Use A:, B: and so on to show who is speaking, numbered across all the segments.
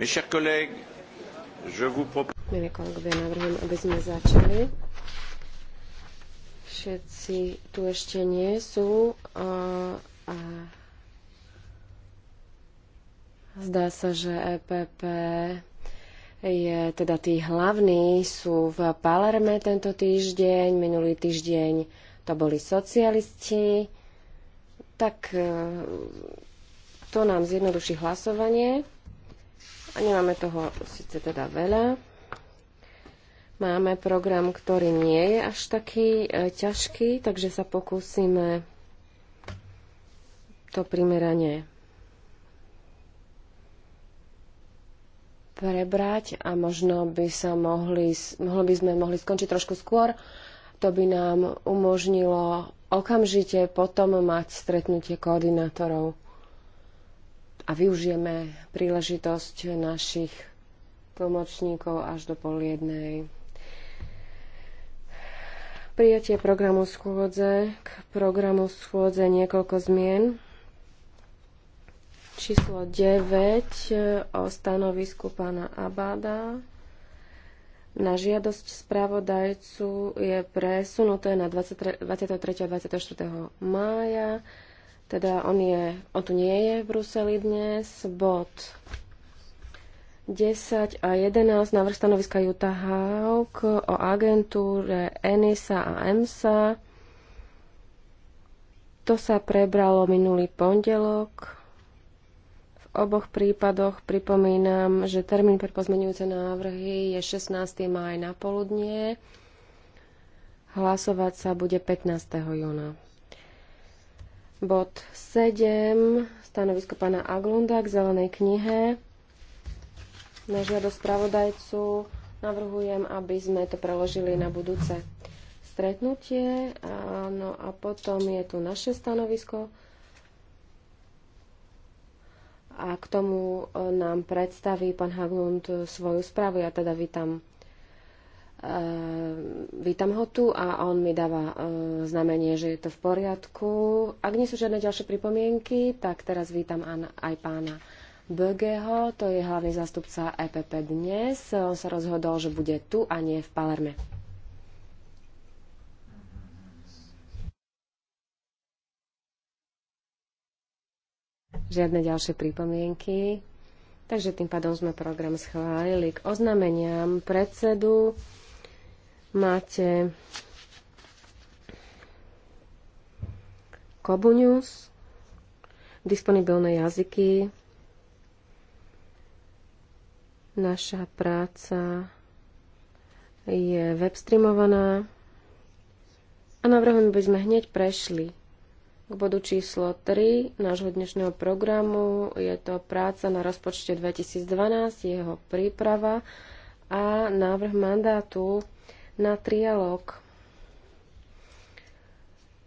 A: Milí kolegovia,
B: navrhujem, aby sme začali. Všetci tu ešte nie sú a, a zdá sa, že EPP je, teda tí hlavní sú v Palerme tento týždeň, minulý týždeň to boli socialisti, tak e, to nám zjednoduší hlasovanie. A nemáme toho síce teda veľa. Máme program, ktorý nie je až taký e, ťažký, takže sa pokúsime to primerane prebrať a možno by sa mohli, mohli by sme mohli skončiť trošku skôr. To by nám umožnilo okamžite potom mať stretnutie koordinátorov a využijeme príležitosť našich tlmočníkov až do pol jednej. Prijatie programu schôdze. K programu schôdze niekoľko zmien. Číslo 9 e, o stanovisku pána Abada. Na žiadosť spravodajcu je presunuté na 23. a 24. mája. Teda on, je, on tu nie je v Bruseli dnes. Bod 10 a 11 návrh stanoviska Juta Hauk o agentúre ENISA a EMSA. To sa prebralo minulý pondelok. V oboch prípadoch pripomínam, že termín pre pozmenujúce návrhy je 16. maj na poludnie. Hlasovať sa bude 15. júna. Bod 7, stanovisko pána Aglunda k zelenej knihe. Na žiadosť spravodajcu navrhujem, aby sme to preložili na budúce stretnutie. No a potom je tu naše stanovisko. A k tomu eh, nám predstaví pán Haglund svoju správu. Ja teda vítam Ehm, vítam ho tu a on mi dáva ehm, znamenie, že je to v poriadku. Ak nie sú žiadne ďalšie pripomienky, tak teraz vítam aj pána Bögeho, to je hlavný zástupca EPP dnes. On sa rozhodol, že bude tu a nie v Palerme. Žiadne ďalšie pripomienky. Takže tým pádom sme program schválili k oznameniam predsedu. Máte Kobu News, disponibilné jazyky, naša práca je webstreamovaná a navrhujem, aby sme hneď prešli k bodu číslo 3 nášho dnešného programu. Je to práca na rozpočte 2012, jeho príprava a návrh mandátu na trialóg.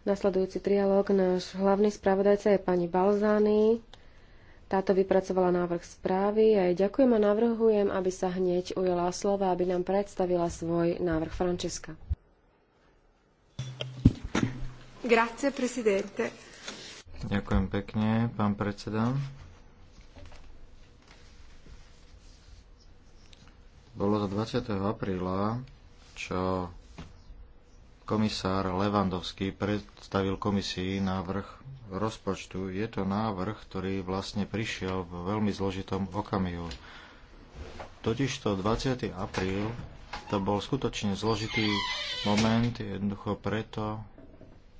B: Nasledujúci trialóg náš hlavný spravodajca je pani Balzány. Táto vypracovala návrh správy a jej ďakujem a navrhujem, aby sa hneď ujela slova, aby nám predstavila svoj návrh Frančiska. Grazie, presidente.
C: Ďakujem pekne, pán predseda. Bolo to 20. apríla čo komisár Levandovský predstavil komisii návrh rozpočtu. Je to návrh, ktorý vlastne prišiel v veľmi zložitom okamihu. Totižto 20. apríl to bol skutočne zložitý moment, jednoducho preto,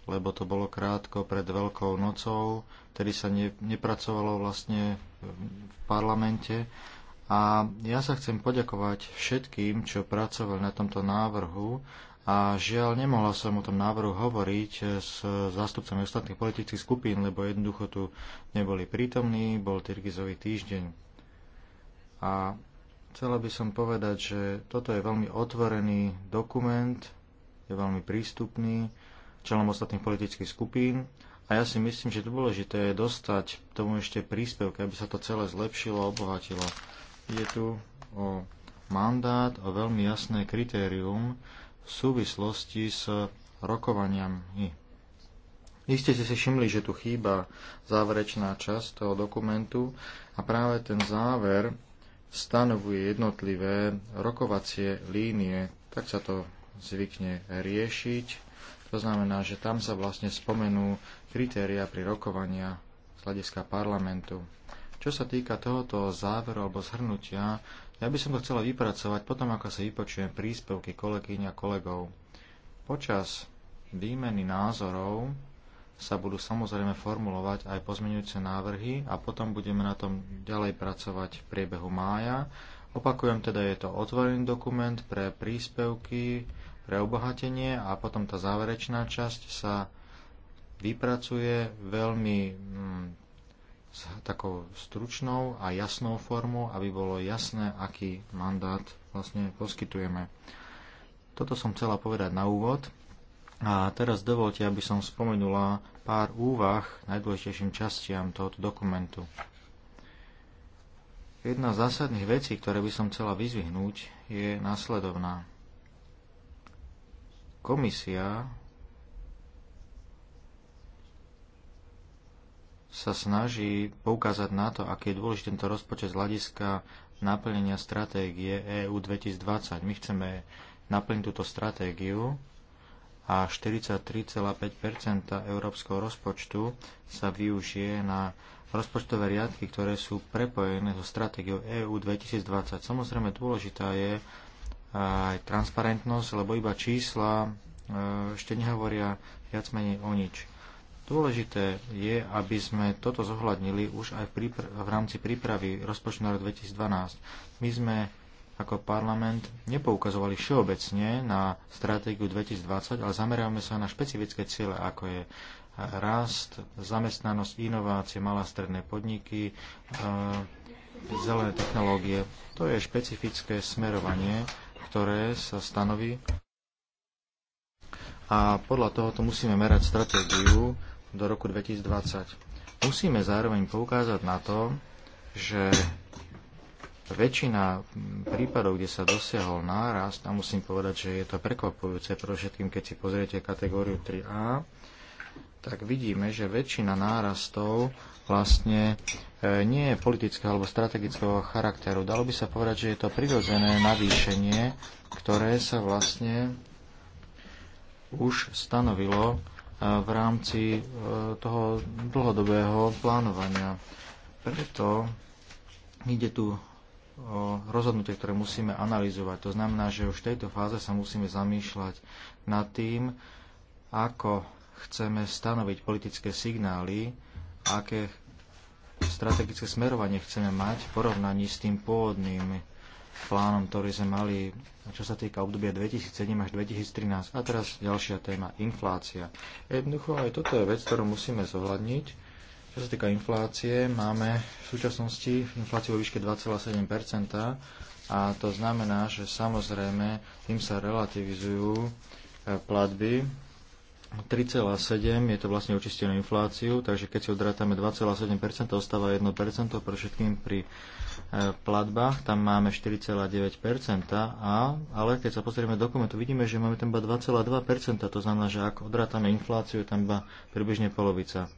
C: lebo to bolo krátko pred Veľkou nocou, tedy sa ne, nepracovalo vlastne v parlamente a ja sa chcem poďakovať všetkým, čo pracovali na tomto návrhu a žiaľ nemohla som o tom návrhu hovoriť s zástupcami ostatných politických skupín, lebo jednoducho tu neboli prítomní, bol Tyrgizový týždeň. A chcela by som povedať, že toto je veľmi otvorený dokument, je veľmi prístupný členom ostatných politických skupín a ja si myslím, že dôležité je dostať tomu ešte príspevky, aby sa to celé zlepšilo a obohatilo. Je tu o mandát, o veľmi jasné kritérium v súvislosti s rokovaniami. Iste ste si všimli, že tu chýba záverečná časť toho dokumentu a práve ten záver stanovuje jednotlivé rokovacie línie. Tak sa to zvykne riešiť. To znamená, že tam sa vlastne spomenú kritéria pri rokovania z hľadiska parlamentu. Čo sa týka tohoto záveru alebo zhrnutia, ja by som to chcela vypracovať potom, ako sa vypočujem príspevky kolegyň a kolegov. Počas výmeny názorov sa budú samozrejme formulovať aj pozmeňujúce návrhy a potom budeme na tom ďalej pracovať v priebehu mája. Opakujem teda, je to otvorený dokument pre príspevky, pre obohatenie a potom tá záverečná časť sa vypracuje veľmi mm, s takou stručnou a jasnou formou, aby bolo jasné, aký mandát vlastne poskytujeme. Toto som chcela povedať na úvod. A teraz dovolte, aby som spomenula pár úvah najdôležitejším častiam tohoto dokumentu. Jedna z zásadných vecí, ktoré by som chcela vyzvihnúť, je následovná. Komisia sa snaží poukázať na to, aký je dôležitý tento rozpočet z hľadiska naplnenia stratégie EU 2020. My chceme naplniť túto stratégiu a 43,5 európskeho rozpočtu sa využije na rozpočtové riadky, ktoré sú prepojené so stratégiou EU 2020. Samozrejme dôležitá je e, aj transparentnosť, lebo iba čísla e, ešte nehovoria viac menej o nič. Dôležité je, aby sme toto zohľadnili už aj v, rámci prípravy rozpočtu na rok 2012. My sme ako parlament nepoukazovali všeobecne na stratégiu 2020, ale zameráme sa na špecifické ciele, ako je rast, zamestnanosť, inovácie, malé a stredné podniky, e, zelené technológie. To je špecifické smerovanie, ktoré sa stanoví a podľa toho to musíme merať stratégiu do roku 2020. Musíme zároveň poukázať na to, že väčšina prípadov, kde sa dosiahol nárast, a musím povedať, že je to prekvapujúce, pre všetkým, keď si pozriete kategóriu 3A, tak vidíme, že väčšina nárastov vlastne e, nie je politického alebo strategického charakteru. Dalo by sa povedať, že je to prirodzené navýšenie, ktoré sa vlastne už stanovilo v rámci e, toho dlhodobého plánovania. Preto ide tu o rozhodnutie, ktoré musíme analyzovať. To znamená, že už v tejto fáze sa musíme zamýšľať nad tým, ako chceme stanoviť politické signály, aké strategické smerovanie chceme mať v porovnaní s tým pôvodným plánom, ktorý sme mali, čo sa týka obdobia 2007 až 2013. A teraz ďalšia téma, inflácia. Jednoducho aj toto je vec, ktorú musíme zohľadniť. Čo sa týka inflácie, máme v súčasnosti infláciu vo výške 2,7 a to znamená, že samozrejme tým sa relativizujú eh, platby 3,7 je to vlastne očistené infláciu, takže keď si odrátame 2,7%, ostáva 1% pre všetkým pri e, platbách, tam máme 4,9%, a, ale keď sa pozrieme dokumentu, vidíme, že máme tam iba 2,2%, to znamená, že ak odrátame infláciu, je tam iba približne polovica.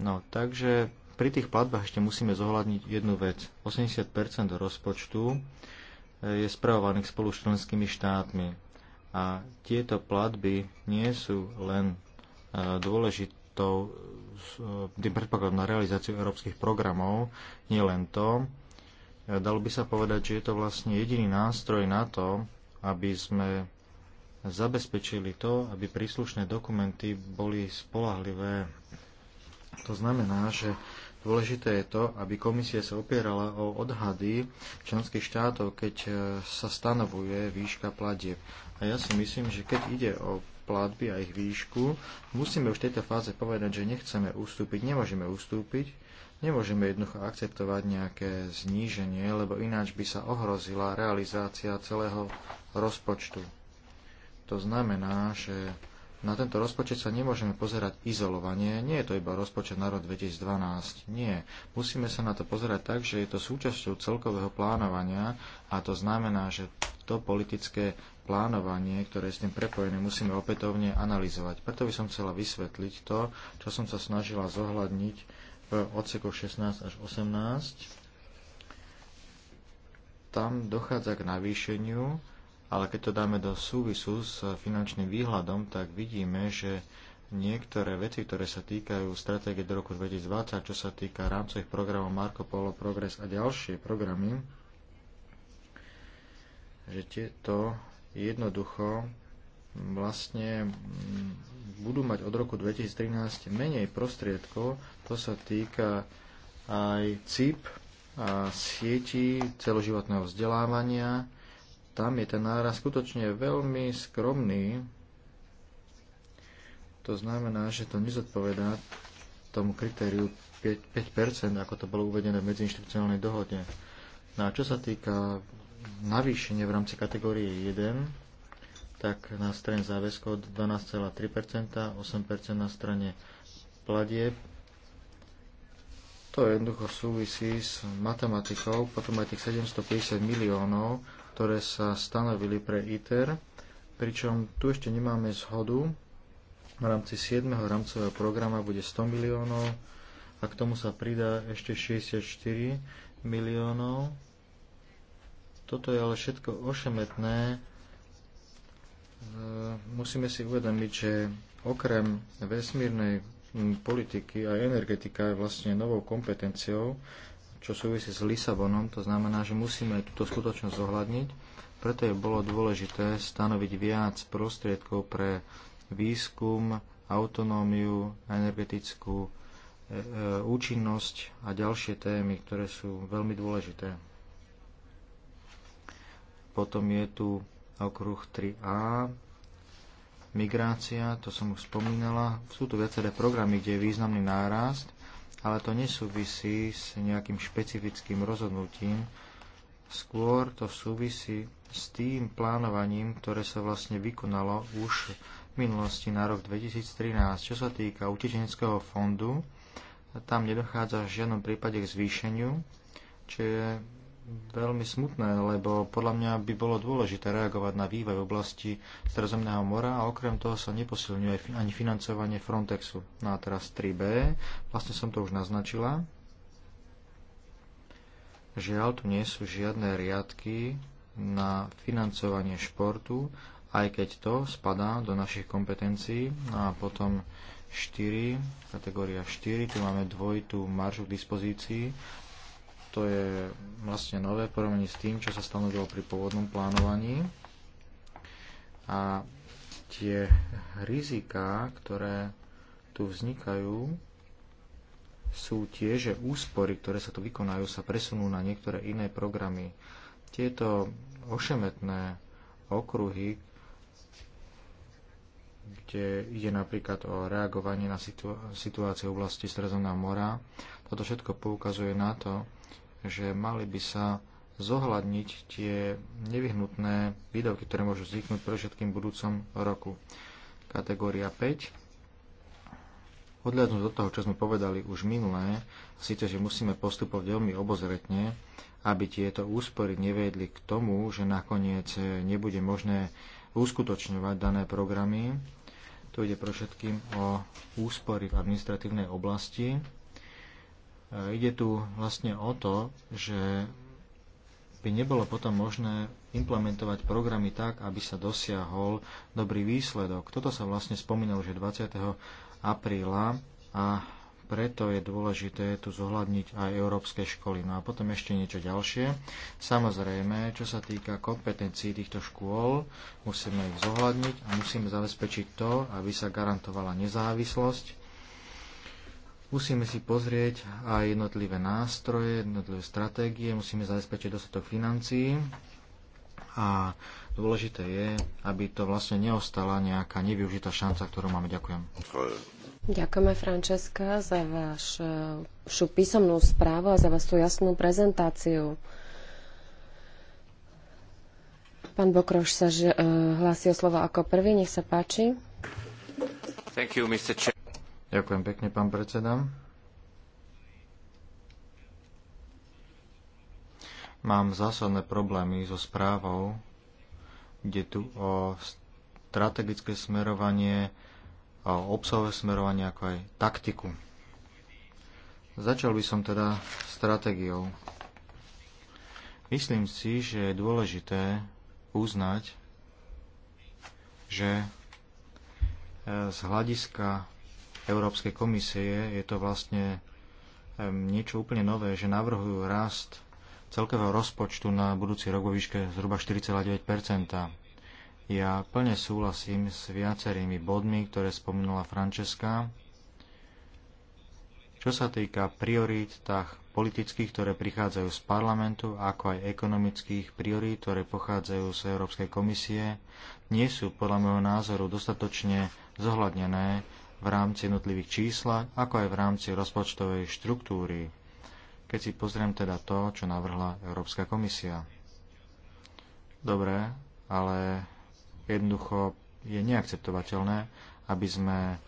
C: No, takže pri tých platbách ešte musíme zohľadniť jednu vec. 80% rozpočtu e, je spravovaných spolu s členskými štátmi. A tieto platby nie sú len e, dôležitou e, tým predpokladom na realizáciu európskych programov, nie len to. E, dalo by sa povedať, že je to vlastne jediný nástroj na to, aby sme zabezpečili to, aby príslušné dokumenty boli spolahlivé. To znamená, že dôležité je to, aby komisia sa opierala o odhady členských štátov, keď sa stanovuje výška platieb. A ja si myslím, že keď ide o platby a ich výšku, musíme už v tejto fáze povedať, že nechceme ustúpiť, nemôžeme ustúpiť, nemôžeme jednoducho akceptovať nejaké zníženie, lebo ináč by sa ohrozila realizácia celého rozpočtu. To znamená, že na tento rozpočet sa nemôžeme pozerať izolovanie. Nie je to iba rozpočet na rok 2012. Nie. Musíme sa na to pozerať tak, že je to súčasťou celkového plánovania a to znamená, že to politické plánovanie, ktoré je s tým prepojené, musíme opätovne analyzovať. Preto by som chcela vysvetliť to, čo som sa snažila zohľadniť v odsekoch 16 až 18. Tam dochádza k navýšeniu ale keď to dáme do súvisu s finančným výhľadom, tak vidíme, že niektoré veci, ktoré sa týkajú stratégie do roku 2020, čo sa týka rámcových programov Marco Polo Progress a ďalšie programy, že tieto jednoducho vlastne mm, budú mať od roku 2013 menej prostriedkov. To sa týka aj CIP a sieti celoživotného vzdelávania tam je ten náraz skutočne veľmi skromný. To znamená, že to nezodpovedá tomu kritériu 5%, 5% ako to bolo uvedené v medziinstitucionálnej dohode. No a čo sa týka navýšenia v rámci kategórie 1, tak na strane záväzko 12,3%, 8% na strane platieb to jednoducho súvisí s matematikou, potom aj tých 750 miliónov, ktoré sa stanovili pre ITER, pričom tu ešte nemáme zhodu. V rámci 7. rámcového programa bude 100 miliónov a k tomu sa pridá ešte 64 miliónov. Toto je ale všetko ošemetné. E, musíme si uvedomiť, že okrem vesmírnej politiky a energetika je vlastne novou kompetenciou čo súvisí s Lisabonom, to znamená, že musíme túto skutočnosť zohľadniť, preto je bolo dôležité stanoviť viac prostriedkov pre výskum, autonómiu, energetickú e, e, účinnosť a ďalšie témy, ktoré sú veľmi dôležité. Potom je tu okruh 3a, migrácia, to som už spomínala. Sú tu viaceré programy, kde je významný nárast ale to nesúvisí s nejakým špecifickým rozhodnutím, skôr to súvisí s tým plánovaním, ktoré sa vlastne vykonalo už v minulosti na rok 2013. Čo sa týka utečeneckého fondu, tam nedochádza v žiadnom prípade k zvýšeniu, čo je veľmi smutné, lebo podľa mňa by bolo dôležité reagovať na vývoj v oblasti Stredozemného mora a okrem toho sa neposilňuje ani financovanie Frontexu. No a teraz 3B, vlastne som to už naznačila. Žiaľ, tu nie sú žiadne riadky na financovanie športu, aj keď to spadá do našich kompetencií. No a potom 4, kategória 4, tu máme dvojitú maržu k dispozícii to je vlastne nové porovnanie s tým, čo sa stanovilo pri pôvodnom plánovaní. A tie riziká, ktoré tu vznikajú, sú tie, že úspory, ktoré sa tu vykonajú, sa presunú na niektoré iné programy. Tieto ošemetné okruhy, kde ide napríklad o reagovanie na situáciu v oblasti Stredozemného mora. Toto všetko poukazuje na to, že mali by sa zohľadniť tie nevyhnutné výdavky, ktoré môžu vzniknúť pre všetkým budúcom roku. Kategória 5. Odhľadnúť od toho, čo sme povedali už minulé, síce, že musíme postupovať veľmi obozretne, aby tieto úspory neviedli k tomu, že nakoniec nebude možné uskutočňovať dané programy. Tu ide pre všetkým o úspory v administratívnej oblasti, E, ide tu vlastne o to, že by nebolo potom možné implementovať programy tak, aby sa dosiahol dobrý výsledok. Toto sa vlastne spomínalo, už 20. apríla a preto je dôležité tu zohľadniť aj európske školy. No a potom ešte niečo ďalšie. Samozrejme, čo sa týka kompetencií týchto škôl, musíme ich zohľadniť a musíme zabezpečiť to, aby sa garantovala nezávislosť Musíme si pozrieť aj jednotlivé nástroje, jednotlivé stratégie, musíme zabezpečiť dostatok financií a dôležité je, aby to vlastne neostala nejaká nevyužitá šanca, ktorú máme. Ďakujem.
B: Ďakujeme, Frančeska, za vašu písomnú správu a za vašu jasnú prezentáciu. Pán Bokroš sa že, eh, hlási o slovo ako prvý, nech sa páči.
C: You, Ďakujem pekne, pán predseda. Mám zásadné problémy so správou, kde tu o strategické smerovanie, o obsahové smerovanie, ako aj taktiku. Začal by som teda stratégiou. Myslím si, že je dôležité uznať, že e, z hľadiska Európskej komisie je to vlastne niečo úplne nové, že navrhujú rast celkového rozpočtu na budúci rok vo výške zhruba 4,9 Ja plne súhlasím s viacerými bodmi, ktoré spomenula Frančeska. Čo sa týka priorít, tak politických, ktoré prichádzajú z parlamentu, ako aj ekonomických priorít, ktoré pochádzajú z Európskej komisie, nie sú podľa môjho názoru dostatočne zohľadnené v rámci jednotlivých čísla, ako aj v rámci rozpočtovej štruktúry, keď si pozriem teda to, čo navrhla Európska komisia. Dobre, ale jednoducho je neakceptovateľné, aby sme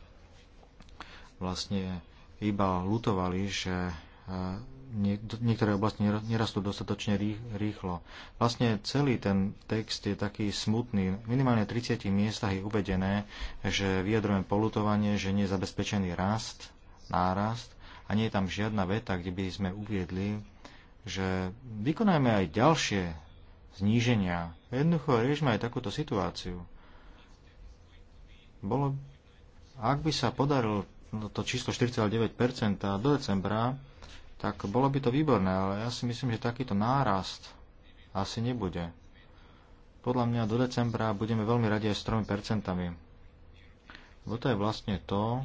C: vlastne iba lutovali, že niektoré oblasti nerastú dostatočne rýchlo. Vlastne celý ten text je taký smutný. V minimálne 30 miestach je uvedené, že vyjadrujeme polutovanie, že nie je zabezpečený rast, nárast a nie je tam žiadna veta, kde by sme uviedli, že vykonajme aj ďalšie zníženia. Jednoducho riešme aj takúto situáciu. Bolo, ak by sa podarilo to číslo 4,9% do decembra, tak bolo by to výborné, ale ja si myslím, že takýto nárast asi nebude. Podľa mňa do decembra budeme veľmi radi aj s 3%. Bo to je vlastne to,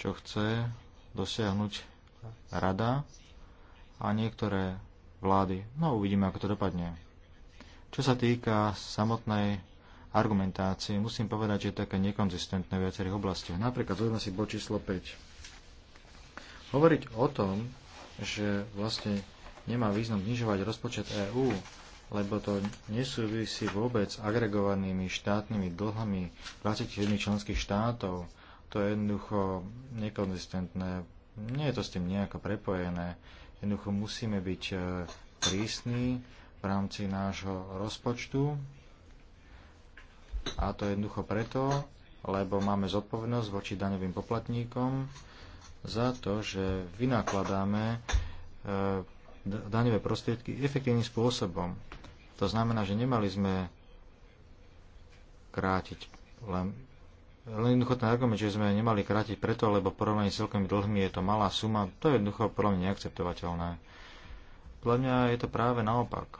C: čo chce dosiahnuť rada a niektoré vlády. No uvidíme, ako to dopadne. Čo sa týka samotnej argumentácie, musím povedať, že je také nekonzistentné v viacerých oblastiach. Napríklad zoberme si bod číslo 5. Hovoriť o tom, že vlastne nemá význam znižovať rozpočet EÚ, lebo to nesúvisí vôbec s agregovanými štátnymi dlhami 27 členských štátov. To je jednoducho nekonzistentné, nie je to s tým nejako prepojené. Jednoducho musíme byť e, prísni v rámci nášho rozpočtu a to jednoducho preto, lebo máme zodpovednosť voči daňovým poplatníkom, za to, že vynakladáme e, daňové prostriedky efektívnym spôsobom. To znamená, že nemali sme krátiť len len jednoducho ten argument, že sme nemali krátiť preto, lebo porovnaní s celkovými dlhmi je to malá suma, to je jednoducho podľa mňa neakceptovateľné. Podľa mňa je to práve naopak.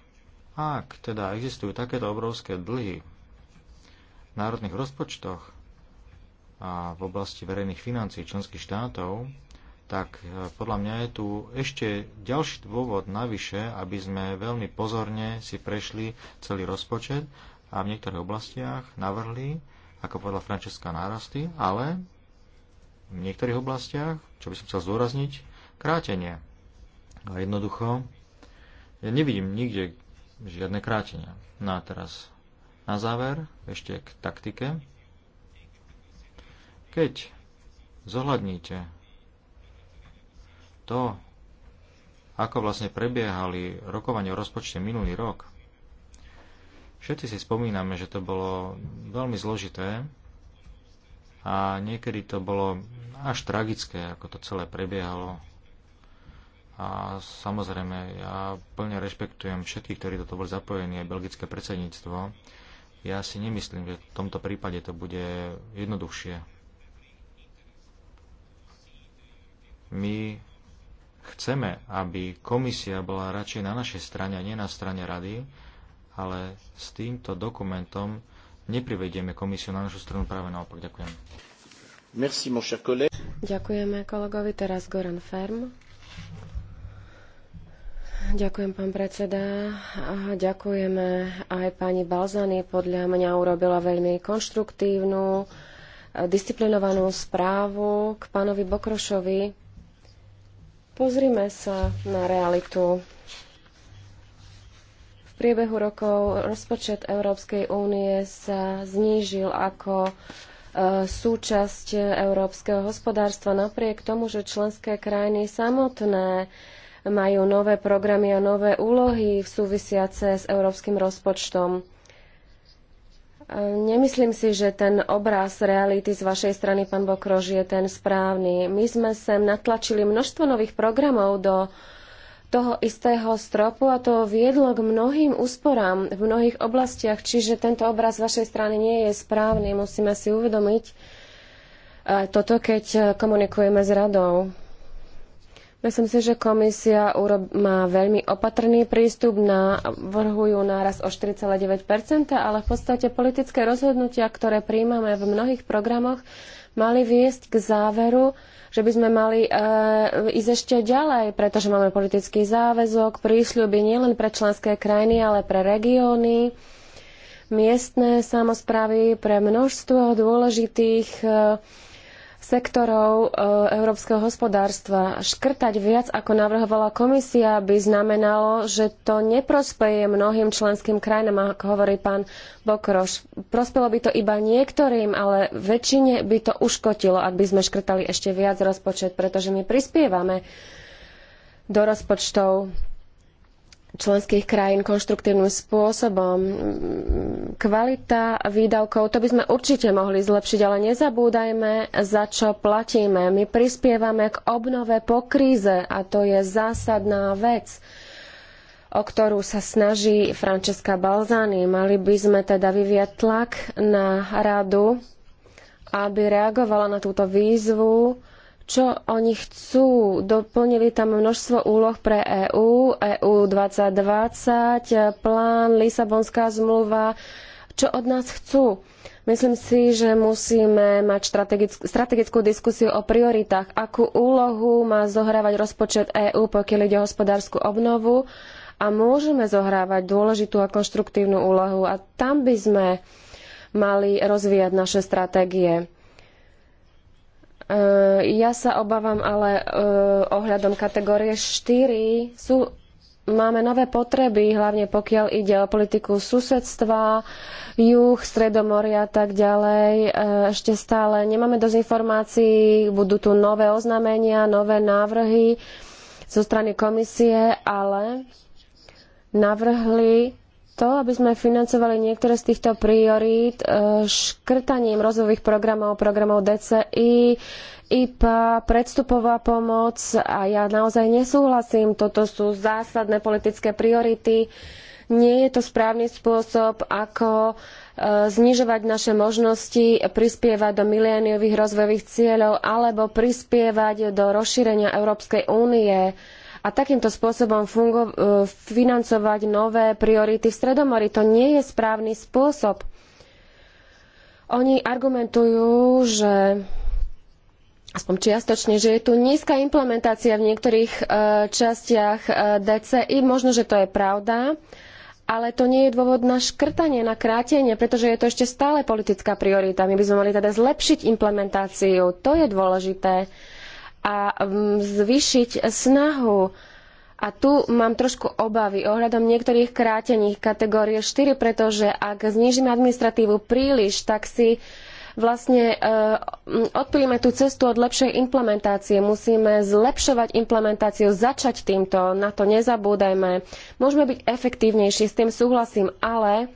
C: Ak teda existujú takéto obrovské dlhy v národných rozpočtoch, a v oblasti verejných financií členských štátov, tak e, podľa mňa je tu ešte ďalší dôvod navyše, aby sme veľmi pozorne si prešli celý rozpočet a v niektorých oblastiach navrhli, ako podľa Francesca, nárasty, ale v niektorých oblastiach, čo by som chcel zdôrazniť, krátenie. A jednoducho, ja nevidím nikde žiadne krátenia. No a teraz na záver ešte k taktike. Keď zohľadníte to, ako vlastne prebiehali rokovanie o rozpočte minulý rok, všetci si spomíname, že to bolo veľmi zložité a niekedy to bolo až tragické, ako to celé prebiehalo. A samozrejme, ja plne rešpektujem všetkých, ktorí toto boli zapojení, aj belgické predsedníctvo. Ja si nemyslím, že v tomto prípade to bude jednoduchšie. My chceme, aby komisia bola radšej na našej strane a nie na strane rady, ale s týmto dokumentom neprivedieme komisiu na našu stranu, práve naopak. Ďakujem.
A: Merci, mon cher collègue.
B: Ďakujeme kolegovi. Teraz Goran Ferm. Ďakujem, pán predseda. A ďakujeme aj pani Balzany. Podľa mňa urobila veľmi konštruktívnu, disciplinovanú správu k pánovi Bokrošovi. Pozrime sa na realitu. V priebehu rokov rozpočet Európskej únie sa znížil ako e, súčasť európskeho hospodárstva napriek tomu, že členské krajiny samotné majú nové programy a nové úlohy súvisiace s európskym rozpočtom. Nemyslím si, že ten obraz reality z vašej strany, pán Bokrož, je ten správny. My sme sem natlačili množstvo nových programov do toho istého stropu a to viedlo k mnohým úsporám v mnohých oblastiach, čiže tento obraz z vašej strany nie je správny. Musíme si uvedomiť e, toto, keď e, komunikujeme s radou. Myslím si, že komisia má veľmi opatrný prístup, navrhujú náraz o 4,9%, ale v podstate politické rozhodnutia, ktoré príjmame v mnohých programoch, mali viesť k záveru, že by sme mali e, ísť ešte ďalej, pretože máme politický záväzok, prísľuby nielen pre členské krajiny, ale pre regióny, miestne samozprávy, pre množstvo dôležitých e, sektorov e, európskeho hospodárstva. Škrtať viac, ako navrhovala komisia, by znamenalo, že to neprospeje mnohým členským krajinám, ako hovorí pán Bokroš. Prospelo by to iba niektorým, ale väčšine by to uškotilo, ak by sme škrtali ešte viac rozpočet, pretože my prispievame do rozpočtov členských krajín konštruktívnym spôsobom. Kvalita výdavkov, to by sme určite mohli zlepšiť, ale nezabúdajme, za čo platíme. My prispievame k obnove po kríze a to je zásadná vec o ktorú sa snaží Francesca Balzani. Mali by sme teda vyvieť tlak na radu, aby reagovala na túto výzvu čo oni chcú. Doplnili tam množstvo úloh pre EÚ, EÚ 2020, plán, Lisabonská zmluva, čo od nás chcú. Myslím si, že musíme mať strategickú, strategickú diskusiu o prioritách, akú úlohu má zohrávať rozpočet EÚ, pokiaľ ide o hospodársku obnovu a môžeme zohrávať dôležitú a konštruktívnu úlohu a tam by sme mali rozvíjať naše stratégie. Ehm, ja sa obávam ale ehm, ohľadom kategórie 4 sú, máme nové potreby, hlavne pokiaľ ide o politiku susedstva, juh, stredomoria a tak ďalej. Ehm, ešte stále nemáme dosť informácií, budú tu nové oznámenia, nové návrhy zo strany komisie, ale navrhli to, aby sme financovali niektoré z týchto priorít e, škrtaním rozvojových programov, programov DCI, IPA, predstupová pomoc a ja naozaj nesúhlasím, toto sú zásadné politické priority. Nie je to správny spôsob, ako e, znižovať naše možnosti prispievať do miléniových rozvojových cieľov alebo prispievať do rozšírenia Európskej únie a takýmto spôsobom e, financovať nové priority v Stredomori. To nie je správny spôsob. Oni argumentujú, že aspoň čiastočne, že je tu nízka implementácia v niektorých e, častiach e, DCI. Možno, že to je pravda, ale to nie je dôvod na škrtanie, na krátenie, pretože je to ešte stále politická priorita. My by sme mali teda zlepšiť implementáciu. To je dôležité a mm, zvýšiť snahu. A tu mám trošku obavy ohľadom niektorých krátených kategórie 4, pretože ak znížime administratívu príliš, tak si e, vlastne e, tú cestu od lepšej implementácie. Musíme zlepšovať implementáciu, začať týmto, na to nezabúdajme. Môžeme byť efektívnejší, s tým súhlasím, ale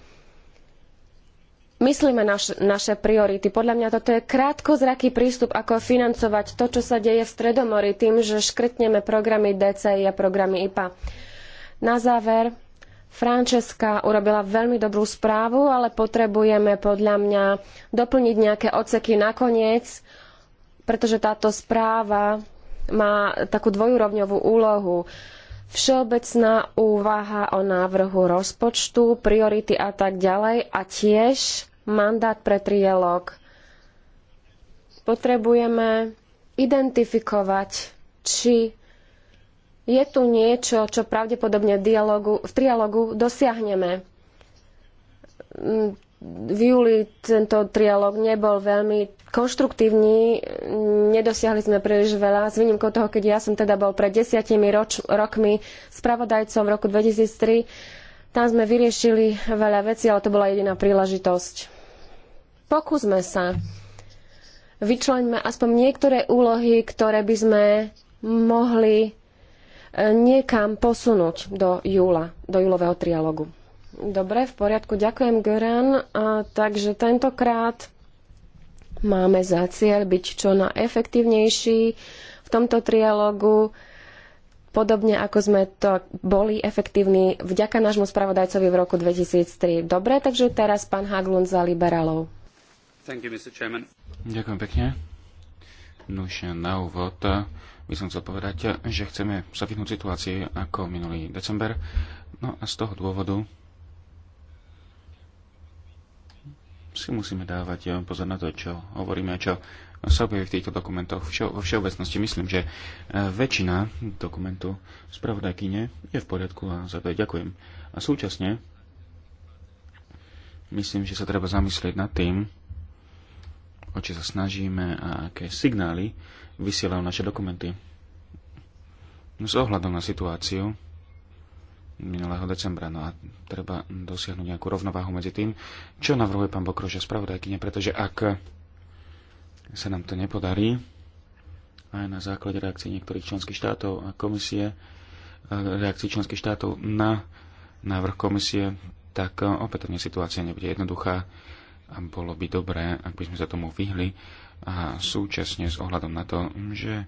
B: myslíme naš, naše priority. Podľa mňa toto je krátkozraký prístup, ako financovať to, čo sa deje v Stredomori, tým, že škrtneme programy DCI a programy IPA. Na záver, Francesca urobila veľmi dobrú správu, ale potrebujeme podľa mňa doplniť nejaké odseky nakoniec, pretože táto správa má takú dvojúrovňovú úlohu. Uh, Všeobecná úvaha o návrhu rozpočtu, priority a tak ďalej a tiež mandát pre trialóg. Potrebujeme identifikovať, či je tu niečo, čo pravdepodobne v, v trialogu dosiahneme mm, v júli tento trialóg nebol veľmi konštruktívny, nedosiahli sme príliš veľa, s výnimkou toho, keď ja som teda bol pred desiatimi roč, rokmi spravodajcom v roku 2003, tam sme vyriešili veľa vecí, ale to bola jediná príležitosť. Pokúsme sa. Vyčleňme aspoň niektoré úlohy, ktoré by sme mohli e, niekam posunúť do júla, do júlového trialogu. Dobre, v poriadku. Ďakujem, Göran. A, takže tentokrát máme za cieľ byť čo na efektívnejší v tomto trialógu podobne ako sme to boli efektívni vďaka nášmu spravodajcovi v roku 2003. Dobre, takže teraz pán Haglund za liberálov.
C: You,
D: Ďakujem pekne. Nuž na úvod by som chcel povedať, že chceme sa vyhnúť situácii ako minulý december. No a z toho dôvodu si musíme dávať pozor na to, čo hovoríme a čo sa objaví v týchto dokumentoch. Vo všeobecnosti myslím, že e, väčšina dokumentu spravodajkyne je v poriadku a za to aj ďakujem. A súčasne myslím, že sa treba zamyslieť nad tým, o čo sa snažíme a aké signály vysielajú naše dokumenty. S ohľadom na situáciu, minulého decembra. No a treba dosiahnuť nejakú rovnováhu medzi tým, čo navrhuje pán Bokrožia spravodajkyne, pretože ak sa nám to nepodarí, aj na základe reakcie niektorých členských štátov a komisie, reakcie členských štátov na návrh komisie, tak opätovne situácia nebude jednoduchá a bolo by dobré, ak by sme sa tomu vyhli a súčasne s ohľadom na to, že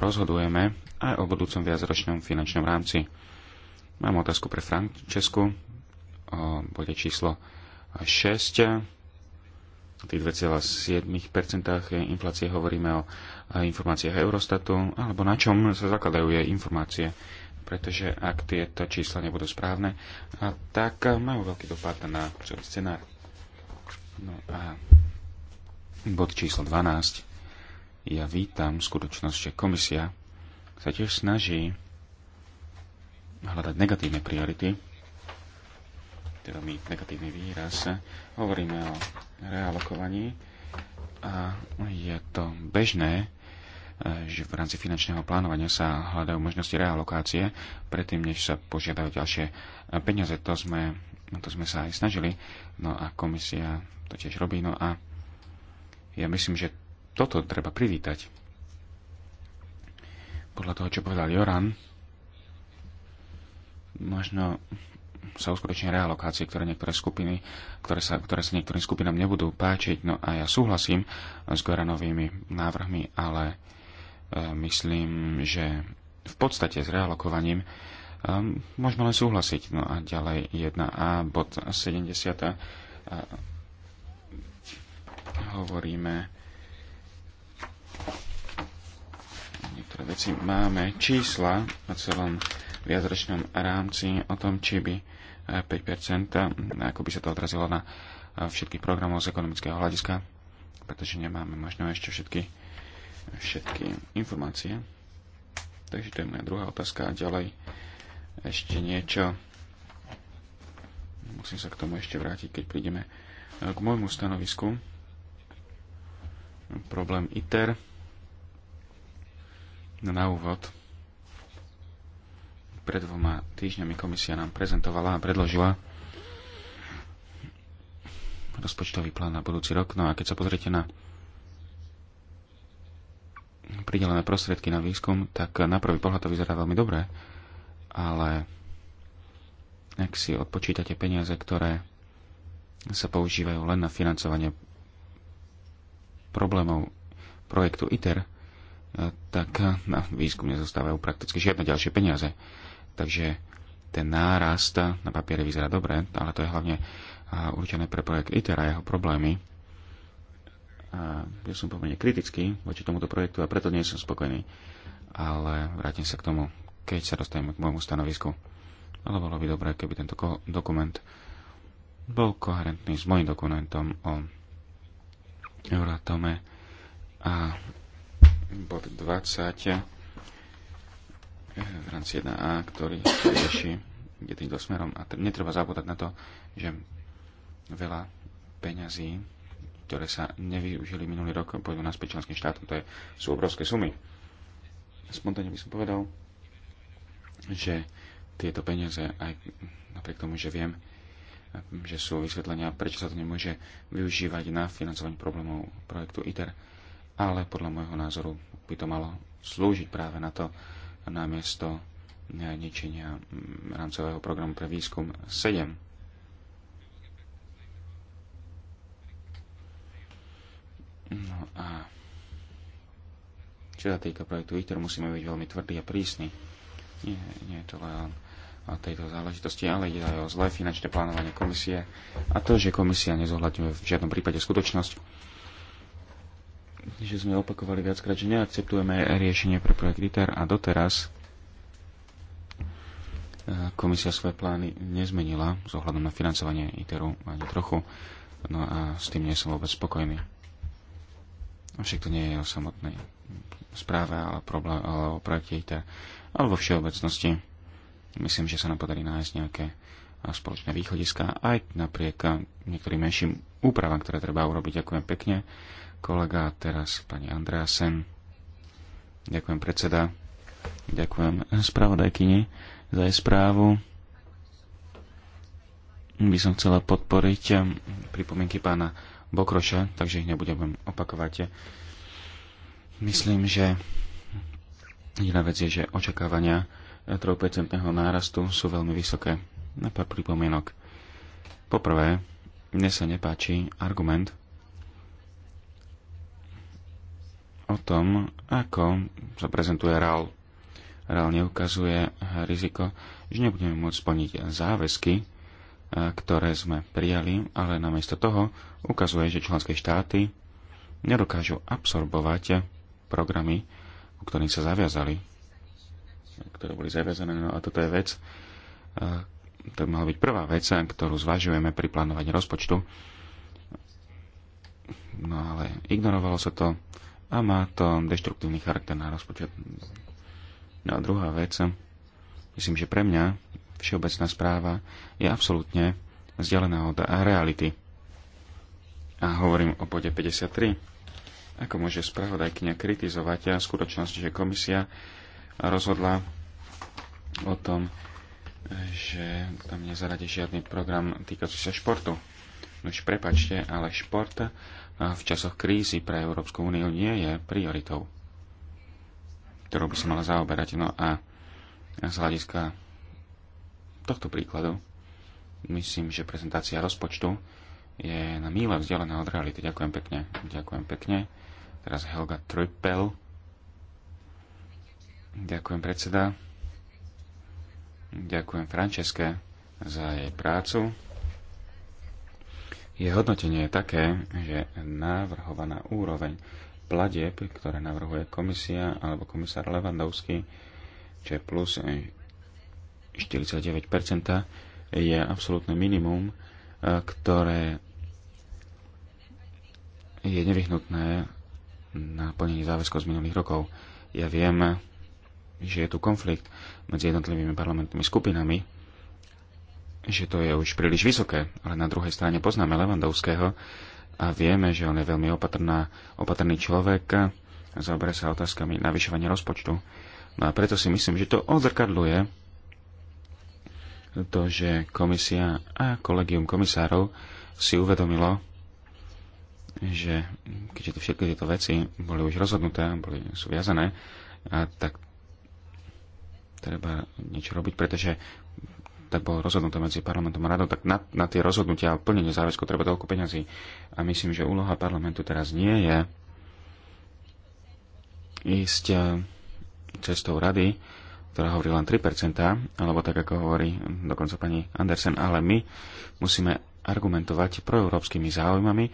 D: rozhodujeme aj o budúcom viacročnom finančnom rámci. Mám otázku pre Frančesku, o číslo 6 tých 2,7% inflácie hovoríme o informáciách Eurostatu, alebo na čom sa zakladajú jej informácie. Pretože ak tieto čísla nebudú správne, a tak majú veľký dopad na celý scenár. No a bod číslo 12. Ja vítam skutočnosť, že komisia sa tiež snaží hľadať negatívne priority, teda my negatívny výraz, hovoríme o realokovaní a je to bežné, že v rámci finančného plánovania sa hľadajú možnosti realokácie predtým, než sa požiadajú ďalšie peniaze. To sme, to sme sa aj snažili, no a komisia to tiež robí, no a ja myslím, že toto treba privítať. Podľa toho, čo povedal Joran, možno sa uskutočne realokácie, ktoré niektoré skupiny, ktoré sa, ktoré sa niektorým skupinám nebudú páčiť. No a ja súhlasím s Goranovými návrhmi, ale e, myslím, že v podstate s realokovaním e, môžeme len súhlasiť. No a ďalej 1a, bod 70. Hovoríme niektoré veci. Máme čísla na celom viacročnom rámci o tom, či by 5%, eh, eh, ako by sa to odrazilo na eh, všetkých programov z ekonomického hľadiska, pretože nemáme možno ešte všetky, všetky informácie. Takže to je moja druhá otázka. A ďalej ešte niečo. Musím sa k tomu ešte vrátiť, keď prídeme k môjmu stanovisku. Problém ITER. na úvod pred dvoma týždňami komisia nám prezentovala a predložila rozpočtový plán na budúci rok. No a keď sa pozriete na pridelené prostriedky na výskum, tak na prvý pohľad to vyzerá veľmi dobre, ale ak si odpočítate peniaze, ktoré sa používajú len na financovanie problémov projektu ITER, eh, tak eh, na výskum nezostávajú prakticky žiadne ďalšie peniaze. Takže ten nárast na papiere vyzerá dobre, ale to je hlavne určené pre projekt ITER a jeho problémy. A ja som pomerne kritický voči tomuto projektu a preto nie som spokojný. Ale vrátim sa k tomu, keď sa dostaneme k môjmu stanovisku. Ale bolo by dobré, keby tento dokument bol koherentný s môjim dokumentom o Euratome a bod 20 v rámci 1A, ktorý rieši, ide týmto smerom. A netreba zabúdať na to, že veľa peňazí, ktoré sa nevyužili minulý rok, pôjdu na členským štátom. To je, sú obrovské sumy. Spontánne by som povedal, že tieto peniaze, aj napriek tomu, že viem, že sú vysvetlenia, prečo sa to nemôže využívať na financovanie problémov projektu ITER. Ale podľa môjho názoru by to malo slúžiť práve na to, namiesto eh, ničenia mm, rámcového programu pre výskum 7. No a čo sa týka projektu ITER, musíme byť veľmi tvrdí a prísni. Nie, nie je to len o tejto záležitosti, ale ide aj o zlé finančné plánovanie komisie a to, že komisia nezohľadňuje v žiadnom prípade skutočnosť, že sme opakovali viackrát, že neakceptujeme riešenie pre projekt ITER a doteraz e, komisia svoje plány nezmenila z ohľadom na financovanie ITERu ani trochu. No a s tým nie som vôbec spokojný. Avšak to nie je o samotnej správe, ale, problém, ale o projekte ITER. Ale vo všeobecnosti myslím, že sa nám podarí nájsť nejaké spoločné východiska aj napriek niektorým menším úpravám, ktoré treba urobiť. Ďakujem pekne kolega, teraz pani Andreasen. Ďakujem predseda. Ďakujem spravodajkyni za jej správu. By som chcela podporiť um, pripomienky pána Bokroša, takže ich nebudem opakovať. Myslím, že jedna vec je, že očakávania 3% nárastu sú veľmi vysoké. Na pár pripomienok. Poprvé, mne sa nepáči argument, o tom, ako sa prezentuje RAL. RAL neukazuje riziko, že nebudeme môcť splniť záväzky, e, ktoré sme prijali, ale namiesto toho ukazuje, že členské štáty nedokážu absorbovať programy, o ktorých sa zaviazali, ktoré boli zaviazané. No a toto je vec, e, to by mala byť prvá vec, ktorú zvažujeme pri plánovaní rozpočtu. No ale ignorovalo sa to, a má to deštruktívny charakter na rozpočet. No a druhá vec, myslím, že pre mňa všeobecná správa je absolútne vzdialená od reality. A hovorím o bode 53. Ako môže spravodajkynia kritizovať a skutočnosť, že komisia rozhodla o tom, že tam nezaradi žiadny program týkajúci sa športu. No už prepačte, ale šport v časoch krízy pre Európsku úniu nie je prioritou, ktorou by sa mala zaoberať. No a z hľadiska tohto príkladu myslím, že prezentácia rozpočtu je na míle vzdialená od reality. Ďakujem pekne. Ďakujem pekne. Teraz Helga Trippel. Ďakujem predseda. Ďakujem Franceske za jej prácu je hodnotenie je také, že návrhovaná úroveň platieb, ktoré navrhuje komisia alebo komisár Levandovský, čo je plus 49%, je absolútne minimum, e, ktoré je nevyhnutné na plnenie záväzkov z minulých rokov. Ja viem, že je tu konflikt medzi jednotlivými parlamentnými skupinami, že to je už príliš vysoké, ale na druhej strane poznáme Levandovského a vieme, že on je veľmi opatrná, opatrný človek, a zaoberá sa otázkami navyšovania rozpočtu. No a preto si myslím, že to odzrkadluje to, že komisia a kolegium komisárov si uvedomilo, že keďže to všetky tieto veci boli už rozhodnuté, boli, sú viazané, a tak treba niečo robiť, pretože tak bolo rozhodnuté medzi parlamentom a radou, tak na, na tie rozhodnutia a plnenie záväzku treba toľko peňazí. A myslím, že úloha parlamentu teraz nie je ísť eh, cestou rady, ktorá hovorí len 3%, alebo tak, ako hovorí dokonca pani Andersen, ale my musíme argumentovať proeurópskymi záujmami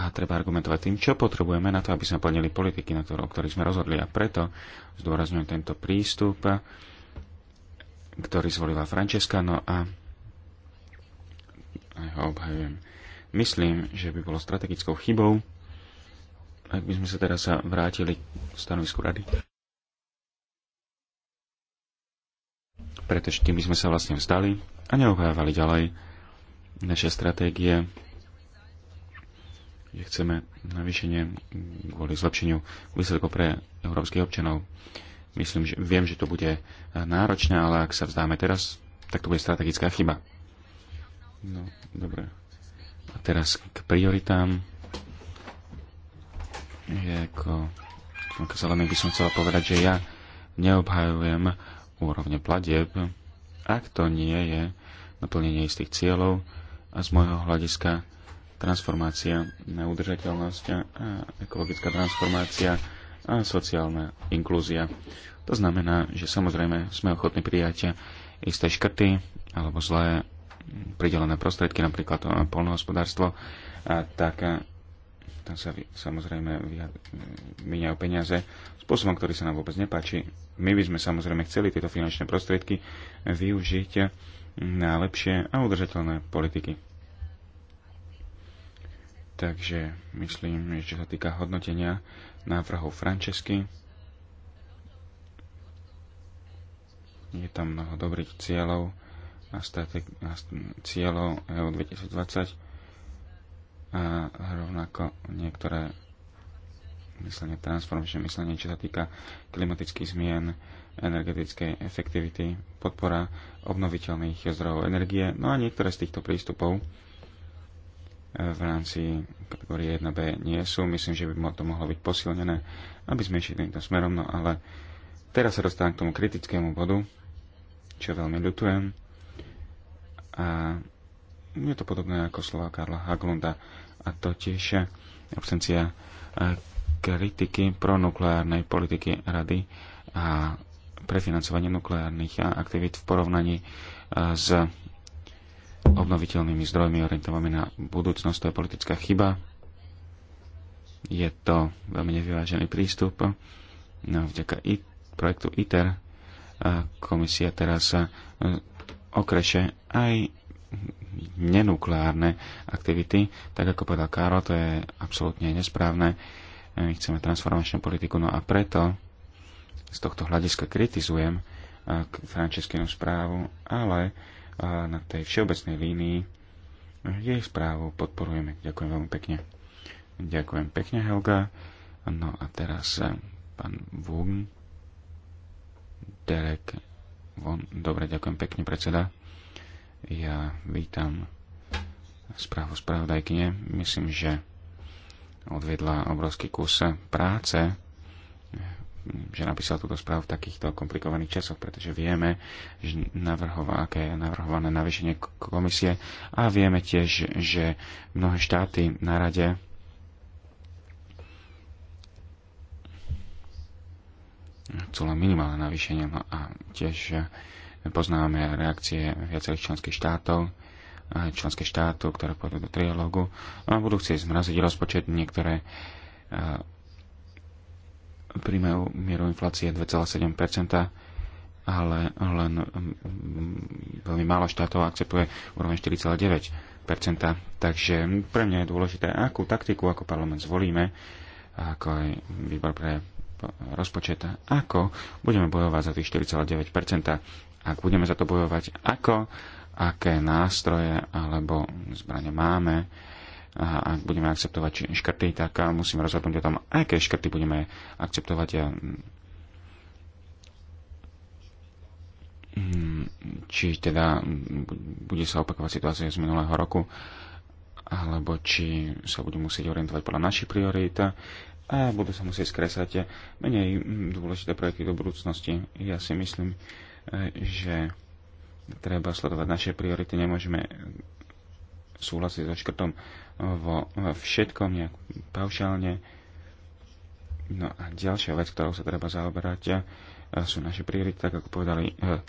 D: a treba argumentovať tým, čo potrebujeme na to, aby sme plnili politiky, na to, o ktorých sme rozhodli. A preto zdôrazňujem tento prístup ktorý zvolila Francesca, no a aj ho obhajujem. Myslím, že by bolo strategickou chybou, ak by sme sa teraz vrátili k stanovisku rady. Pretože tým by sme sa vlastne vzdali a neobhajovali ďalej naše stratégie, že chceme navýšenie kvôli zlepšeniu výsledkov pre európskych občanov. Myslím, že viem, že to bude eh, náročné, ale ak sa vzdáme teraz, tak to bude strategická chyba. No, dobre. A teraz k prioritám. Je ako členka zelený by som chcela povedať, že ja neobhajujem úrovne platieb, ak to nie je naplnenie istých cieľov a z môjho hľadiska transformácia na udržateľnosť a ekologická transformácia a sociálna inklúzia. To znamená, že samozrejme sme ochotní prijať isté škrty alebo zlé pridelené prostriedky, napríklad polnohospodárstvo, a tak eh, tam sa vy, samozrejme míňajú peniaze spôsobom, ktorý sa nám vôbec nepáči. My by sme samozrejme chceli tieto finančné prostriedky využiť na lepšie a udržateľné politiky. Takže myslím, že čo sa týka hodnotenia návrhov Francesky. Je tam mnoho dobrých cieľov a, strateg- a cieľov EU 2020 a rovnako niektoré myslenie, transformačné myslenie, čo sa týka klimatických zmien, energetickej efektivity, podpora obnoviteľných zdrojov energie, no a niektoré z týchto prístupov v rámci kategórie 1B nie sú. Myslím, že by to mohlo byť posilnené, aby sme išli týmto smerom, no ale teraz sa dostávam k tomu kritickému bodu, čo veľmi ľutujem. A je to podobné ako slova Karla Haglunda a totiž absencia e, kritiky pronukleárnej politiky rady a prefinancovanie nukleárnych aktivít v porovnaní e, s obnoviteľnými zdrojmi orientovanými na budúcnosť. To je politická chyba. Je to veľmi nevyvážený prístup. No, vďaka I- projektu ITER komisia teraz okreše aj nenukleárne aktivity. Tak ako povedal Karo, to je absolútne nesprávne. My chceme transformačnú politiku, no a preto z tohto hľadiska kritizujem Frančeskému správu, ale na tej všeobecnej línii jej správu podporujeme. Ďakujem veľmi pekne. Ďakujem pekne, Helga. No a teraz eh, pán Vum, Derek Von. Dobre, ďakujem pekne, predseda. Ja vítam správu spravodajkyne. Myslím, že odvedla obrovský kus práce že napísal túto správu v takýchto komplikovaných časoch, pretože vieme, že navrhová, aké je navrhované navýšenie komisie a vieme tiež, že mnohé štáty na rade chcú len minimálne navýšenie no a tiež poznáme reakcie viacerých členských štátov, členské štátu, ktoré pôjdu do trialógu a budú chcieť zmraziť rozpočet niektoré príjmajú mieru inflácie 2,7%, ale len mm, mm, veľmi málo štátov akceptuje úroveň 4,9%. Takže pre mňa je dôležité, akú taktiku ako parlament zvolíme, ako aj výbor pre rozpočet, ako budeme bojovať za tých 4,9%, ak budeme za to bojovať, ako, aké nástroje alebo zbrania máme, a ak budeme akceptovať škrty, tak musíme rozhodnúť o tom, aké škrty budeme akceptovať mm, či teda bude sa opakovať situácia z minulého roku, alebo či sa bude musieť orientovať podľa našich priorít a budú sa musieť skresať menej dôležité projekty do budúcnosti. Ja si myslím, že treba sledovať naše priority, nemôžeme súhlasiť so škrtom vo všetkom nejak paušálne. No a ďalšia vec, ktorou sa treba zaoberať, eh, sú naše priority, tak ako povedali eh,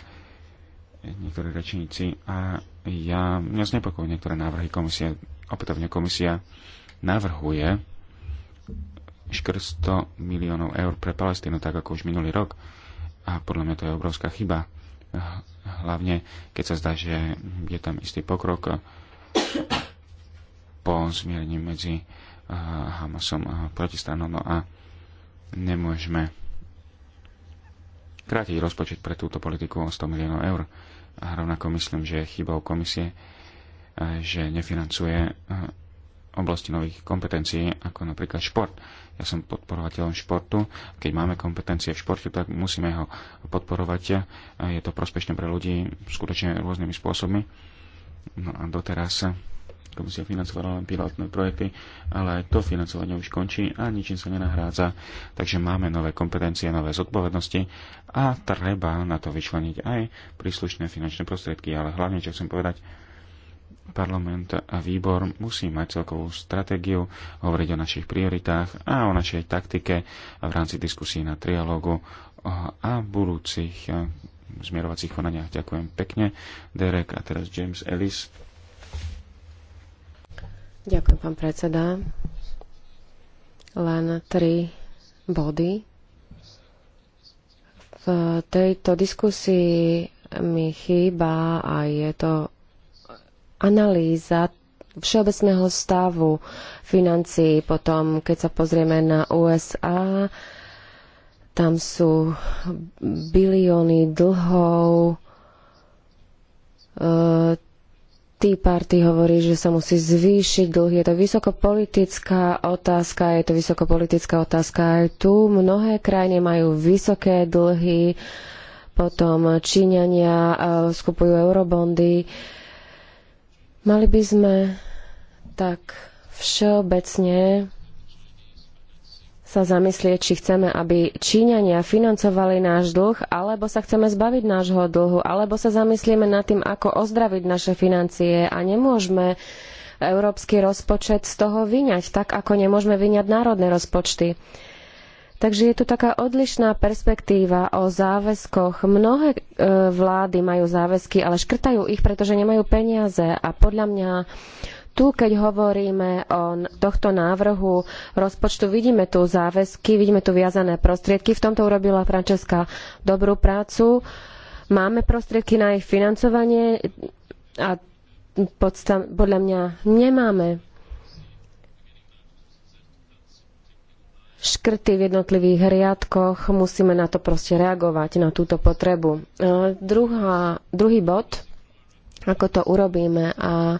D: niektorí rečníci. A ja, mňa znepokojú niektoré návrhy komisie. Opätovne komisia navrhuje 400 miliónov eur pre Palestínu, tak ako už minulý rok. A podľa mňa to je obrovská chyba. Hlavne, keď sa zdá, že je tam istý pokrok a po zmierení medzi Hamasom a protistranou. No a nemôžeme krátiť rozpočet pre túto politiku o 100 miliónov eur. A rovnako myslím, že je chybou komisie, že nefinancuje oblasti nových kompetencií, ako napríklad šport. Ja som podporovateľom športu. Keď máme kompetencie v športe, tak musíme ho podporovať. Je to prospešné pre ľudí skutočne rôznymi spôsobmi. No a doteraz Komisia financovala len pilotné projekty, ale aj to financovanie už končí a ničím sa nenahrádza. Takže máme nové kompetencie, nové zodpovednosti a treba na to vyčleniť aj príslušné finančné prostriedky. Ale hlavne, čo chcem povedať, parlament a výbor musí mať celkovú stratégiu, hovoriť o našich prioritách a o našej taktike v rámci diskusí na trialógu a budúcich eh, zmierovacích konaniach. Ďakujem pekne, Derek a teraz James Ellis.
B: Ďakujem, pán predseda. Len tri body. V tejto diskusii mi chýba a je to analýza všeobecného stavu financií. Potom, keď sa pozrieme na USA, tam sú bilióny dlhov, e, Tea Party hovorí, že sa musí zvýšiť dlhy. Je to vysokopolitická otázka, je to vysokopolitická otázka aj tu. Mnohé krajiny majú vysoké dlhy, potom Číňania skupujú eurobondy. Mali by sme tak všeobecne sa zamyslieť, či chceme, aby Číňania financovali náš dlh, alebo sa chceme zbaviť nášho dlhu, alebo sa zamyslíme nad tým, ako ozdraviť naše financie a nemôžeme európsky rozpočet z toho vyňať, tak ako nemôžeme vyňať národné rozpočty. Takže je tu taká odlišná perspektíva o záväzkoch. Mnohé e, vlády majú záväzky, ale škrtajú ich, pretože nemajú peniaze. A podľa mňa tu, keď hovoríme o tohto návrhu rozpočtu, vidíme tu záväzky, vidíme tu viazané prostriedky. V tomto urobila Francesca dobrú prácu. Máme prostriedky na ich financovanie a podstav, podľa mňa nemáme škrty v jednotlivých riadkoch, musíme na to proste reagovať, na túto potrebu. E, druhá, druhý bod, ako to urobíme a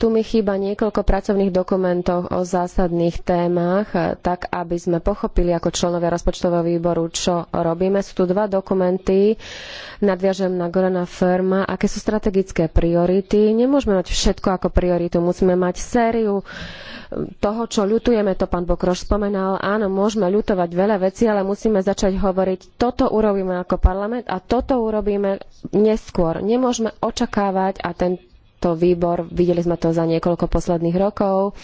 B: tu mi chýba niekoľko pracovných dokumentov o zásadných témach, tak aby sme pochopili ako členovia rozpočtového výboru, čo robíme. Sú tu dva dokumenty, nadviažem na Gorana Ferma, aké sú strategické priority. Nemôžeme mať všetko ako prioritu, musíme mať sériu toho, čo ľutujeme, to pán Bokroš spomenal. Áno, môžeme ľutovať veľa vecí, ale musíme začať hovoriť, toto urobíme ako parlament a toto urobíme neskôr. Nemôžeme očakávať a ten to výbor, videli sme to za niekoľko posledných rokov.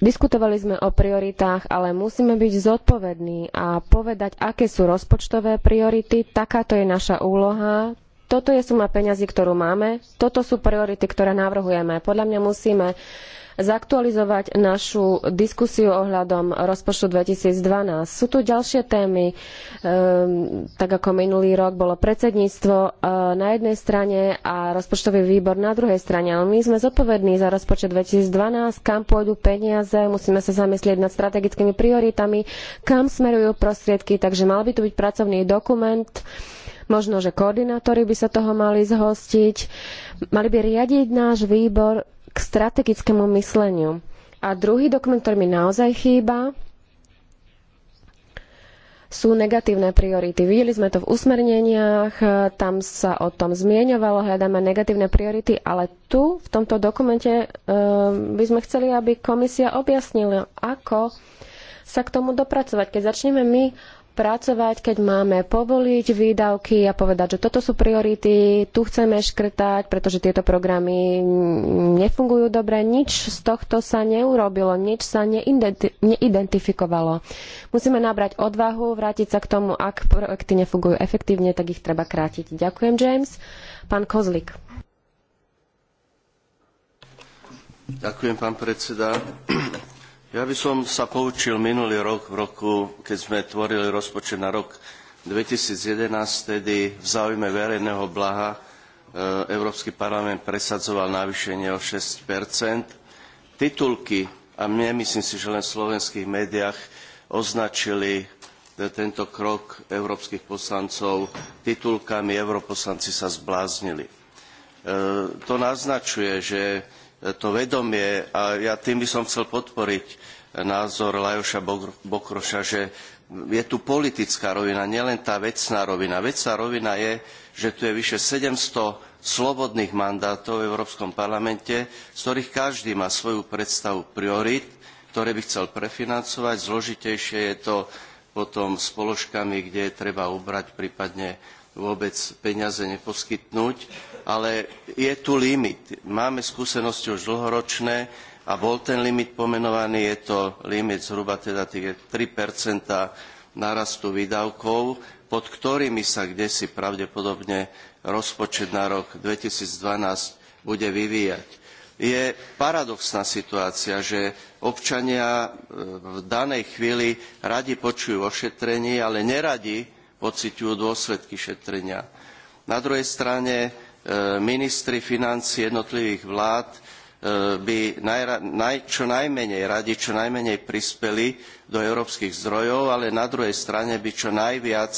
B: Diskutovali sme o prioritách, ale musíme byť zodpovední a povedať, aké sú rozpočtové priority. Takáto je naša úloha. Toto je suma peňazí, ktorú máme. Toto sú priority, ktoré navrhujeme. Podľa mňa musíme zaktualizovať našu diskusiu ohľadom rozpočtu 2012. Sú tu ďalšie témy, ehm, tak ako minulý rok bolo predsedníctvo eh, na jednej strane a rozpočtový výbor na druhej strane. Ale my sme zodpovední za rozpočet 2012, kam pôjdu peniaze, musíme sa zamyslieť nad strategickými prioritami, kam smerujú prostriedky, takže mal by tu byť pracovný dokument, Možno, že koordinátori by sa toho mali zhostiť, mali by riadiť náš výbor k strategickému mysleniu. A druhý dokument, ktorý mi naozaj chýba, sú negatívne priority. Videli sme to v usmerneniach, tam sa o tom zmieňovalo, hľadáme negatívne priority, ale tu, v tomto dokumente, eh, by sme chceli, aby komisia objasnila, ako sa k tomu dopracovať. Keď začneme my pracovať, keď máme povoliť výdavky a povedať, že toto sú priority, tu chceme škrtať, pretože tieto programy nefungujú dobre. Nič z tohto sa neurobilo, nič sa neidentifikovalo. Musíme nabrať odvahu, vrátiť sa k tomu, ak projekty nefungujú efektívne, tak ich treba krátiť. Ďakujem, James. Pán Kozlik.
A: Ďakujem, pán predseda. Ja by som sa poučil minulý rok, v roku, keď sme tvorili rozpočet na rok 2011, tedy v záujme verejného blaha e, Európsky parlament presadzoval navýšenie o 6 Titulky, a nemyslím si, že len v slovenských médiách, označili e, tento krok európskych poslancov titulkami Europoslanci sa zbláznili. E, to naznačuje, že to vedomie a ja tým by som chcel podporiť e, názor Lajoša Bokroša, že je tu politická rovina, nielen tá vecná rovina. Vecná rovina je, že tu je vyše 700 slobodných mandátov v Európskom parlamente, z ktorých každý má svoju predstavu priorit, ktoré by chcel prefinancovať. Zložitejšie je to potom s položkami, kde je treba ubrať, prípadne vôbec peniaze neposkytnúť ale je tu limit. Máme skúsenosti už dlhoročné a bol ten limit pomenovaný, je to limit zhruba teda tých 3 narastu výdavkov, pod ktorými sa kdesi pravdepodobne rozpočet na rok 2012 bude vyvíjať. Je paradoxná situácia, že občania e, v danej chvíli radi počujú o šetrení, ale neradi pociťujú dôsledky šetrenia. Na druhej strane E, ministri financí jednotlivých vlád e, by čo najmenej radi, čo najmenej prispeli do európskych zdrojov, ale na druhej strane by čo najviac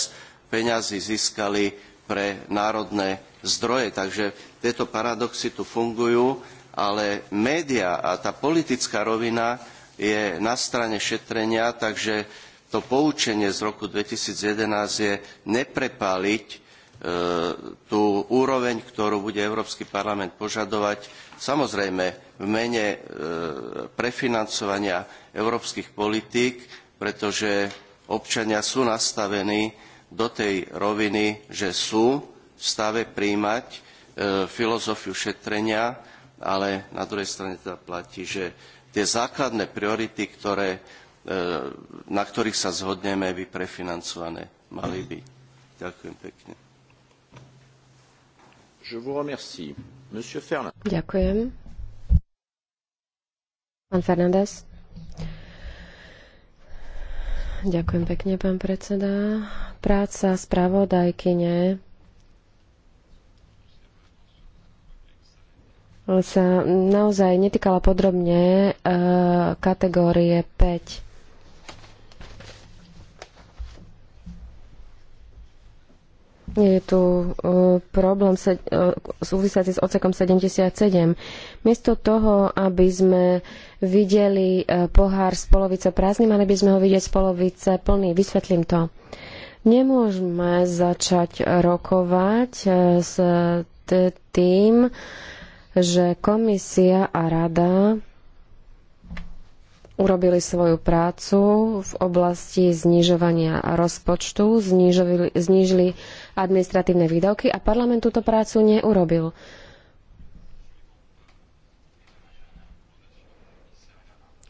A: peňazí získali pre národné zdroje. Takže tieto paradoxy tu fungujú, ale média a tá politická rovina je na strane šetrenia, takže to poučenie z roku 2011 je neprepáliť E, tú úroveň, ktorú bude Európsky parlament požadovať, samozrejme v mene e, prefinancovania európskych politík, pretože občania sú nastavení do tej roviny, že sú v stave príjmať e, filozofiu šetrenia, ale na druhej strane teda platí, že tie základné priority, ktoré, na ktorých sa zhodneme, by prefinancované mali byť. Ďakujem pekne. Je vous remercie. Monsieur Ferland.
B: Ďakujem. Pán Fernández. Ďakujem pekne, pán predseda. Práca spravodajkyne sa naozaj netýkala podrobne eh, kategórie 5 Je tu e, problém e, súvisiaci s ocekom 77. Miesto toho, aby sme videli e, pohár z polovice prázdny, mali by sme ho vidieť z polovice plný. Vysvetlím to. Nemôžeme začať rokovať s tým, že komisia a rada urobili svoju prácu v oblasti znižovania rozpočtu, znižili, znižili administratívne výdavky a parlament túto prácu neurobil.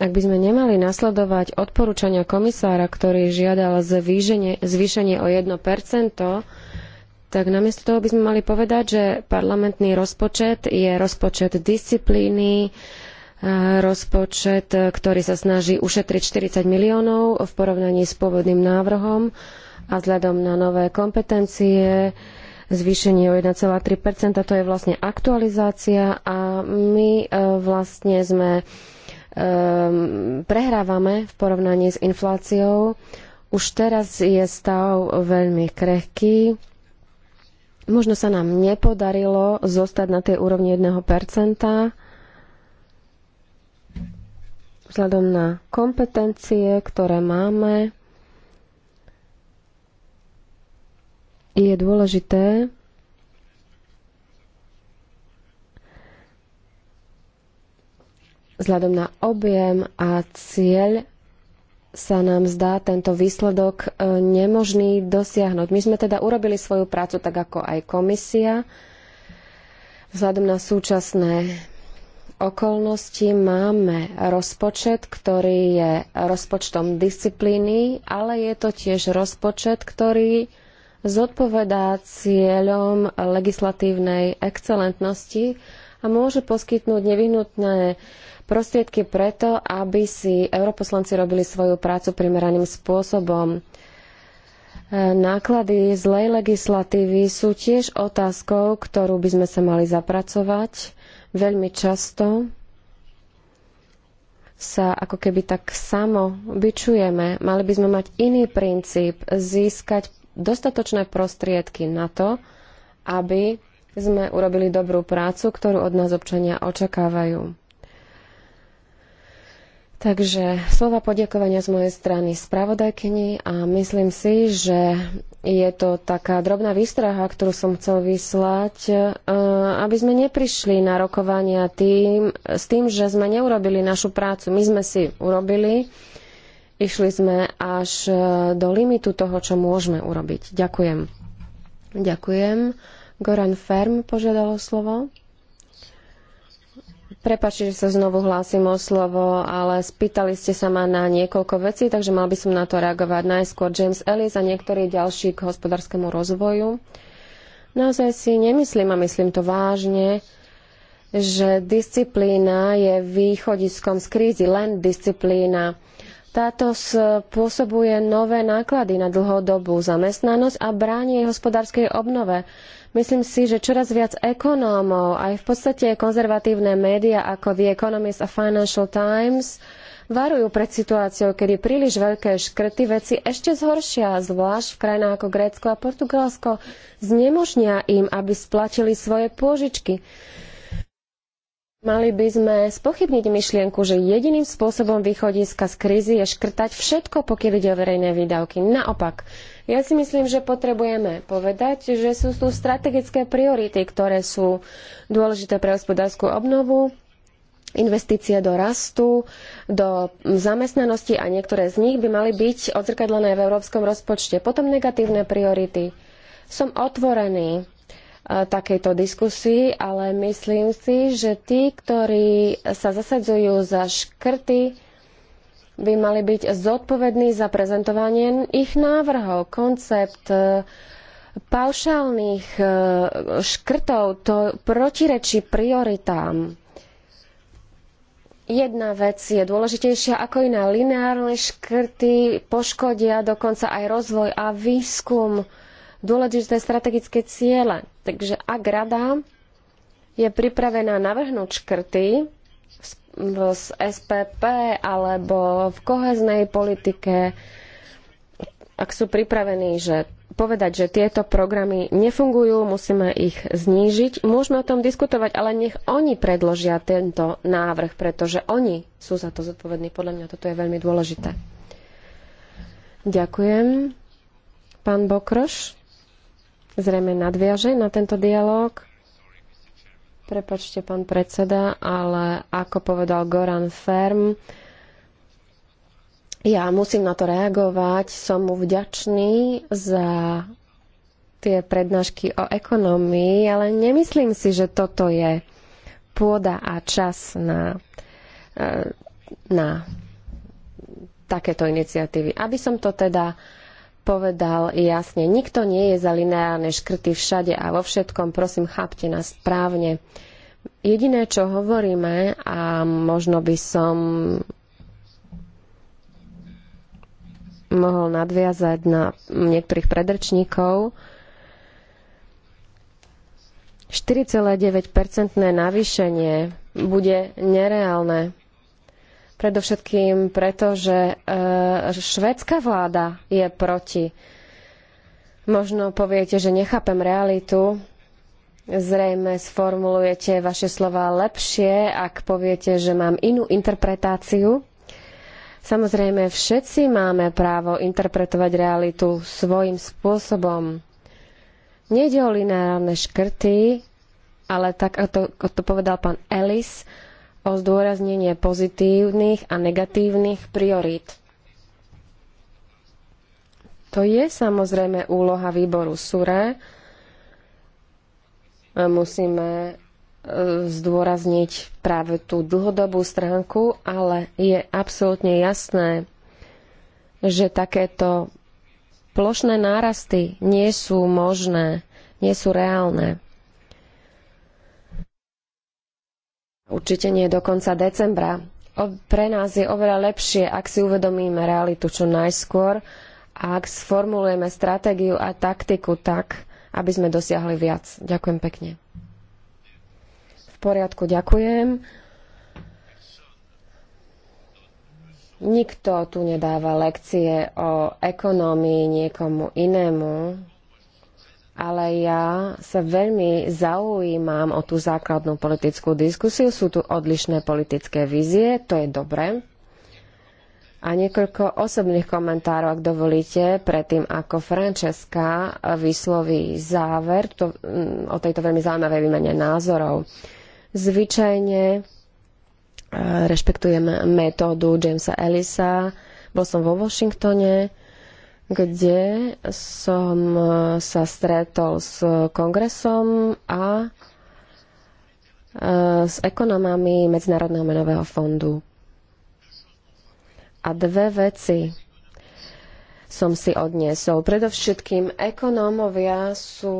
B: Ak by sme nemali nasledovať odporúčania komisára, ktorý žiadal zvýšenie, zvýšenie o 1%, tak namiesto toho by sme mali povedať, že parlamentný rozpočet je rozpočet disciplíny, rozpočet, ktorý sa snaží ušetriť 40 miliónov v porovnaní s pôvodným návrhom a vzhľadom na nové kompetencie zvýšenie o 1,3 to je vlastne aktualizácia a my e, vlastne sme e, prehrávame v porovnaní s infláciou. Už teraz je stav veľmi krehký. Možno sa nám nepodarilo zostať na tej úrovni 1 vzhľadom na kompetencie, ktoré máme, je dôležité vzhľadom na objem a cieľ sa nám zdá tento výsledok e, nemožný dosiahnuť. My sme teda urobili svoju prácu tak ako aj komisia. Vzhľadom na súčasné okolností máme rozpočet, ktorý je rozpočtom disciplíny, ale je to tiež rozpočet, ktorý zodpovedá cieľom legislatívnej excelentnosti a môže poskytnúť nevyhnutné prostriedky preto, aby si europoslanci robili svoju prácu primeraným spôsobom. E, náklady zlej legislatívy sú tiež otázkou, ktorú by sme sa mali zapracovať Veľmi často sa ako keby tak samo byčujeme. Mali by sme mať iný princíp, získať dostatočné prostriedky na to, aby sme urobili dobrú prácu, ktorú od nás občania očakávajú. Takže slova poďakovania z mojej strany spravodajkyni a myslím si, že je to taká drobná výstraha, ktorú som chcel vyslať, e, aby sme neprišli na rokovania tým, s tým, že sme neurobili našu prácu. My sme si urobili, išli sme až e, do limitu toho, čo môžeme urobiť. Ďakujem. Ďakujem. Goran Ferm požiadalo slovo. Prepačte, že sa znovu hlásim o slovo, ale spýtali ste sa ma na niekoľko vecí, takže mal by som na to reagovať najskôr James Ellis a niektorí ďalší k hospodárskemu rozvoju. Naozaj si nemyslím a myslím to vážne, že disciplína je východiskom z krízy, len disciplína. Táto spôsobuje nové náklady na dlhodobú zamestnanosť a bráni jej hospodárskej obnove. Myslím si, že čoraz viac ekonómov, aj v podstate konzervatívne médiá ako The Economist a Financial Times, varujú pred situáciou, kedy príliš veľké škrty veci ešte zhoršia, zvlášť v krajinách ako Grécko a Portugalsko, znemožnia im, aby splatili svoje pôžičky. Mali by sme spochybniť myšlienku, že jediným spôsobom východiska z krízy je škrtať všetko, pokiaľ ide o verejné výdavky. Naopak, ja si myslím, že potrebujeme povedať, že sú tu strategické priority, ktoré sú dôležité pre hospodárskú obnovu, investície do rastu, do zamestnanosti a niektoré z nich by mali byť odzrkadlené v európskom rozpočte. Potom negatívne priority. Som otvorený e, takejto diskusii, ale myslím si, že tí, ktorí sa zasadzujú za škrty, by mali byť zodpovední za prezentovanie ich návrhov. Koncept e, paušálnych e, škrtov to protirečí prioritám. Jedna vec je dôležitejšia ako iná. Lineárne škrty poškodia dokonca aj rozvoj a výskum dôležité strategické ciele. Takže ak rada je pripravená navrhnúť škrty, v SPP alebo v koheznej politike, ak sú pripravení, že povedať, že tieto programy nefungujú, musíme ich znížiť. Môžeme o tom diskutovať, ale nech oni predložia tento návrh, pretože oni sú za to zodpovední. Podľa mňa toto je veľmi dôležité. Ďakujem. Pán Bokroš zrejme nadviaže na tento dialog. Prepačte, pán predseda, ale ako povedal Goran Ferm, ja musím na to reagovať. Som mu vďačný za tie prednášky o ekonomii, ale nemyslím si, že toto je pôda a čas na, eh, na takéto iniciatívy. Aby som to teda povedal jasne, nikto nie je za lineárne škrty všade a vo všetkom, prosím, chápte nás správne. Jediné, čo hovoríme, a možno by som mohol nadviazať na niektorých predrečníkov, 49 navýšenie bude nereálne Predovšetkým preto, že e, švedská vláda je proti. Možno poviete, že nechápem realitu. Zrejme sformulujete vaše slova lepšie, ak poviete, že mám inú interpretáciu. Samozrejme, všetci máme právo interpretovať realitu svojim spôsobom. Nejde o lineárne škrty, ale tak, ako to, ako to povedal pán Ellis, o zdôraznenie pozitívnych a negatívnych priorít. To je samozrejme úloha výboru SURE. Musíme e, zdôrazniť práve tú dlhodobú stránku, ale je absolútne jasné, že takéto plošné nárasty nie sú možné, nie sú reálne. určite nie do konca decembra. O, pre nás je oveľa lepšie, ak si uvedomíme realitu čo najskôr a ak sformulujeme stratégiu a taktiku tak, aby sme dosiahli viac. Ďakujem pekne. V poriadku, ďakujem. Nikto tu nedáva lekcie o ekonómii niekomu inému ale ja sa veľmi zaujímam o tú základnú politickú diskusiu. Sú tu odlišné politické vízie, to je dobré. A niekoľko osobných komentárov, ak dovolíte, predtým ako Francesca vysloví záver to, mm, o tejto veľmi zaujímavej výmene názorov. Zvyčajne e, rešpektujem metódu Jamesa Ellisa. Bol som vo Washingtone, kde som e, sa stretol s kongresom a e, s ekonomami Medzinárodného menového fondu. A dve veci som si odniesol. Predovšetkým ekonómovia sú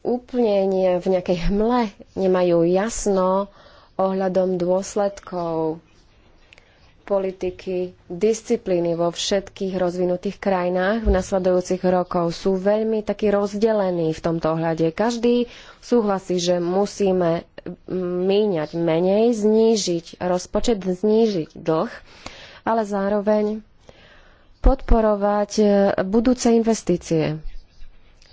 B: úplne nie, v nejakej hmle, nemajú jasno ohľadom dôsledkov politiky disciplíny vo všetkých rozvinutých krajinách v nasledujúcich rokov sú veľmi takí rozdelení v tomto ohľade. Každý súhlasí, že musíme míňať menej, znížiť rozpočet, znížiť dlh, ale zároveň podporovať e, budúce investície.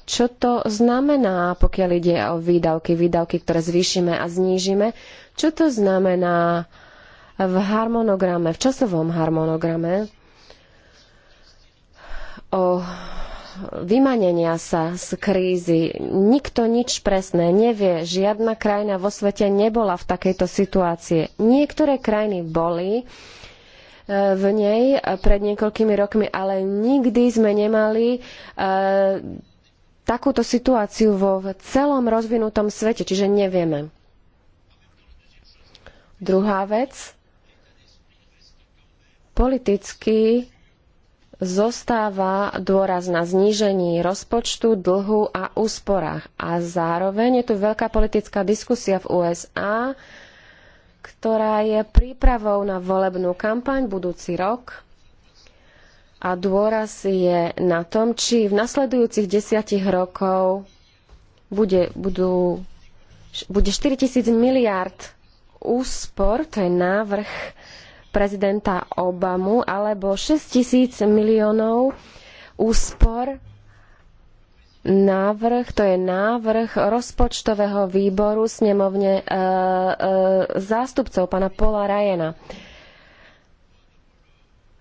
B: Čo to znamená, pokiaľ ide o výdavky, výdavky, ktoré zvýšime a znížime? Čo to znamená v harmonograme, v časovom harmonograme o vymanenia sa z krízy. Nikto nič presné nevie. Žiadna krajina vo svete nebola v takejto situácii. Niektoré krajiny boli e, v nej pred niekoľkými rokmi, ale nikdy sme nemali e, takúto situáciu vo celom rozvinutom svete, čiže nevieme. Druhá vec, Politicky zostáva dôraz na znížení rozpočtu, dlhu a úsporách. A zároveň je tu veľká politická diskusia v USA, ktorá je prípravou na volebnú kampaň budúci rok. A dôraz je na tom, či v nasledujúcich desiatich rokov bude, budú, bude 4 tisíc miliárd úspor, to je návrh prezidenta Obamu, alebo 6 tisíc miliónov úspor návrh, to je návrh rozpočtového výboru snemovne e, e, zástupcov pána Paula Ryana.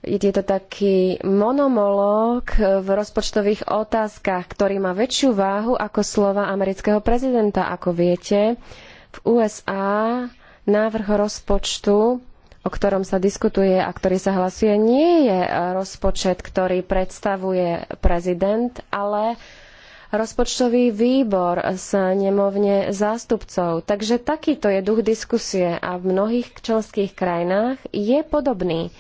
B: Je to taký monomológ v rozpočtových otázkach, ktorý má väčšiu váhu ako slova amerického prezidenta. Ako viete, v USA návrh rozpočtu o ktorom sa diskutuje a ktorý sa hlasuje, nie je rozpočet, ktorý predstavuje prezident, ale rozpočtový výbor s nemovne zástupcov. Takže takýto je duch diskusie a v mnohých členských krajinách je podobný.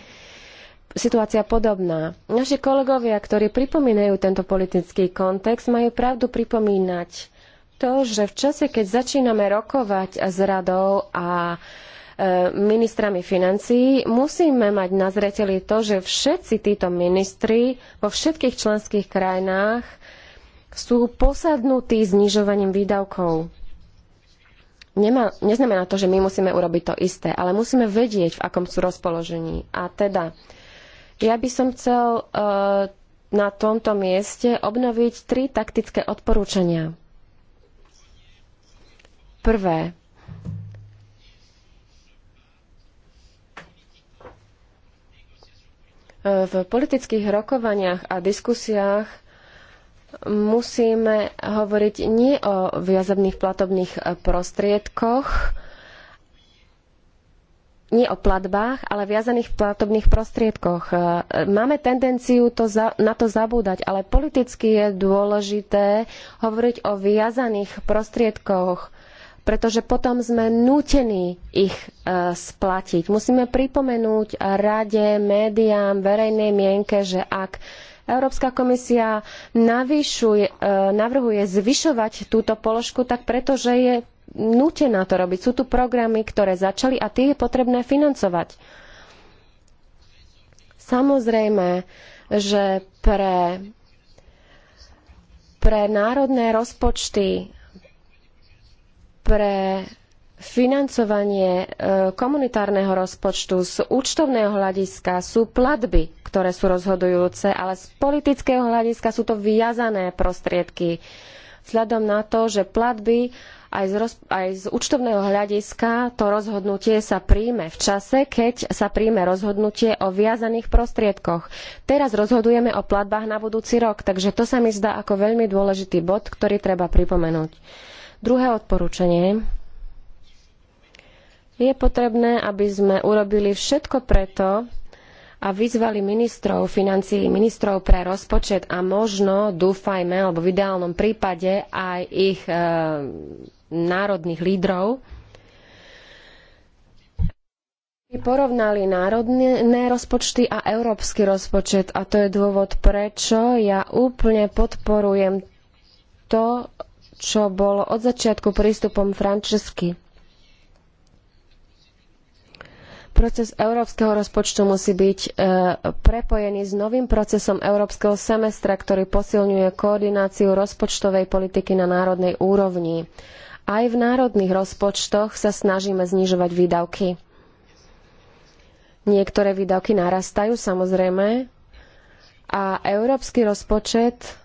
B: Situácia podobná. Naši kolegovia, ktorí pripomínajú tento politický kontext, majú pravdu pripomínať to, že v čase, keď začíname rokovať s radou a ministrami financií, musíme mať na zreteli to, že všetci títo ministri vo všetkých členských krajinách sú posadnutí znižovaním výdavkov. Nemá, neznamená to, že my musíme urobiť to isté, ale musíme vedieť, v akom sú rozpoložení. A teda, ja by som chcel e, na tomto mieste obnoviť tri taktické odporúčania. Prvé, v politických rokovaniach a diskusiách musíme hovoriť nie o viazebných platobných prostriedkoch, nie o platbách, ale viazaných platobných prostriedkoch. Máme tendenciu to za, na to zabúdať, ale politicky je dôležité hovoriť o viazaných prostriedkoch pretože potom sme nútení ich e, splatiť. Musíme pripomenúť rade, médiám, verejnej mienke, že ak Európska komisia navyšuje, e, navrhuje zvyšovať túto položku, tak pretože je nútená to robiť. Sú tu programy, ktoré začali a tie je potrebné financovať. Samozrejme, že pre pre národné rozpočty pre financovanie e, komunitárneho rozpočtu z účtovného hľadiska sú platby, ktoré sú rozhodujúce, ale z politického hľadiska sú to viazané prostriedky. Vzhľadom na to, že platby aj z, roz, aj z účtovného hľadiska to rozhodnutie sa príjme v čase, keď sa príjme rozhodnutie o viazaných prostriedkoch. Teraz rozhodujeme o platbách na budúci rok, takže to sa mi zdá ako veľmi dôležitý bod, ktorý treba pripomenúť. Druhé odporúčanie. Je potrebné, aby sme urobili všetko preto a vyzvali ministrov financií, ministrov pre rozpočet a možno, dúfajme, alebo v ideálnom prípade aj ich e, národných lídrov, porovnali národné rozpočty a európsky rozpočet a to je dôvod, prečo ja úplne podporujem to, čo bolo od začiatku prístupom frančesky. Proces európskeho rozpočtu musí byť e, prepojený s novým procesom európskeho semestra, ktorý posilňuje koordináciu rozpočtovej politiky na národnej úrovni. Aj v národných rozpočtoch sa snažíme znižovať výdavky. Niektoré výdavky narastajú samozrejme a európsky rozpočet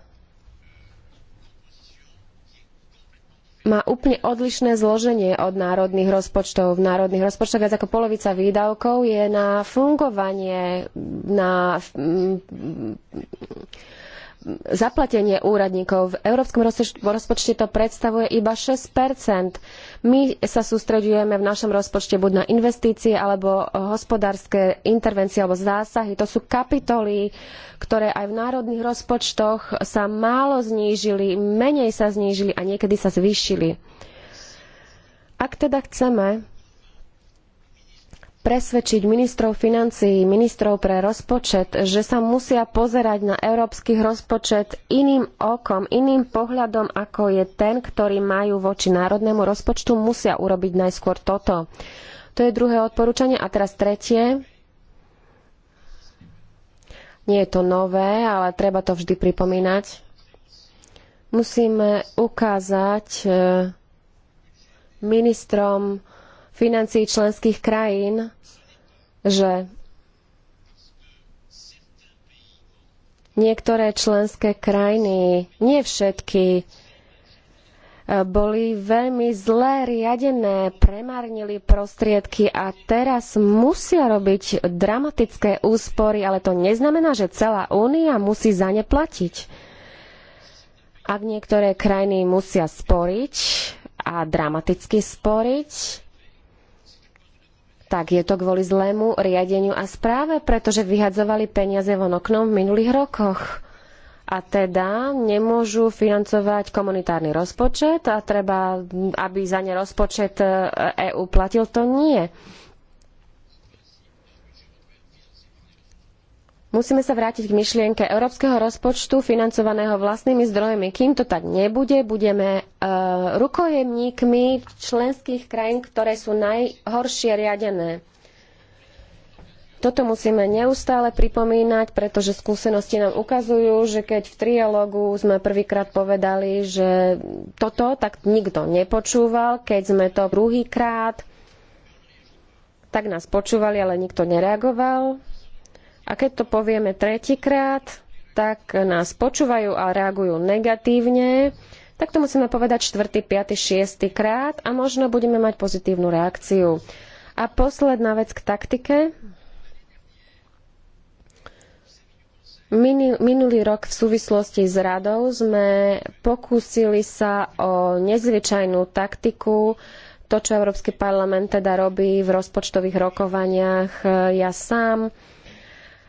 B: má úplne odlišné zloženie od národných rozpočtov. V národných rozpočtoch viac ako polovica výdavkov je na fungovanie, na zaplatenie úradníkov. V európskom rozpočte to predstavuje iba 6 My sa sústreďujeme v našom rozpočte buď na investície alebo hospodárske intervencie alebo zásahy. To sú kapitoly, ktoré aj v národných rozpočtoch sa málo znížili, menej sa znížili a niekedy sa zvýšili. Ak teda chceme presvedčiť ministrov financií, ministrov pre rozpočet, že sa musia pozerať na európsky rozpočet iným okom, iným pohľadom, ako je ten, ktorý majú voči národnému rozpočtu, musia urobiť najskôr toto. To je druhé odporúčanie. A teraz tretie. Nie je to nové, ale treba to vždy pripomínať. Musíme ukázať eh, ministrom financií členských krajín, že niektoré členské krajiny, nie všetky, e, boli veľmi zlé riadené, premárnili prostriedky a teraz musia robiť dramatické úspory, ale to neznamená, že celá únia musí za ne platiť. Ak niektoré krajiny musia sporiť a dramaticky sporiť, tak je to kvôli zlému riadeniu a správe, pretože vyhadzovali peniaze von oknom v minulých rokoch. A teda nemôžu financovať komunitárny rozpočet a treba, aby za ne rozpočet EÚ e platil, to nie. Musíme sa vrátiť k myšlienke európskeho rozpočtu financovaného vlastnými zdrojmi. Kým to tak nebude, budeme uh, rukojemníkmi členských krajín, ktoré sú najhoršie riadené. Toto musíme neustále pripomínať, pretože skúsenosti nám ukazujú, že keď v trialógu sme prvýkrát povedali, že toto tak nikto nepočúval, keď sme to druhýkrát, tak nás počúvali, ale nikto nereagoval. A keď to povieme tretíkrát, tak nás počúvajú a reagujú negatívne, tak to musíme povedať štvrtý, piaty, šiestý krát a možno budeme mať pozitívnu reakciu. A posledná vec k taktike. Minulý rok v súvislosti s radou sme pokúsili sa o nezvyčajnú taktiku, to, čo Európsky parlament teda robí v rozpočtových rokovaniach. Ja sám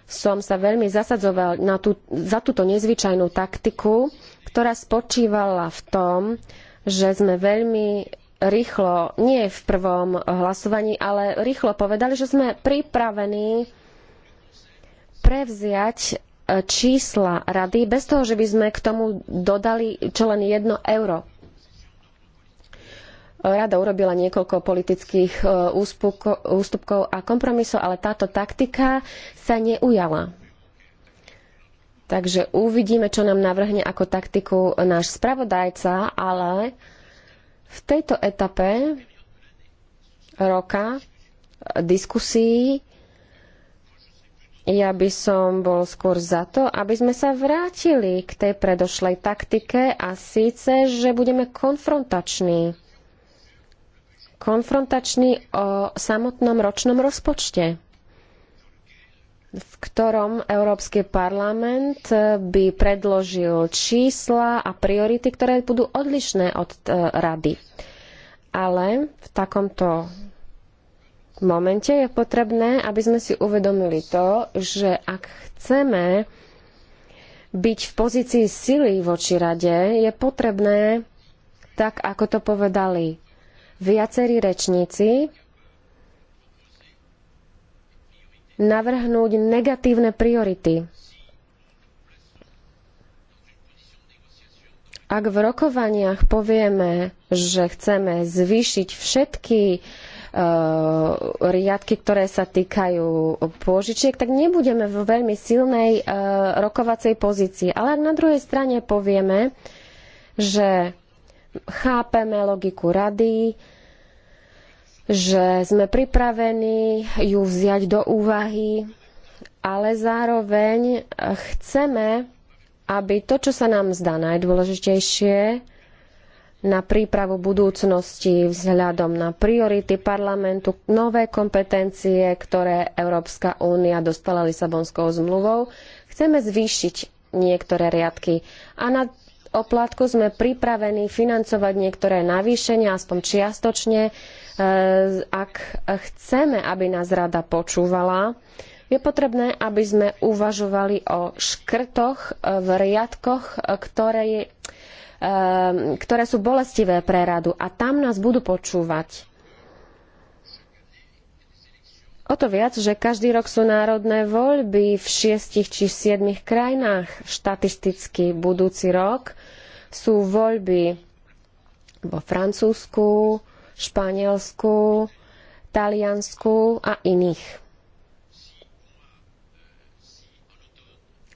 B: som sa veľmi zasadzoval na tú, za túto nezvyčajnú taktiku, ktorá spočívala v tom, že sme veľmi rýchlo, nie v prvom hlasovaní, ale rýchlo povedali, že sme pripravení prevziať e, čísla rady bez toho, že by sme k tomu dodali čo len jedno euro. Rada urobila niekoľko politických e, ústupkov a kompromisov, ale táto taktika sa neujala. Takže uvidíme, čo nám navrhne ako taktiku náš spravodajca, ale v tejto etape roka e, diskusí ja by som bol skôr za to, aby sme sa vrátili k tej predošlej taktike a síce, že budeme konfrontační konfrontačný o samotnom ročnom rozpočte, v ktorom Európsky parlament eh, by predložil čísla a priority, ktoré budú odlišné od eh, rady. Ale v takomto momente je potrebné, aby sme si uvedomili to, že ak chceme byť v pozícii sily voči rade, je potrebné, tak ako to povedali viacerí rečníci navrhnúť negatívne priority. Ak v rokovaniach povieme, že chceme zvýšiť všetky e, riadky, ktoré sa týkajú pôžičiek, tak nebudeme vo veľmi silnej e, rokovacej pozícii. Ale ak na druhej strane povieme, že chápeme logiku rady, že sme pripravení ju vziať do úvahy, ale zároveň chceme, aby to, čo sa nám zdá najdôležitejšie na prípravu budúcnosti vzhľadom na priority parlamentu, nové kompetencie, ktoré Európska únia dostala Lisabonskou zmluvou, chceme zvýšiť niektoré riadky. A na oplátku sme pripravení financovať niektoré navýšenia, aspoň čiastočne, Eh, ak chceme, aby nás rada počúvala, je potrebné, aby sme uvažovali o škrtoch eh, v riadkoch, eh, ktoré, ktoré sú bolestivé pre radu a tam nás budú počúvať. O to viac, že každý rok sú národné voľby v šiestich či siedmich krajinách. Štatisticky budúci rok sú voľby vo Francúzsku, Španielsku, Taliansku a iných.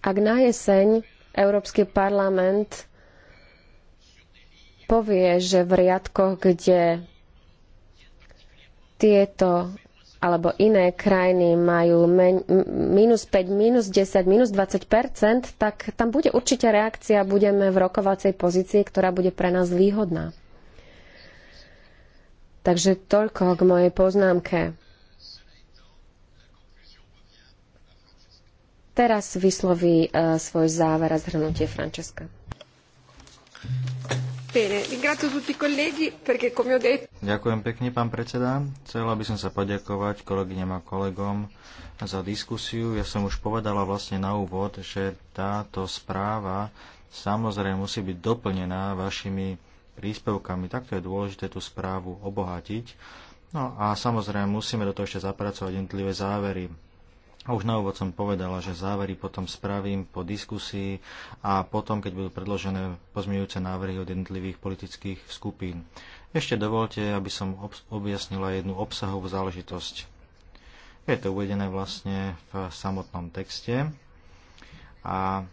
B: Ak na jeseň Európsky parlament povie, že v riadkoch, kde tieto alebo iné krajiny majú men, minus 5, minus 10, minus 20 tak tam bude určite reakcia, budeme v rokovacej pozícii, ktorá bude pre nás výhodná. Takže toľko k mojej poznámke. Teraz vysloví e, svoj záver a zhrnutie Francesca.
C: Ďakujem pekne, pán predseda. Chcela by som sa poďakovať kolegyňam a kolegom za diskusiu. Ja som už povedala vlastne na úvod, že táto správa samozrejme musí byť doplnená vašimi príspevkami. Takto je dôležité tú správu obohatiť. No a samozrejme musíme do toho ešte zapracovať jednotlivé závery. A už na úvod som povedala, že závery potom spravím po diskusii a potom, keď budú predložené pozmeňujúce návrhy od jednotlivých politických skupín. Ešte dovolte, aby som objasnila jednu obsahovú záležitosť. Je to uvedené vlastne v samotnom texte a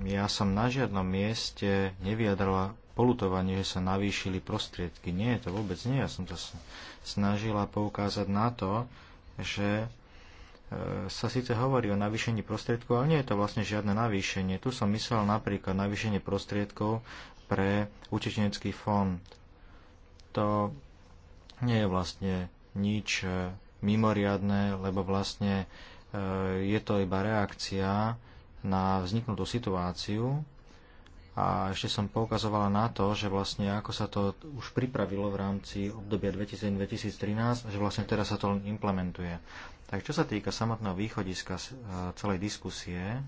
C: ja som na žiadnom mieste nevyjadrala polutovanie, že sa navýšili prostriedky. Nie, to vôbec nie. Ja som sa snažila poukázať na to, že e, sa síce hovorí o navýšení prostriedkov, ale nie je to vlastne žiadne navýšenie. Tu som myslel napríklad navýšenie prostriedkov pre utečenecký fond. To nie je vlastne nič e, mimoriadné, lebo vlastne e, je to iba reakcia na vzniknutú situáciu, a ešte som poukazovala na to, že vlastne ako sa to už pripravilo v rámci obdobia 2007-2013, že vlastne teraz sa to len implementuje. Tak čo sa týka samotného východiska e, celej diskusie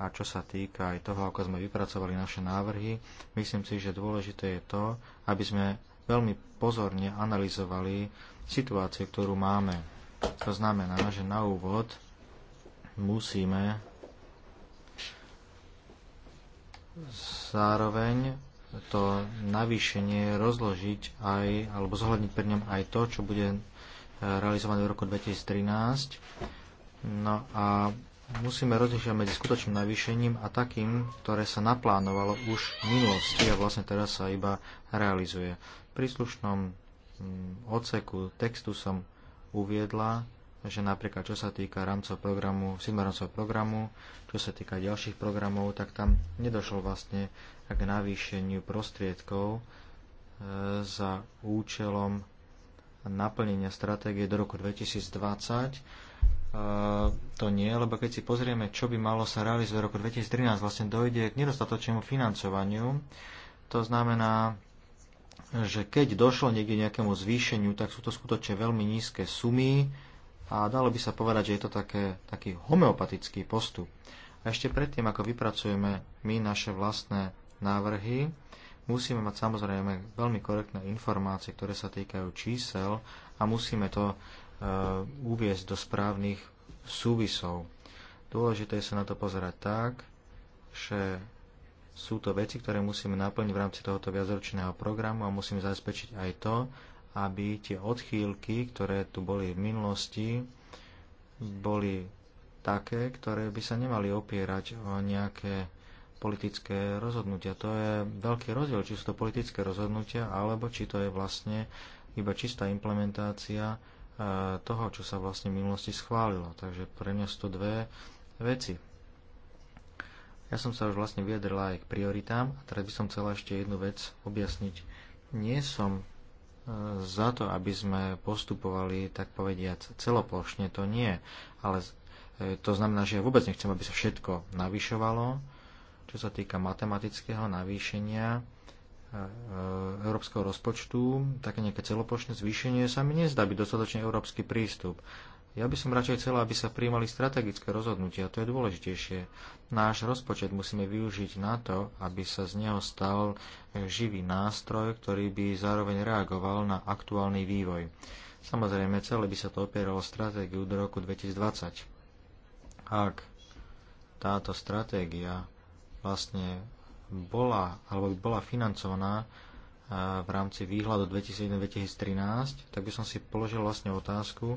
C: a čo sa týka aj toho, ako sme vypracovali naše návrhy, myslím si, že dôležité je to, aby sme veľmi pozorne analyzovali situáciu, ktorú máme. To znamená, že na úvod musíme zároveň to navýšenie rozložiť aj, alebo zohľadniť pri ňom aj to, čo bude e, realizované v roku 2013. No a musíme rozlišovať medzi skutočným navýšením a takým, ktoré sa naplánovalo už v minulosti a vlastne teraz sa iba realizuje. V príslušnom mm, odseku textu som uviedla, že napríklad čo sa týka rámcov programu, 7 programu, čo sa týka ďalších programov, tak tam nedošlo vlastne k navýšeniu prostriedkov e, za účelom naplnenia stratégie do roku 2020. E, to nie, lebo keď si pozrieme, čo by malo sa realizovať v roku 2013, vlastne dojde k nedostatočnému financovaniu. To znamená, že keď došlo niekde nejakému zvýšeniu, tak sú to skutočne veľmi nízke sumy, a dalo by sa povedať, že je to také, taký homeopatický postup. A ešte predtým, ako vypracujeme my naše vlastné návrhy, musíme mať samozrejme veľmi korektné informácie, ktoré sa týkajú čísel a musíme to e, uviezť do správnych súvisov. Dôležité je sa na to pozerať tak, že sú to veci, ktoré musíme naplniť v rámci tohoto viacročného programu a musíme zabezpečiť aj to, aby tie odchýlky, ktoré tu boli v minulosti, boli také, ktoré by sa nemali opierať o nejaké politické rozhodnutia. To je veľký rozdiel, či sú to politické rozhodnutia, alebo či to je vlastne iba čistá implementácia e, toho, čo sa vlastne v minulosti schválilo. Takže pre mňa sú to dve veci. Ja som sa už vlastne vyjadrila aj k prioritám a teraz by som chcela ešte jednu vec objasniť. Nie som za to, aby sme postupovali, tak povediať, celoplošne to nie. Ale e, to znamená, že ja vôbec nechcem, aby sa všetko navyšovalo, čo sa týka matematického navýšenia e, e, európskeho rozpočtu, také nejaké celoplošné zvýšenie sa mi nezdá byť dostatočne európsky prístup. Ja by som radšej chcela, aby sa príjmali strategické rozhodnutia, to je dôležitejšie. Náš rozpočet musíme využiť na to, aby sa z neho stal živý nástroj, ktorý by zároveň reagoval na aktuálny vývoj. Samozrejme, celé by sa to opieralo stratégiu do roku 2020. Ak táto stratégia vlastne bola, alebo by bola financovaná eh, v rámci výhľadu 2001 2013 tak by som si položil vlastne otázku,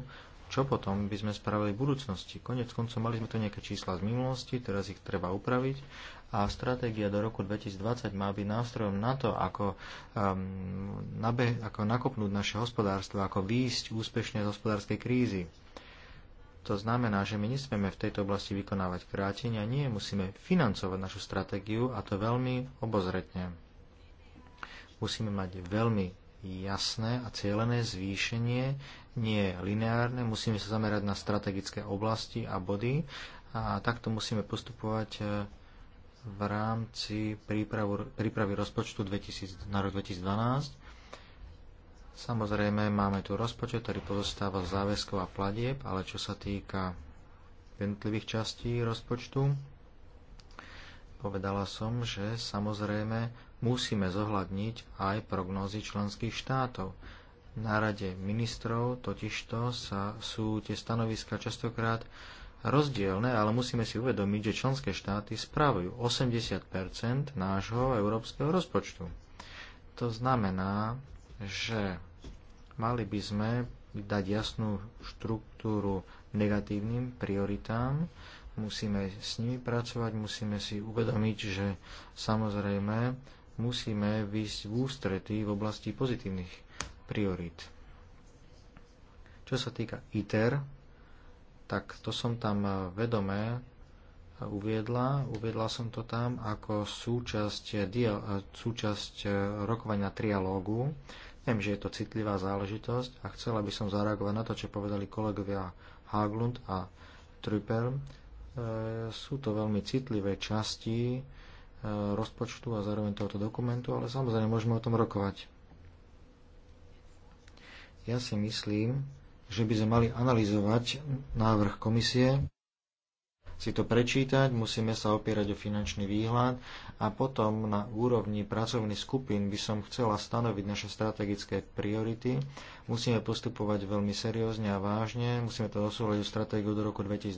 C: čo potom by sme spravili v budúcnosti. Konec koncov mali sme tu nejaké čísla z minulosti, teraz ich treba upraviť a stratégia do roku 2020 má byť nástrojom na to, ako, um, nabe, ako nakopnúť naše hospodárstvo, ako výjsť úspešne z hospodárskej krízy. To znamená, že my nesmieme v tejto oblasti vykonávať krátenia, nie musíme financovať našu stratégiu a to veľmi obozretne. Musíme mať veľmi jasné a cieľené zvýšenie nie je lineárne, musíme sa zamerať na strategické oblasti a body a takto musíme postupovať eh, v rámci prípravu, prípravy rozpočtu 2000, na rok 2012. Samozrejme, máme tu rozpočet, ktorý pozostáva z záväzkov a pladieb, ale čo sa týka jednotlivých častí rozpočtu, povedala som, že samozrejme musíme zohľadniť aj prognózy členských štátov. Na rade ministrov totižto sa, sú tie stanoviska častokrát rozdielne, ale musíme si uvedomiť, že členské štáty spravujú 80 nášho európskeho rozpočtu. To znamená, že mali by sme dať jasnú štruktúru negatívnym prioritám, musíme s nimi pracovať, musíme si uvedomiť, že samozrejme musíme výsť v ústrety v oblasti pozitívnych priorít. Čo sa týka ITER, tak to som tam vedomé uviedla. Uviedla som to tam ako súčasť, dia, súčasť rokovania trialógu. Viem, že je to citlivá záležitosť a chcela by som zareagovať na to, čo povedali kolegovia Haglund a Trüpper. E, sú to veľmi citlivé časti Eh, rozpočtu a zároveň tohoto dokumentu, ale samozrejme môžeme o tom rokovať. Ja si myslím, že by sme mali analyzovať návrh komisie si to prečítať, musíme sa opierať o finančný výhľad a potom na úrovni pracovných skupín by som chcela stanoviť naše strategické priority. Musíme postupovať veľmi seriózne a vážne, musíme to o stratégiu do roku 2012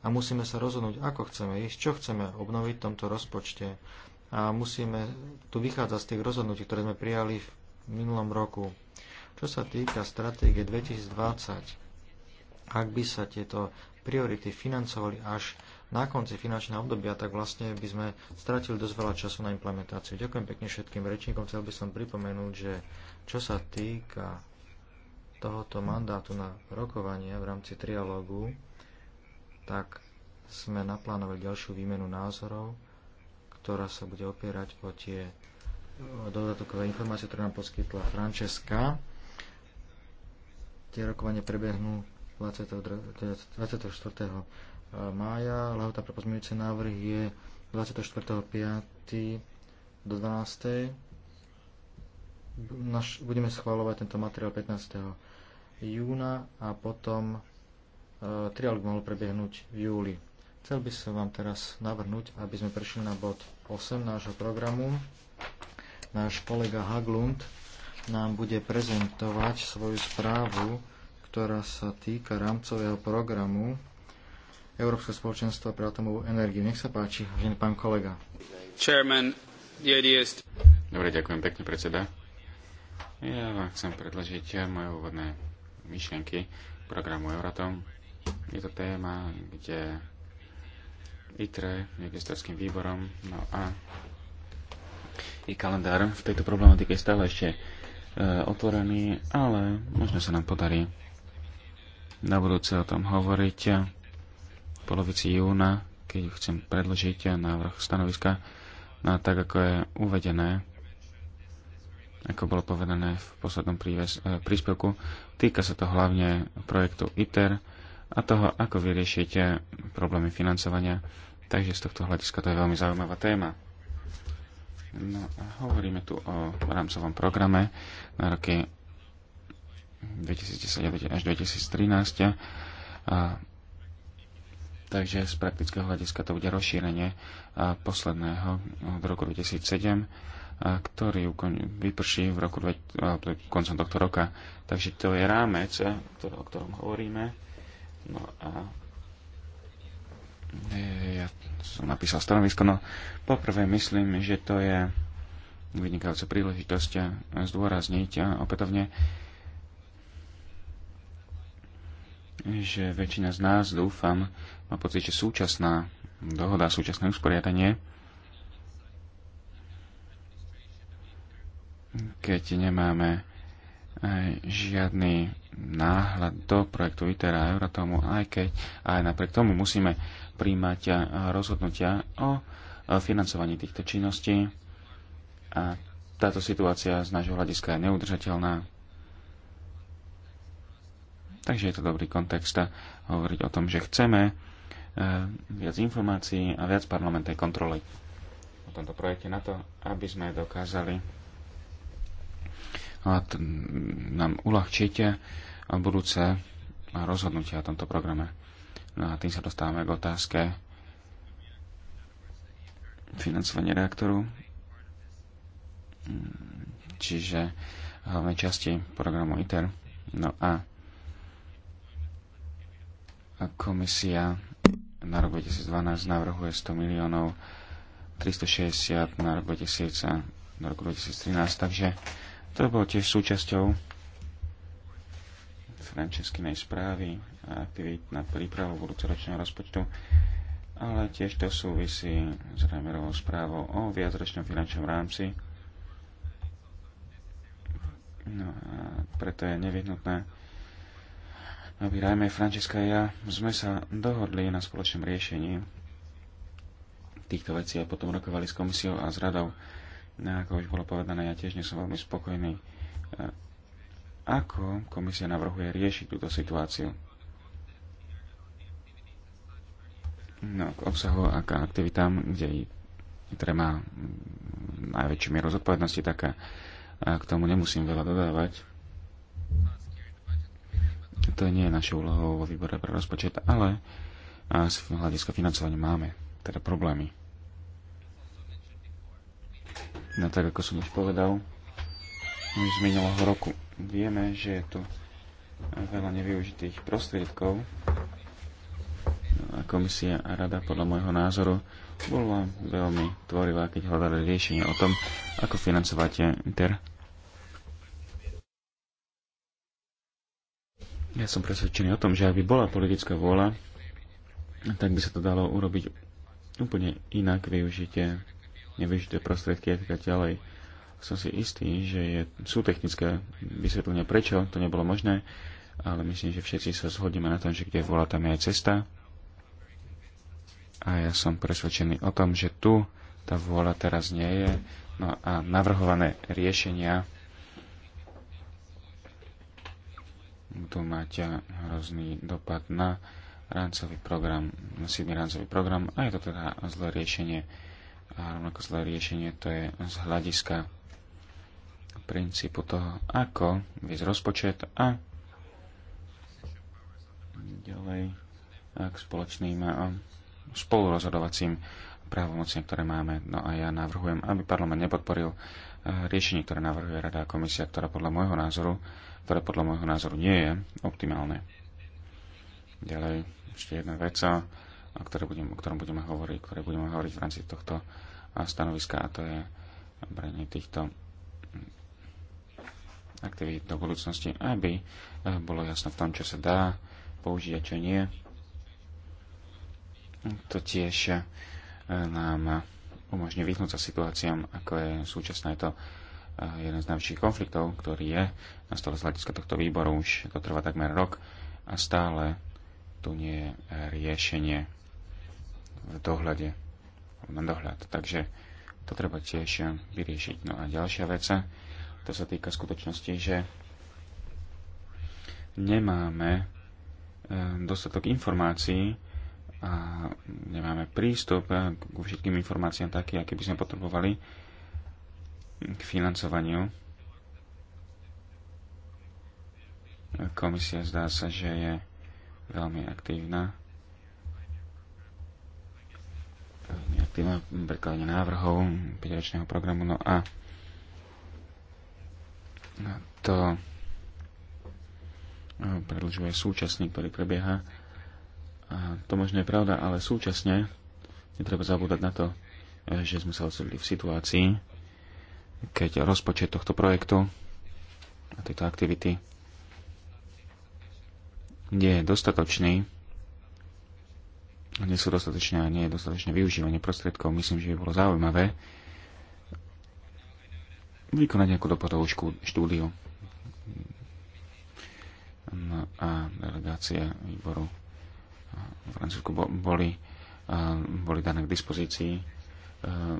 C: a musíme sa rozhodnúť, ako chceme ísť, čo chceme obnoviť v tomto rozpočte. A musíme tu vychádzať z tých rozhodnutí, ktoré sme prijali v minulom roku. Čo sa týka stratégie 2020, ak by sa tieto priority financovali až na konci finančného obdobia, tak vlastne by sme stratili dosť veľa času na implementáciu. Ďakujem pekne všetkým rečníkom. Chcel by som pripomenúť, že čo sa týka tohoto mandátu na rokovanie v rámci trialógu, tak sme naplánovali ďalšiu výmenu názorov, ktorá sa bude opierať o tie dodatkové informácie, ktoré nám poskytla Francesca. Tie rokovania prebehnú 24. E, mája. Lehota pre pozmeňujúce návrhy je 24.5. do 12. Naš, budeme schváľovať tento materiál 15. júna a potom e, trialog mohol prebiehnúť v júli. Chcel by som vám teraz navrhnúť, aby sme prešli na bod 8 nášho programu. Náš kolega Haglund nám bude prezentovať svoju správu ktorá sa týka rámcového programu Európske spoločenstva pre atomovú energiu. Nech sa páči, vážený pán kolega.
D: Chairman, Dobre, ďakujem pekne, predseda. Ja vám chcem predložiť moje úvodné myšlienky programu Euratom. Je to téma, kde ITRE je gestorským výborom, no a i kalendár v tejto problematike je stále ešte e, otvorený, ale možno sa nám podarí na budúce o tom hovoriť v polovici júna, keď chcem predložiť návrh stanoviska. No tak, ako je uvedené, ako bolo povedané v poslednom e, príspevku, týka sa to hlavne projektu ITER a toho, ako vyriešite problémy financovania. Takže z tohto hľadiska to je veľmi zaujímavá téma. No hovoríme tu o rámcovom programe na roky 2010 až 2013. A, takže z praktického hľadiska to bude rozšírenie a, posledného od roku 2007, a, ktorý vyprší v roku a, koncom tohto roka. Takže to je rámec, e, o ktorom hovoríme. No a e, ja som napísal stanovisko, no poprvé myslím, že to je vynikajúca príležitosť e, zdôrazniť a opätovne že väčšina z nás, dúfam, má pocit, že súčasná dohoda, súčasné usporiadanie, keď nemáme e, žiadny náhľad do projektu ITERA a Euratomu, aj keď aj napriek tomu musíme príjmať e, rozhodnutia o e, financovaní týchto činností. A táto situácia z nášho hľadiska je neudržateľná. Takže je to dobrý kontext hovoriť o tom, že chceme e, viac informácií a viac parlamentnej kontroly o tomto projekte na to, aby sme dokázali nám uľahčiť budúce rozhodnutia o tomto programe. No a tým sa dostávame k otázke financovania reaktoru. Čiže hlavnej časti programu ITER. No a Komisia na rok 2012 navrhuje 100 miliónov 360 na rok 2000, na roku 2013, takže to bolo tiež súčasťou Frančeskinej správy a aktivít na prípravu budúcoročného rozpočtu, ale tiež to súvisí s Remerovou správou o viacročnom finančnom rámci. No a preto je nevyhnutné aby Rajme, Františka a ja sme sa dohodli na spoločnom riešení týchto vecí a potom rokovali s komisiou a s radou. A ako už bolo povedané, ja tiež nie som veľmi spokojný. E, ako komisia navrhuje riešiť túto situáciu? No, k obsahu a k aktivitám, kde ktoré má najväčšiu mieru zodpovednosti, tak a e, k tomu nemusím veľa dodávať. To nie je našou úlohou vo výbore pre rozpočet, ale z hľadiska financovania máme teda problémy. No tak, ako som už povedal, už z minulého roku vieme, že je tu veľa nevyužitých prostriedkov. A komisia a rada podľa môjho názoru bola veľmi tvorivá, keď hľadali riešenie o tom, ako financovať inter Ja som presvedčený o tom, že ak by bola politická vôľa, tak by sa to dalo urobiť úplne inak, využite nevyužité prostriedky a tak ďalej. Som si istý, že je, sú technické vysvetlenia, prečo to nebolo možné, ale myslím, že všetci sa zhodneme na tom, že kde vola, tam je aj cesta. A ja som presvedčený o tom, že tu tá vôľa teraz nie je. No a navrhované riešenia budú mať hrozný dopad na rancový program, na 7. rancový program a je to teda zlé riešenie. A rovnako zlé riešenie to je z hľadiska princípu toho, ako viesť rozpočet a ďalej a k spoločným spolurozhodovacím právomocne, ktoré máme. No a ja navrhujem, aby parlament nepodporil riešenie, ktoré navrhuje Rada a komisia, ktorá podľa môjho názoru, ktoré podľa môjho názoru nie je optimálne. Ďalej ešte jedna vec, o, ktoré budem, o ktorom budeme hovoriť, ktoré budeme hovoriť v rámci tohto stanoviska, a to je branie týchto aktivít do budúcnosti, aby e, bolo jasno v tom, čo sa dá použiť a čo nie. To tiež e, nám umožní vyhnúť sa situáciám, ako je súčasné to eh, jeden z najväčších konfliktov, ktorý je na stole z hľadiska tohto výboru už to trvá takmer rok a stále tu nie je riešenie v dohľade na dohľad. Takže to treba tiež vyriešiť. No a ďalšia vec, to sa týka skutočnosti, že nemáme eh, dostatok informácií a nemáme prístup k všetkým informáciám taký, aký by sme potrebovali k financovaniu. Komisia zdá sa, že je veľmi aktívna. Aktívna prekladanie návrhov 5-ročného programu. No a to predlžuje súčasný, ktorý prebieha a to možno je pravda, ale súčasne netreba zabúdať na to, že sme sa ocitli v situácii, keď rozpočet tohto projektu a tejto aktivity nie je dostatočný, nie sú dostatočné a nie je dostatočné využívanie prostriedkov, myslím, že by bolo zaujímavé vykonať nejakú dopadovú štúdiu. No a delegácia výboru v Francúzsku boli, boli dané k dispozícii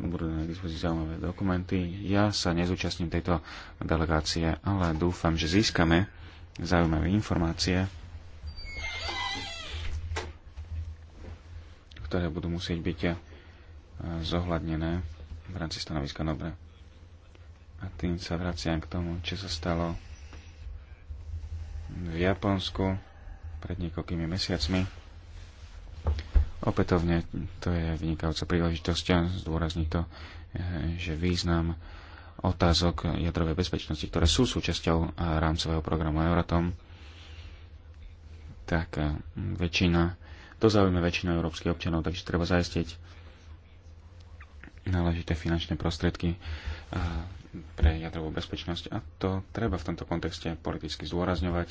D: budú na dispozícii zaujímavé dokumenty. Ja sa nezúčastním tejto delegácie, ale dúfam, že získame zaujímavé informácie, ktoré budú musieť byť zohľadnené v rámci stanoviska Nobre. A tým sa vraciam k tomu, čo sa stalo v Japonsku pred niekoľkými mesiacmi. Opätovne to je vynikajúca príležitosť zdôrazniť to, že význam otázok jadrovej bezpečnosti, ktoré sú súčasťou rámcového programu Euratom, tak eh, väčšina, to zaujíme väčšinu európskych občanov, takže treba zaistiť náležité finančné prostriedky eh, pre jadrovú bezpečnosť a to treba v tomto kontexte politicky zdôrazňovať.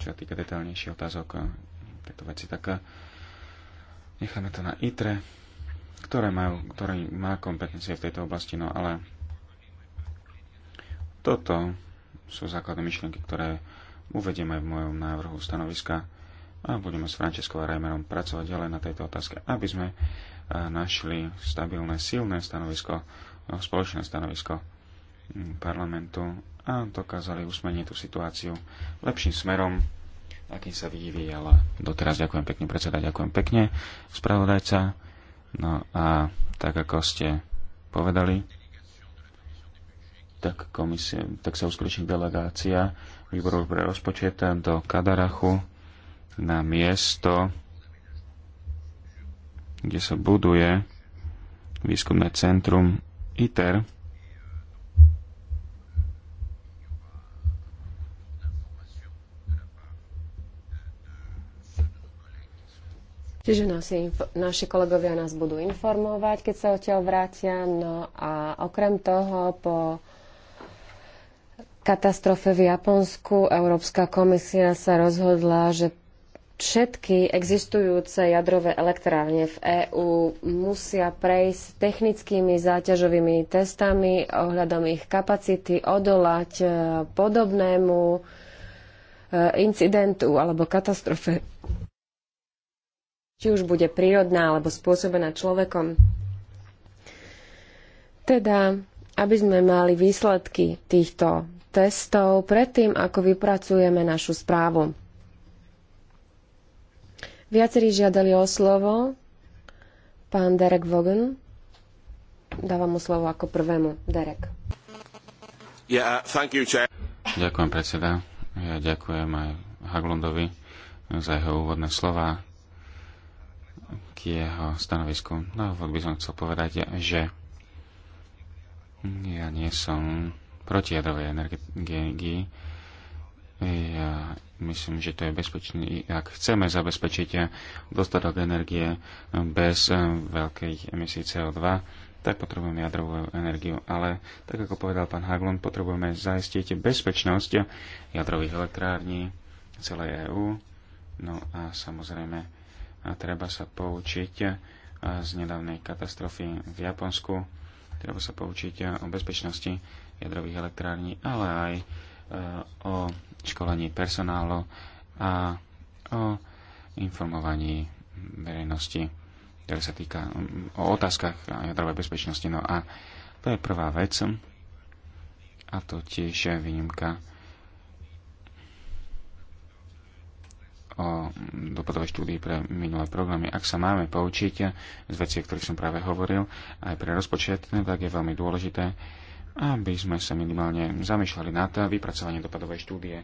D: Čo sa týka detaľnejších otázok eh, tieto veci. Tak necháme to na ITRE, ktoré majú, ktorý má kompetencie v tejto oblasti, no ale toto sú základné myšlienky, ktoré uvedieme v mojom návrhu stanoviska a budeme s Frančeskou a Reimerom pracovať ďalej na tejto otázke, aby sme eh, našli stabilné, silné stanovisko, eh, spoločné stanovisko mm, parlamentu a dokázali usmeniť tú situáciu lepším smerom, akým sa vyvíjala doteraz. Ďakujem pekne, predseda, ďakujem pekne, spravodajca. No a tak, ako ste povedali, tak, komisie, tak sa uskutoční delegácia výboru pre rozpočet do Kadarachu na miesto, kde sa buduje výskumné centrum ITER,
B: Čiže naši, naši kolegovia nás budú informovať, keď sa odtiaľ vrátia. No a okrem toho po katastrofe v Japonsku Európska komisia sa rozhodla, že všetky existujúce jadrové elektrárne v EÚ musia prejsť technickými záťažovými testami ohľadom ich kapacity odolať e, podobnému e, incidentu alebo katastrofe či už bude prírodná alebo spôsobená človekom. Teda, aby sme mali výsledky týchto testov predtým, ako vypracujeme našu správu. Viacerí žiadali o slovo. Pán Derek Vogan. Dávam mu slovo ako prvému. Derek.
D: Yeah, you, ďakujem, predseda. Ja ďakujem aj Haglundovi za jeho úvodné slova jeho stanovisku. Na no, by som chcel povedať, že ja nie som proti jadrovej energii. Ja myslím, že to je bezpečný, ak chceme zabezpečiť dostatok energie bez veľkých emisí CO2, tak potrebujeme jadrovú energiu. Ale tak ako povedal pán Haglund, potrebujeme zaistiť bezpečnosť jadrových elektrární celej EÚ. No a samozrejme a treba sa poučiť e, z nedávnej katastrofy v Japonsku. Treba sa poučiť e, o bezpečnosti jadrových elektrární, ale aj e, o školení personálu a o informovaní verejnosti, ktoré sa týka mm, o otázkach jadrovej bezpečnosti. No a to je prvá vec. A to tiež je výnimka o dopadovej štúdii pre minulé programy. Ak sa máme poučiť z vecí, o ktorých som práve hovoril, aj pre rozpočet, tak je veľmi dôležité, aby sme sa minimálne zamýšľali nad vypracovanie dopadovej štúdie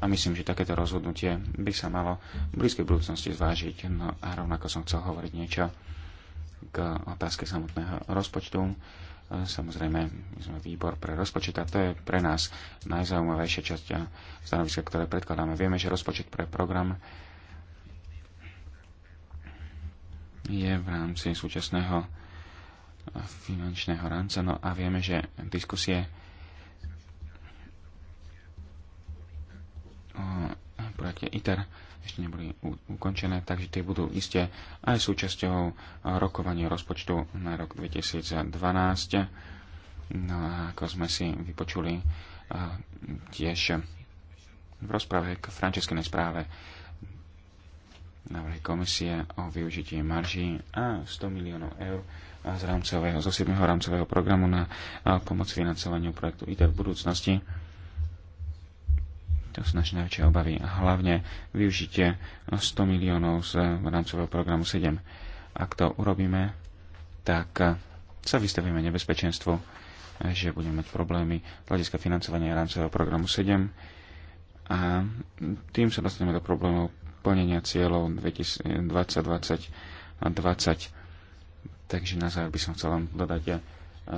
D: a myslím, že takéto rozhodnutie by sa malo v blízkej budúcnosti zvážiť. No a rovnako som chcel hovoriť niečo k otázke samotného rozpočtu. Samozrejme, my sme výbor pre rozpočet a to je pre nás najzaujímavejšia časť stanoviska, ktoré predkladáme. Vieme, že rozpočet pre program je v rámci súčasného finančného rámca. No a vieme, že diskusie o projekte ITER ešte neboli ukončené, takže tie budú iste aj súčasťou rokovania rozpočtu na rok 2012. No a ako sme si vypočuli tiež v rozprave k francúzskej správe návrhy komisie o využití marží a 100 miliónov eur z rámcového, zo 7. rámcového programu na pomoc financovaniu projektu ITER v budúcnosti to sú naše najväčšie obavy. Hlavne využitie 100 miliónov z rámcového programu 7. Ak to urobíme, tak sa vystavíme nebezpečenstvu, že budeme mať problémy z hľadiska financovania rámcového programu 7 a tým sa dostaneme do problémov plnenia cieľov 2020 2020 Takže na záver by som chcel len dodať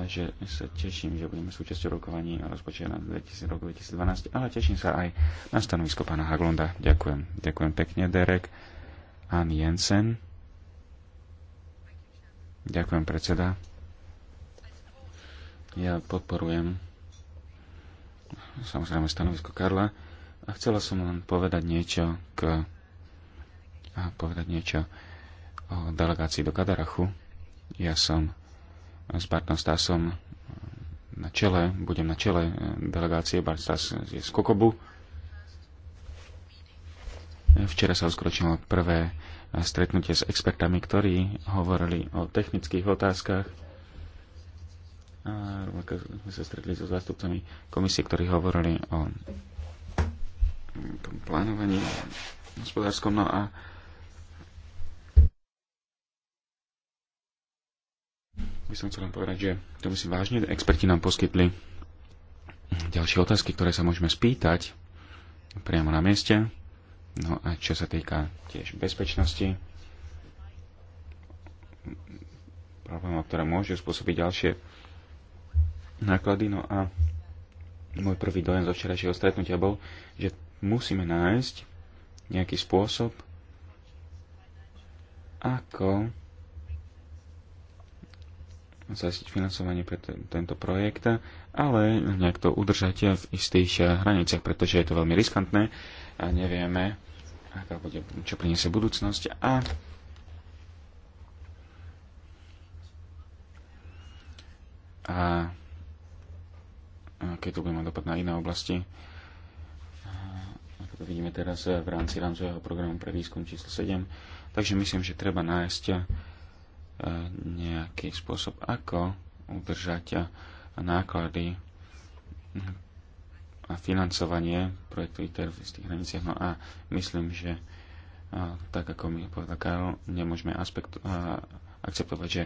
D: že sa teším, že budeme súčasťou rokovaní a rozpočet na 2000, rok 2012, ale teším sa aj na stanovisko pána Haglonda. Ďakujem. Ďakujem pekne, Derek. Ann Jensen. Ďakujem, predseda. Ja podporujem samozrejme stanovisko Karla a chcela som len povedať niečo k a povedať niečo o delegácii do Kadarachu. Ja som s Bartom Stasom na čele, budem na čele eh, delegácie Bart Stas je z Kokobu. Včera sa uskročilo prvé eh, stretnutie s expertami, ktorí hovorili o technických otázkach. A rovnako sme sa stretli so zástupcami komisie, ktorí hovorili o tom plánovaní hospodárskom. No a by som chcel len povedať, že to by si vážne experti nám poskytli ďalšie otázky, ktoré sa môžeme spýtať priamo na mieste. No a čo sa týka tiež bezpečnosti, problémov, ktoré môžu spôsobiť ďalšie náklady. No a môj prvý dojem zo včerajšieho stretnutia bol, že musíme nájsť nejaký spôsob, ako zajistiť financovanie pre tento projekt, ale nejak to udržať v istých eh, hraniciach, pretože je to veľmi riskantné a nevieme, aká bude, čo priniesie budúcnosť a a keď to bude mať dopad na iné oblasti, eh, ako to vidíme teraz eh, v rámci rámcového programu pre výskum číslo 7. Takže myslím, že treba nájsť nejaký spôsob, ako udržať náklady a financovanie projektu ITER v istých hraniciach. No a myslím, že tak ako mi povedal Karol, nemôžeme aspekt, a, akceptovať, že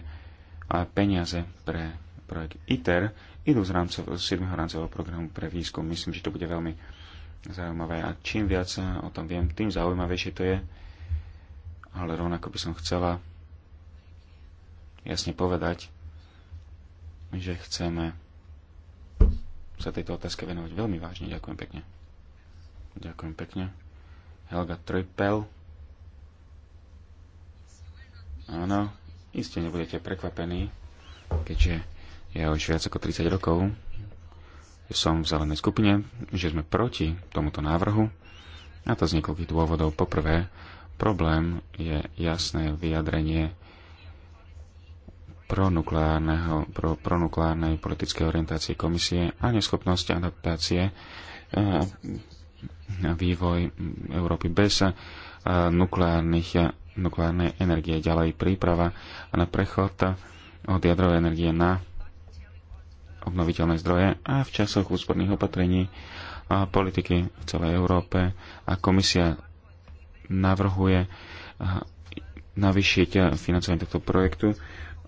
D: a peniaze pre projekt ITER idú z, rámcov, z 7. rámcového programu pre výskum. Myslím, že to bude veľmi zaujímavé a čím viac o tom viem, tým zaujímavejšie to je. Ale rovnako by som chcela jasne povedať, že chceme sa tejto otázke venovať veľmi vážne. Ďakujem pekne. Ďakujem pekne. Helga Trypel. Áno, iste nebudete prekvapení, keďže ja už viac ako 30 rokov som v zelenej skupine, že sme proti tomuto návrhu. A to z niekoľkých dôvodov. Poprvé, problém je jasné vyjadrenie pronukleárnej pro, pro politickej orientácie komisie a neschopnosť adaptácie eh, na vývoj Európy bez eh, nukleárnych, eh, nukleárnej energie. Ďalej príprava na prechod od jadrovej energie na obnoviteľné zdroje a v časoch úsporných opatrení a politiky v celej Európe a komisia navrhuje navýšiť financovanie tohto projektu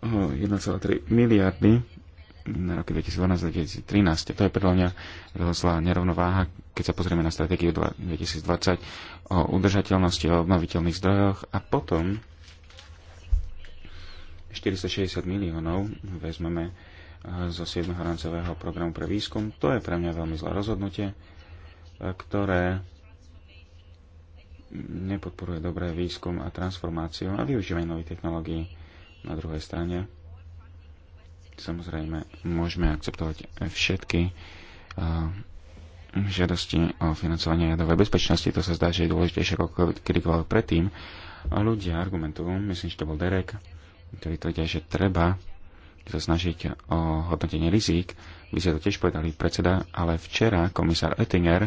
D: 1,3 miliardy na roky 2012-2013. To je podľa mňa zlá nerovnováha, keď sa pozrieme na stratégiu 2020 o udržateľnosti a obnoviteľných zdrojoch a potom 460 miliónov vezmeme eh, zo 7. rancového programu pre výskum. To je pre mňa veľmi zlé rozhodnutie, eh, ktoré nepodporuje dobré výskum a transformáciu a využívanie nových technológií na druhej strane, samozrejme, môžeme akceptovať všetky eh, žiadosti o financovanie jadovej bezpečnosti. To sa zdá, že je dôležitejšie ako kedykoľvek predtým. A ľudia argumentujú, myslím, že to bol Derek, ktorý tvrdia, že treba sa snažiť o hodnotenie rizík. Vy ste to tiež povedali, predseda, ale včera komisár Oettinger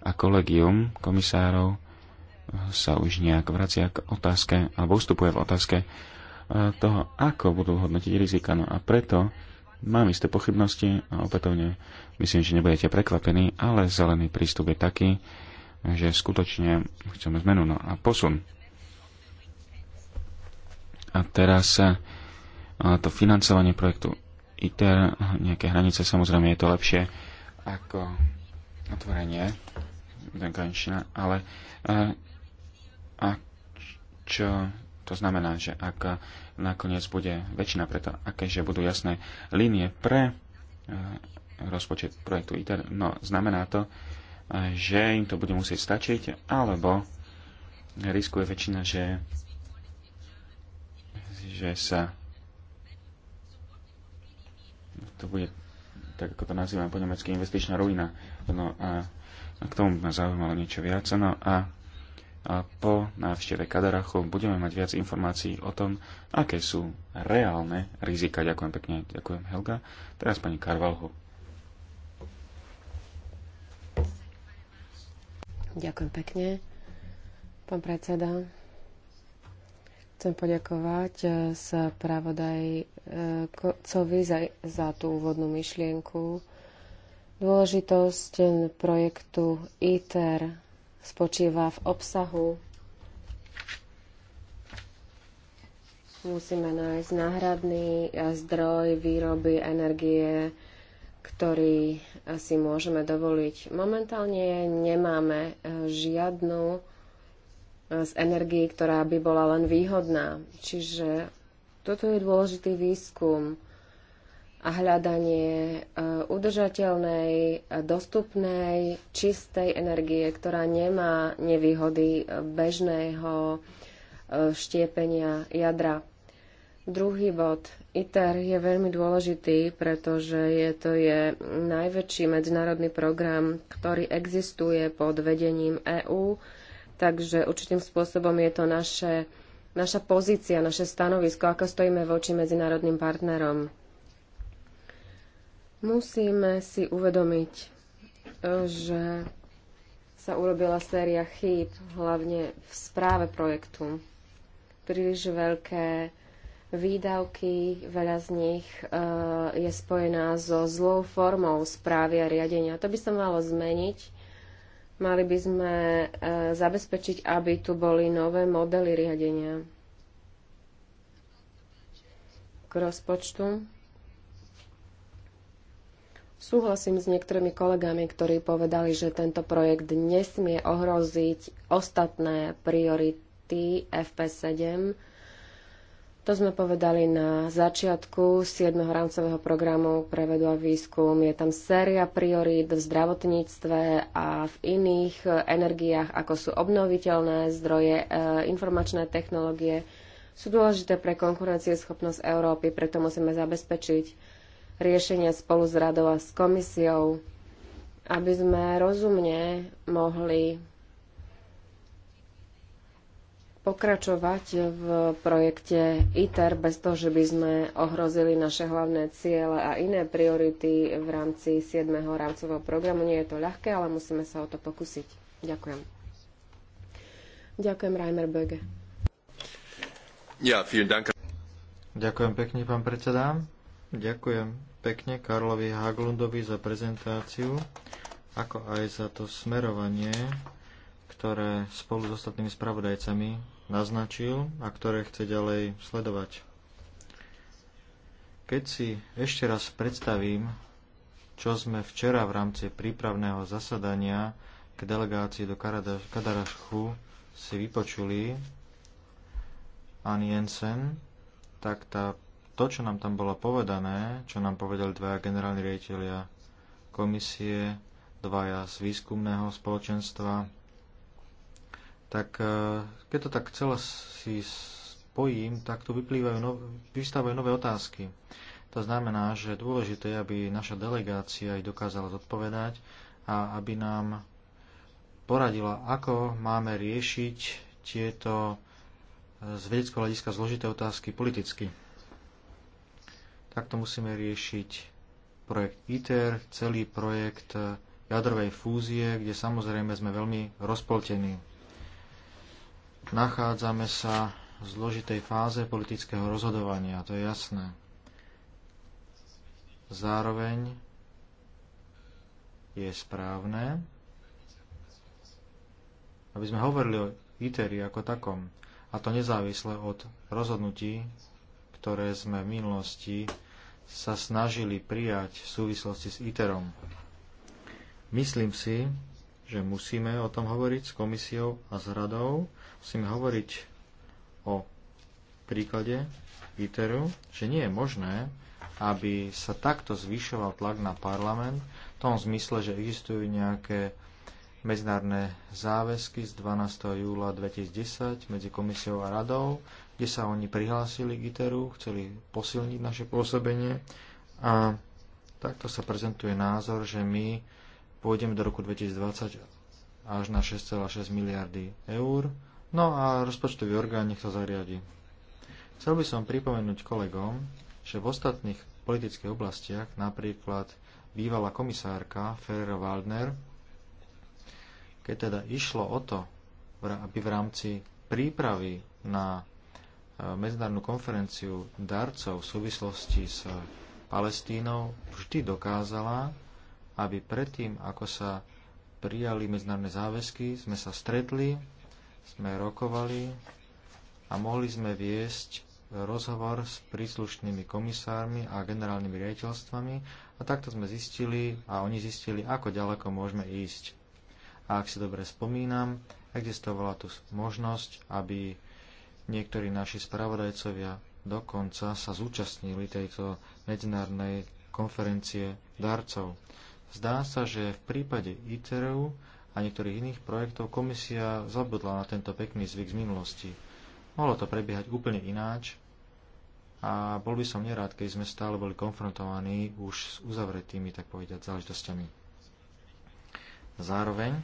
D: a kolegium komisárov sa už nejak vracia k otázke, alebo ustupuje v otázke E, toho, ako budú hodnotiť rizika. No a preto mám isté pochybnosti a opätovne myslím, že nebudete prekvapení, ale zelený prístup je taký, že skutočne chceme zmenu no a posun. A teraz e, to financovanie projektu ITER, nejaké hranice, samozrejme je to lepšie ako otvorenie ale e, a, a čo to znamená, že ak nakoniec bude väčšina preto, akéže budú jasné línie pre e, rozpočet projektu ITER, no znamená to, e, že im to bude musieť stačiť, alebo riskuje väčšina, že, že sa to bude, tak ako to nazývame po nemecky, investičná ruina. No a, a k tomu ma zaujímalo niečo viac. No a a po návšteve Kadarachov budeme mať viac informácií o tom, aké sú reálne rizika. Ďakujem pekne, ďakujem Helga. Teraz pani Karvalho.
B: Ďakujem pekne, pán predseda. Chcem poďakovať eh, spravodajcovi za, za tú úvodnú myšlienku. Dôležitosť eh, projektu ITER spočíva v obsahu. Musíme nájsť náhradný zdroj výroby energie, ktorý si môžeme dovoliť. Momentálne nemáme e, žiadnu e, z energií, ktorá by bola len výhodná. Čiže toto je dôležitý výskum a hľadanie e, udržateľnej, e, dostupnej, čistej energie, ktorá nemá nevýhody e, bežného štiepenia jadra. Druhý bod. ITER je veľmi dôležitý, pretože je, to je najväčší medzinárodný program, ktorý existuje pod vedením EÚ, takže určitým spôsobom je to naše, naša pozícia, naše stanovisko, ako stojíme voči medzinárodným partnerom Musíme si uvedomiť, e, že sa urobila séria chýb, hlavne v správe projektu. Príliš veľké výdavky, veľa z nich e, je spojená so zlou formou správy a riadenia. To by sa malo zmeniť. Mali by sme e, zabezpečiť, aby tu boli nové modely riadenia k rozpočtu. Súhlasím s niektorými kolegami, ktorí povedali, že tento projekt nesmie ohroziť ostatné priority FP7. To sme povedali na začiatku 7. rámcového programu pre vedu a výskum. Je tam séria priorít v zdravotníctve a v iných energiách, ako sú obnoviteľné zdroje, e, informačné technológie, sú dôležité pre konkurencieschopnosť Európy, preto musíme zabezpečiť, riešenia spolu s radou a s komisiou, aby sme rozumne mohli pokračovať v projekte ITER bez toho, že by sme ohrozili naše hlavné ciele a iné priority v rámci 7. rámcového programu. Nie je to ľahké, ale musíme sa o to pokúsiť. Ďakujem. Ďakujem, Reimer Böge.
A: Ja,
C: Ďakujem pekne, pán predseda. Ďakujem pekne Karlovi Haglundovi za prezentáciu, ako aj za to smerovanie, ktoré spolu s ostatnými spravodajcami naznačil a ktoré chce ďalej sledovať. Keď si ešte raz predstavím, čo sme včera v rámci prípravného zasadania k delegácii do Kadarašchu si vypočuli Ani Jensen, tak tá to, čo nám tam bolo povedané, čo nám povedali dvaja generálni riaditeľia komisie, dvaja z výskumného spoločenstva, tak e, keď to tak celé si spojím, tak tu vyplývajú no, vystávajú nové otázky. To znamená, že dôležité je, aby naša delegácia aj dokázala zodpovedať a aby nám poradila, ako máme riešiť tieto z vedeckého hľadiska zložité otázky politicky. Takto musíme riešiť projekt ITER, celý projekt eh, jadrovej fúzie, kde samozrejme sme veľmi rozpoltení. Nachádzame sa v zložitej fáze politického rozhodovania, to je jasné. Zároveň je správne, aby sme hovorili o ITERI ako takom, a to nezávisle od rozhodnutí, ktoré sme v minulosti sa snažili prijať v súvislosti s ITERom. Myslím si, že musíme o tom hovoriť s komisiou a s radou. Musíme hovoriť o príklade ITERu, že nie je možné, aby sa takto zvyšoval tlak na parlament v tom zmysle, že existujú nejaké medzinárodné záväzky z 12. júla 2010 medzi komisiou a radou, kde sa oni prihlásili k ITERu, chceli posilniť naše pôsobenie a takto sa prezentuje názor, že my pôjdeme do roku 2020 až na 6,6 miliardy eur, no a rozpočtový orgán nech to zariadi. Chcel by som pripomenúť kolegom, že v ostatných politických oblastiach, napríklad bývalá komisárka Ferrer Waldner, keď teda išlo o to, aby v rámci prípravy na medzinárodnú konferenciu darcov v súvislosti s Palestínou vždy dokázala, aby predtým, ako sa prijali medzinárodné záväzky, sme sa stretli, sme rokovali a mohli sme viesť rozhovor s príslušnými komisármi a generálnymi riaditeľstvami a takto sme zistili a oni zistili, ako ďaleko môžeme ísť. A ak si dobre spomínam, existovala tu možnosť, aby Niektorí naši spravodajcovia dokonca sa zúčastnili tejto medzinárodnej konferencie darcov. Zdá sa, že v prípade ITERu a niektorých iných projektov komisia zabudla na tento pekný zvyk z minulosti. Mohlo to prebiehať úplne ináč a bol by som nerád, keď sme stále boli konfrontovaní už s uzavretými, tak povediať, záležitostiami. Zároveň,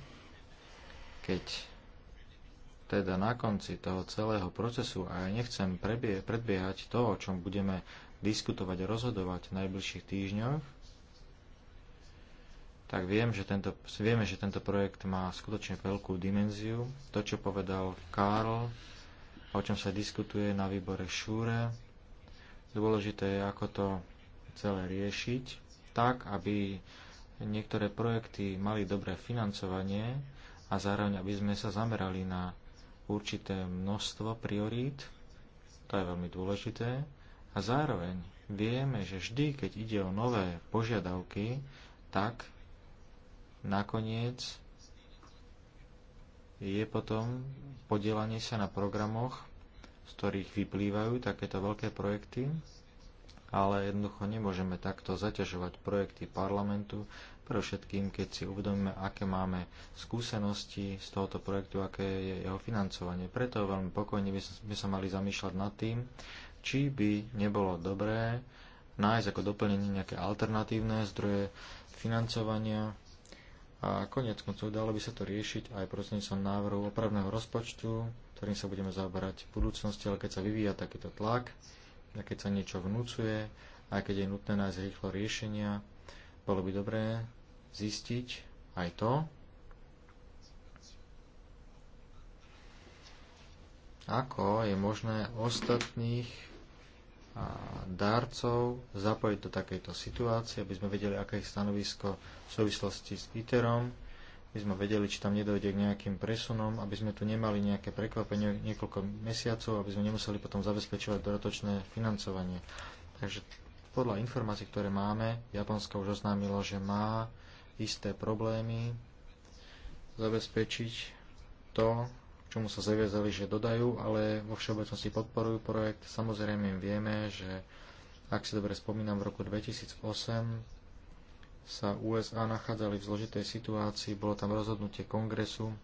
C: keď teda na konci toho celého procesu a ja nechcem prebie, predbiehať to, o čom budeme diskutovať a rozhodovať v najbližších týždňoch, tak viem, že tento, vieme, že tento projekt má skutočne veľkú dimenziu. To, čo povedal Karl, o čom sa diskutuje na výbore Šúre, dôležité je, ako to celé riešiť, tak, aby niektoré projekty mali dobré financovanie a zároveň, aby sme sa zamerali na určité množstvo priorít, to je veľmi dôležité, a zároveň vieme, že vždy, keď ide o nové požiadavky, tak nakoniec je potom podielanie sa na programoch, z ktorých vyplývajú takéto veľké projekty, ale jednoducho nemôžeme takto zaťažovať projekty parlamentu Predovšetkým, keď si uvedomíme, aké máme skúsenosti z tohoto projektu, aké je jeho financovanie. Preto veľmi pokojne by sa mali zamýšľať nad tým, či by nebolo dobré nájsť ako doplnenie nejaké alternatívne zdroje financovania a konec koncov dalo by sa to riešiť aj prostredníctvom návrhu opravného rozpočtu, ktorým sa budeme zaoberať v budúcnosti, ale keď sa vyvíja takýto tlak, a keď sa niečo vnúcuje, aj keď je nutné nájsť rýchlo riešenia, bolo by dobré zistiť aj to, ako je možné ostatných dárcov zapojiť do takejto situácie, aby sme vedeli, aké je stanovisko v súvislosti s ITERom, aby sme vedeli, či tam nedojde k nejakým presunom, aby sme tu nemali nejaké prekvapenie niekoľko mesiacov, aby sme nemuseli potom zabezpečovať dodatočné financovanie. Takže podľa informácií, ktoré máme, Japonsko už oznámilo, že má isté problémy, zabezpečiť to, čomu sa zaviazali, že dodajú, ale vo všeobecnosti podporujú projekt. Samozrejme vieme, že ak si dobre spomínam, v roku 2008 sa USA nachádzali v zložitej situácii, bolo tam rozhodnutie kongresu,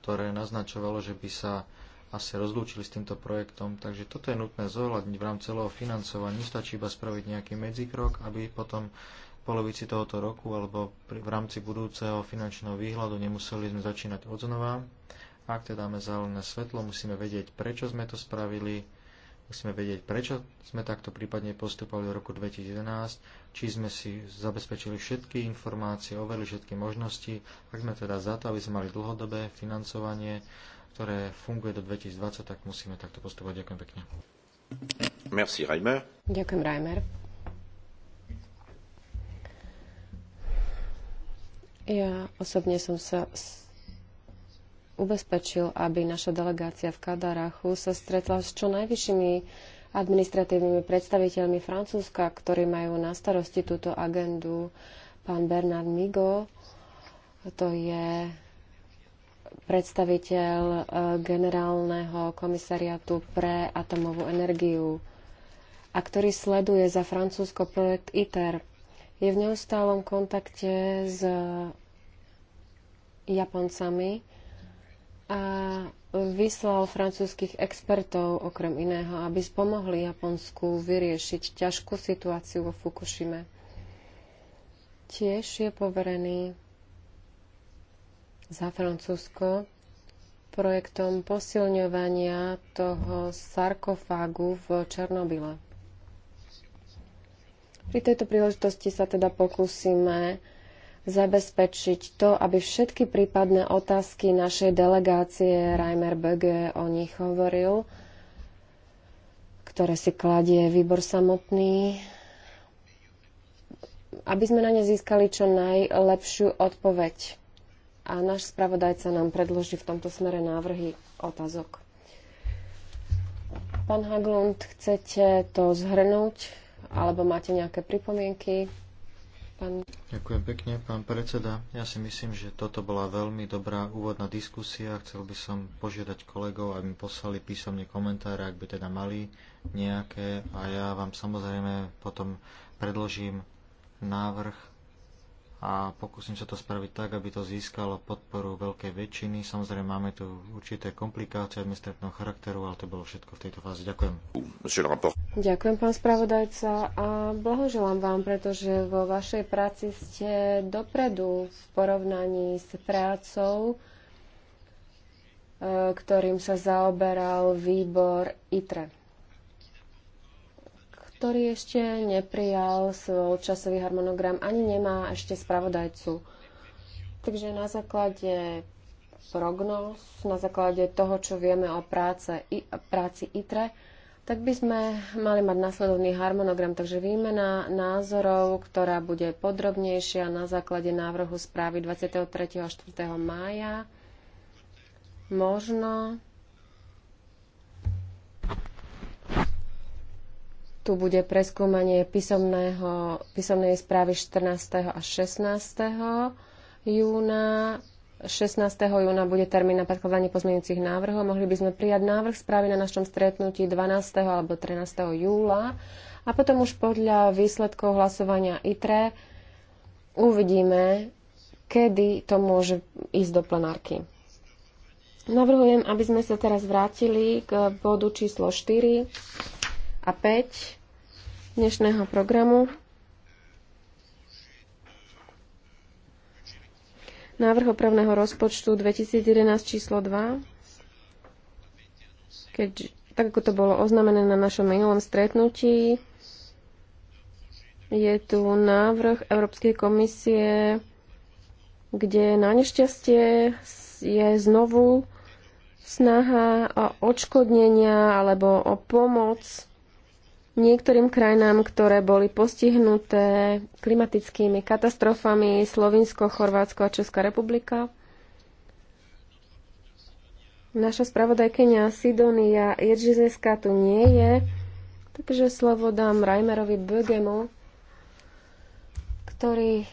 C: ktoré naznačovalo, že by sa asi rozlúčili s týmto projektom, takže toto je nutné zohľadniť v rámci celého financovania. Nestačí iba spraviť nejaký medzikrok, aby potom polovici tohoto roku alebo pri, v rámci budúceho finančného výhľadu nemuseli sme začínať od znova. Ak teda dáme zelené svetlo, musíme vedieť, prečo sme to spravili, musíme vedieť, prečo sme takto prípadne postupovali v roku 2011, či sme si zabezpečili všetky informácie, overili všetky možnosti, ak sme teda za to, aby sme mali dlhodobé financovanie, ktoré funguje do 2020, tak musíme takto postupovať. Ďakujem pekne.
A: Merci, Reimer.
B: Ďakujem, Reimer. Ja osobne som sa ubezpečil, aby naša delegácia v Kadarachu sa stretla s čo najvyššími administratívnymi predstaviteľmi Francúzska, ktorí majú na starosti túto agendu. Pán Bernard Migo, to je predstaviteľ e, generálneho komisariatu pre atomovú energiu a ktorý sleduje za Francúzsko projekt ITER je v neustálom kontakte s Japoncami a vyslal francúzskych expertov, okrem iného, aby pomohli Japonsku vyriešiť ťažkú situáciu vo Fukushime. Tiež je poverený za Francúzsko projektom posilňovania toho sarkofágu v Černobyle. Pri tejto príležitosti sa teda pokúsime zabezpečiť to, aby všetky prípadné otázky našej delegácie Reimer BG o nich hovoril, ktoré si kladie výbor samotný, aby sme na ne získali čo najlepšiu odpoveď. A náš spravodajca nám predloží v tomto smere návrhy otázok. Pán Haglund, chcete to zhrnúť? alebo máte nejaké pripomienky? Pán...
C: Ďakujem pekne, pán predseda. Ja si myslím, že toto bola veľmi dobrá úvodná diskusia. Chcel by som požiadať kolegov, aby mi poslali písomne komentáre, ak by teda mali nejaké. A ja vám samozrejme potom predložím návrh a pokúsim sa to spraviť tak, aby to získalo podporu veľkej väčšiny. Samozrejme, máme tu určité komplikácie administratívneho charakteru, ale to bolo všetko v tejto fáze. Ďakujem.
B: Ďakujem, pán spravodajca, a blahoželám vám, pretože vo vašej práci ste dopredu v porovnaní s prácou, e, ktorým sa zaoberal výbor ITRE ktorý ešte neprijal svoj časový harmonogram, ani nemá ešte spravodajcu. Takže na základe prognóz, na základe toho, čo vieme o práce, i, práci ITRE, tak by sme mali mať následovný harmonogram, takže výmena názorov, ktorá bude podrobnejšia na základe návrhu správy 23. a 4. mája. Možno tu bude preskúmanie písomného, písomnej správy 14. a 16. júna. 16. júna bude termín na predkladanie pozmeňujúcich návrhov. Mohli by sme prijať návrh správy na našom stretnutí 12. alebo 13. júla a potom už podľa výsledkov hlasovania ITRE uvidíme, kedy to môže ísť do plenárky. Navrhujem, aby sme sa teraz vrátili k bodu číslo 4 a 5 dnešného programu. Návrh opravného rozpočtu 2011 číslo 2, keď, tak ako to bolo oznamené na našom minulom stretnutí, je tu návrh Európskej komisie, kde na nešťastie je znovu snaha o odškodnenia alebo o pomoc niektorým krajinám, ktoré boli postihnuté klimatickými katastrofami Slovinsko, Chorvátsko a Česká republika. Naša spravodajkenia Sidonia Jedžizeska tu nie je, takže slovo dám Reimerovi Bögemu, ktorý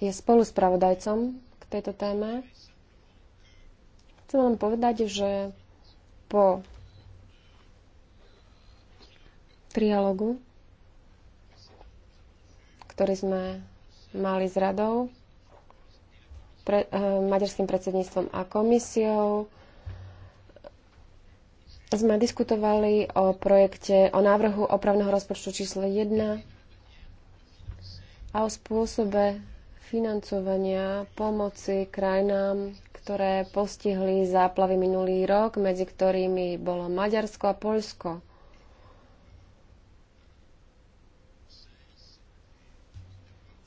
B: je spoluspravodajcom k tejto téme. Chcem vám povedať, že po trialogu, ktorý sme mali s radou, pre, e, maďarským predsedníctvom a komisiou. Sme diskutovali o projekte, o návrhu opravného rozpočtu číslo 1 a o spôsobe financovania pomoci krajinám, ktoré postihli záplavy minulý rok, medzi ktorými bolo Maďarsko a Poľsko.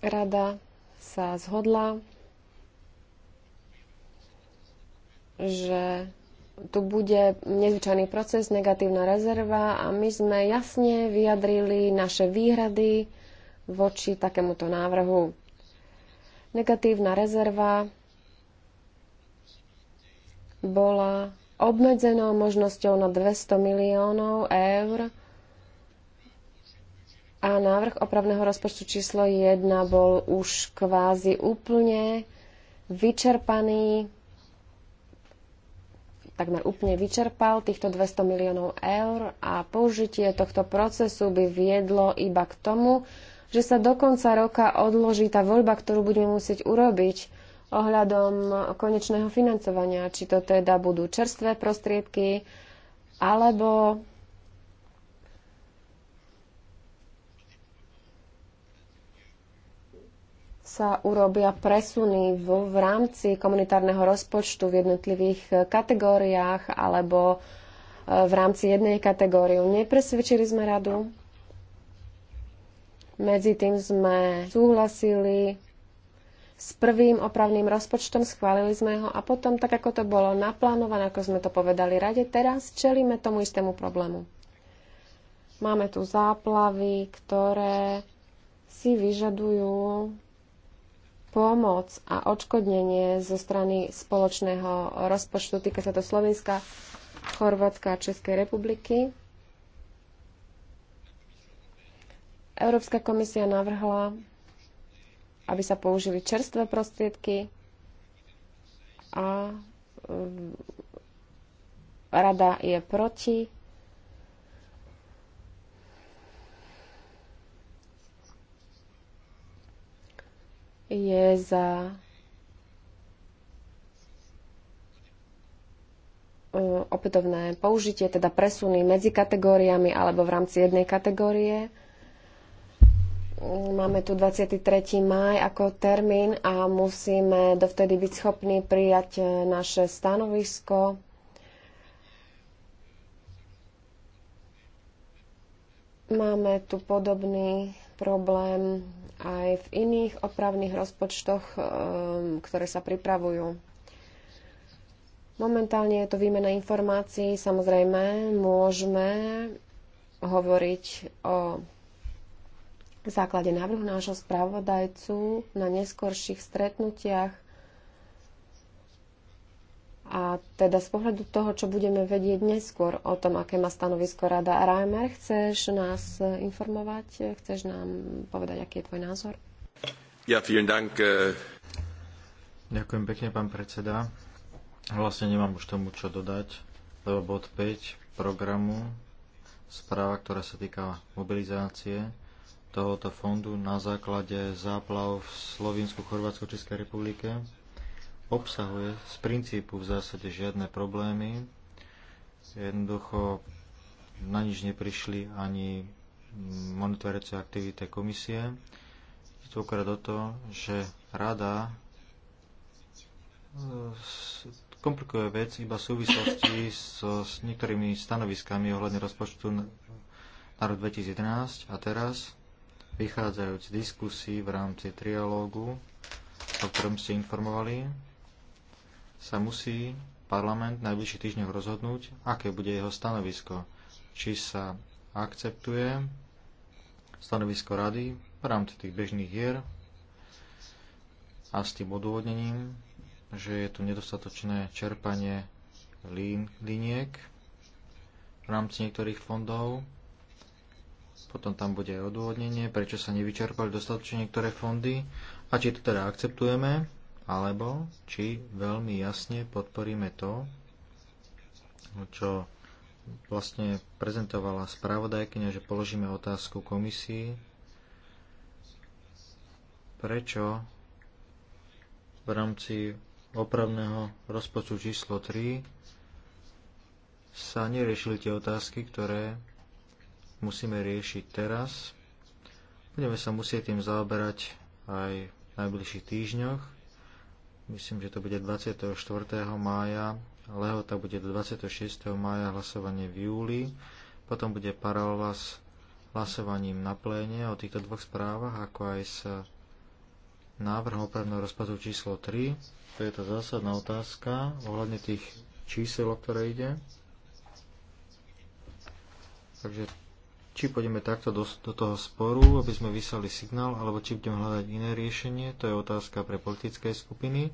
B: Rada sa zhodla, že tu bude nezvyčajný proces, negatívna rezerva a my sme jasne vyjadrili naše výhrady voči takémuto návrhu. Negatívna rezerva bola obmedzenou možnosťou na 200 miliónov eur a návrh opravného rozpočtu číslo 1 bol už kvázi úplne vyčerpaný, takmer úplne vyčerpal týchto 200 miliónov eur a použitie tohto procesu by viedlo iba k tomu, že sa do konca roka odloží tá voľba, ktorú budeme musieť urobiť ohľadom konečného financovania, či to teda budú čerstvé prostriedky alebo sa urobia presuny v, v rámci komunitárneho rozpočtu v jednotlivých e, kategóriách alebo e, v rámci jednej kategórie. Nepresvedčili sme radu. Medzi tým sme súhlasili s prvým opravným rozpočtom, schválili sme ho a potom, tak ako to bolo naplánované, ako sme to povedali rade, teraz čelíme tomu istému problému. Máme tu záplavy, ktoré si vyžadujú pomoc a odškodnenie zo strany spoločného rozpočtu. Týka sa to Slovenska, Chorvátska a Českej republiky. Európska komisia navrhla, aby sa použili čerstvé prostriedky a mm, rada je proti je za e, opätovné použitie, teda presuny medzi kategóriami alebo v rámci jednej kategórie. Máme tu 23. maj ako termín a musíme dovtedy byť schopní prijať e, naše stanovisko. Máme tu podobný problém aj v iných opravných rozpočtoch, um, ktoré sa pripravujú. Momentálne je to výmena informácií. Samozrejme, môžeme hovoriť o základe návrhu nášho spravodajcu na neskorších stretnutiach a teda z pohľadu toho, čo budeme vedieť neskôr o tom, aké má stanovisko rada Reimer, chceš nás informovať? Chceš nám povedať, aký je tvoj názor?
A: Ja, vielen dank. Eh.
C: Ďakujem pekne, pán predseda. Vlastne nemám už tomu, čo dodať, lebo bod 5 programu, správa, ktorá sa týka mobilizácie tohoto fondu na základe záplav v Slovensku, Chorvátsko, Českej republike, obsahuje z princípu v zásade žiadne problémy. Jednoducho na nič neprišli ani monitorace aktivity komisie. Je to okrát o to, že rada e, komplikuje vec iba v súvislosti so, s niektorými stanoviskami ohľadne rozpočtu na rok 2011 a teraz vychádzajúc z diskusí v rámci trialógu, o ktorom ste informovali, sa musí parlament v najbližších týždňoch rozhodnúť, aké bude jeho stanovisko. Či sa akceptuje stanovisko rady v rámci tých bežných hier a s tým odôvodnením, že je tu nedostatočné čerpanie lín, liniek v rámci niektorých fondov. Potom tam bude aj odôvodnenie, prečo sa nevyčerpali dostatočne niektoré fondy a či to teda akceptujeme alebo či veľmi jasne podporíme to, čo vlastne prezentovala spravodajkyňa, že položíme otázku komisii, prečo v rámci opravného rozpočtu číslo 3 sa neriešili tie otázky, ktoré musíme riešiť teraz. Budeme sa musieť tým zaoberať aj v najbližších týždňoch. Myslím, že to bude 24. mája, lehota bude do 26. mája, hlasovanie v júli, potom bude paralela s hlasovaním na pléne o týchto dvoch správach, ako aj s návrhom opravného rozpadu číslo 3. To je tá zásadná otázka ohľadne tých čísel, o ktoré ide. Takže či pôjdeme takto do, do toho sporu, aby sme vyslali signál, alebo či budeme hľadať iné riešenie, to je otázka pre politické skupiny,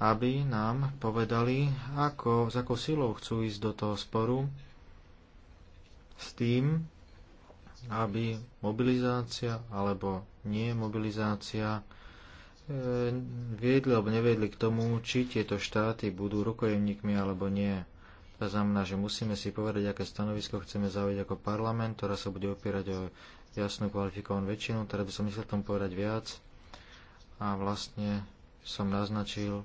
C: aby nám povedali, ako, s akou silou chcú ísť do toho sporu s tým, aby mobilizácia alebo nie mobilizácia e, viedli alebo neviedli k tomu, či tieto štáty budú rukojemníkmi alebo nie. To znamená, že musíme si povedať, aké stanovisko chceme zaujať ako parlament, ktorá sa bude opierať o jasnú kvalifikovanú väčšinu, teda by som myslel tomu povedať viac. A vlastne som naznačil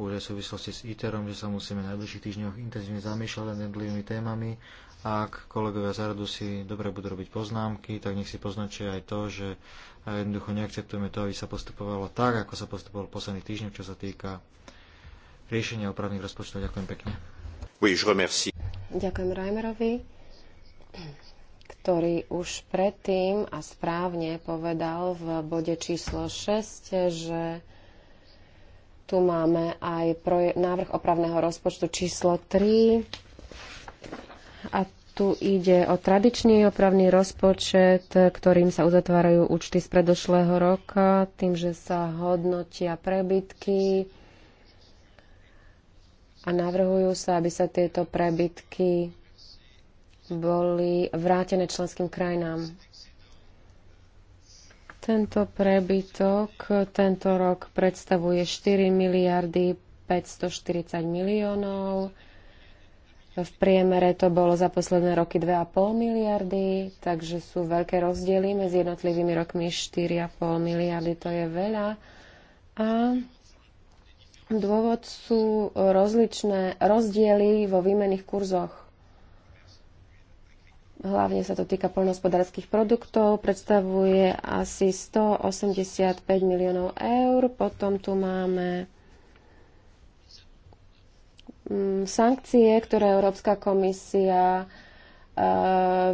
C: už aj v súvislosti s ITERom, že sa musíme v najbližších týždňoch intenzívne zamýšľať nad jednotlivými témami. Ak kolegovia z radu si dobre budú robiť poznámky, tak nech si poznačia aj to, že jednoducho neakceptujeme to, aby sa postupovalo tak, ako sa postupovalo v posledných čo sa týka riešenia opravných rozpočtov. Ďakujem pekne.
A: Oui, je remercie.
B: Ďakujem Reimerovi, ktorý už predtým a správne povedal v bode číslo 6, že tu máme aj návrh opravného rozpočtu číslo 3. A tu ide o tradičný opravný rozpočet, ktorým sa uzatvárajú účty z predošlého roka, tým, že sa hodnotia prebytky a navrhujú sa, aby sa tieto prebytky boli vrátené členským krajinám. Tento prebytok tento rok predstavuje 4 miliardy 540 miliónov. V priemere to bolo za posledné roky 2,5 miliardy, takže sú veľké rozdiely medzi jednotlivými rokmi 4,5 miliardy, to je veľa. A Dôvod sú e, rozličné rozdiely vo výmených kurzoch. Hlavne sa to týka poľnohospodárských produktov, predstavuje asi 185 miliónov eur. Potom tu máme mm, sankcie, ktoré Európska komisia e,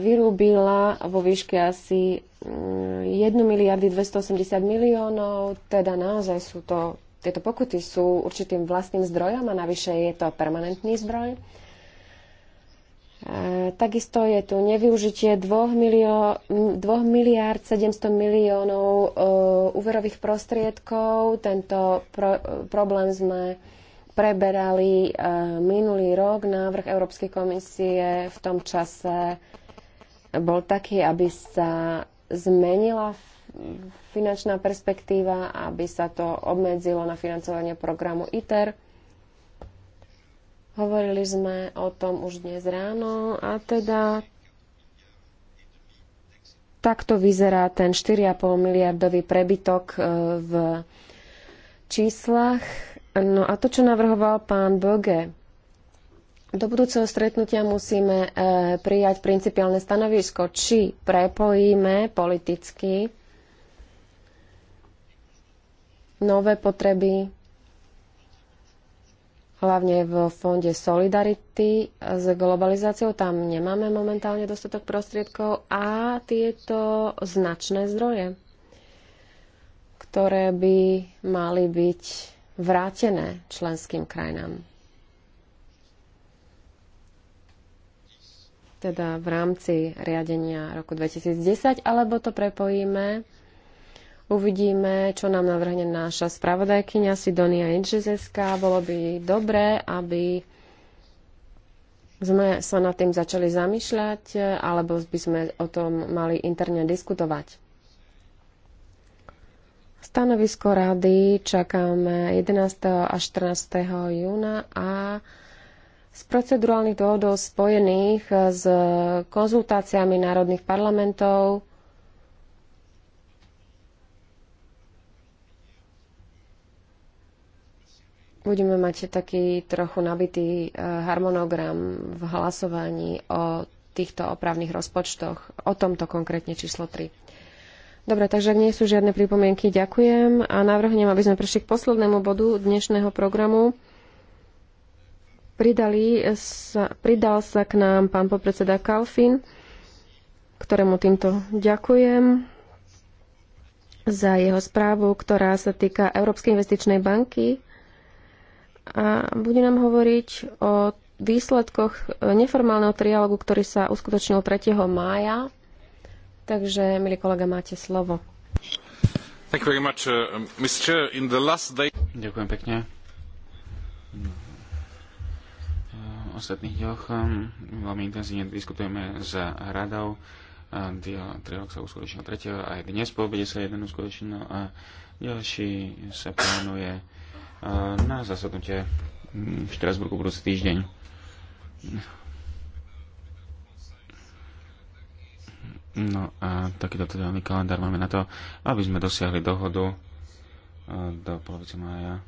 B: vyrúbila vo výške asi 1 mm, miliardy 280 miliónov, teda naozaj sú to tieto pokuty sú určitým vlastným zdrojom a navyše je to permanentný zdroj. E, takisto je tu nevyužitie 2, milio, 2 miliard 700 miliónov e, úverových prostriedkov. Tento pro, problém sme preberali e, minulý rok. Návrh Európskej komisie v tom čase bol taký, aby sa zmenila finančná perspektíva, aby sa to obmedzilo na financovanie programu ITER. Hovorili sme o tom už dnes ráno a teda takto vyzerá ten 4,5 miliardový prebytok e, v číslach. No a to, čo navrhoval pán Böge, do budúceho stretnutia musíme e, prijať principiálne stanovisko, či prepojíme politicky nové potreby, hlavne v fonde Solidarity s globalizáciou. Tam nemáme momentálne dostatok prostriedkov a tieto značné zdroje, ktoré by mali byť vrátené členským krajinám. Teda v rámci riadenia roku 2010, alebo to prepojíme Uvidíme, čo nám navrhne náša spravodajkyňa Sidonia Inžezeská. Bolo by dobré, aby sme sa nad tým začali zamýšľať, alebo by sme o tom mali interne diskutovať. Stanovisko rady čakáme 11. až 14. júna a z procedurálnych dôvodov spojených s konzultáciami národných parlamentov budeme mať taký trochu nabitý e, harmonogram v hlasovaní o týchto opravných rozpočtoch, o tomto konkrétne číslo 3. Dobre, takže ak nie sú žiadne pripomienky, ďakujem a navrhnem, aby sme prešli k poslednému bodu dnešného programu. Pridali sa, pridal sa k nám pán podpredseda Kalfin, ktorému týmto ďakujem za jeho správu, ktorá sa týka Európskej investičnej banky a bude nám hovoriť o výsledkoch e, neformálneho trialogu, ktorý sa uskutočnil 3. mája. Takže, milí kolega, máte slovo.
D: Uh, Ďakujem pekne. V ostatných dňoch um, veľmi intenzívne diskutujeme s radou. Trialog sa uskutočnil 3. aj dnes po obede sa jeden uskutočnil a ďalší sa plánuje na zasadnutie v Štrasburgu budúci týždeň. No a takýto totálny kalendár máme na to, aby sme dosiahli dohodu e, do polovice mája,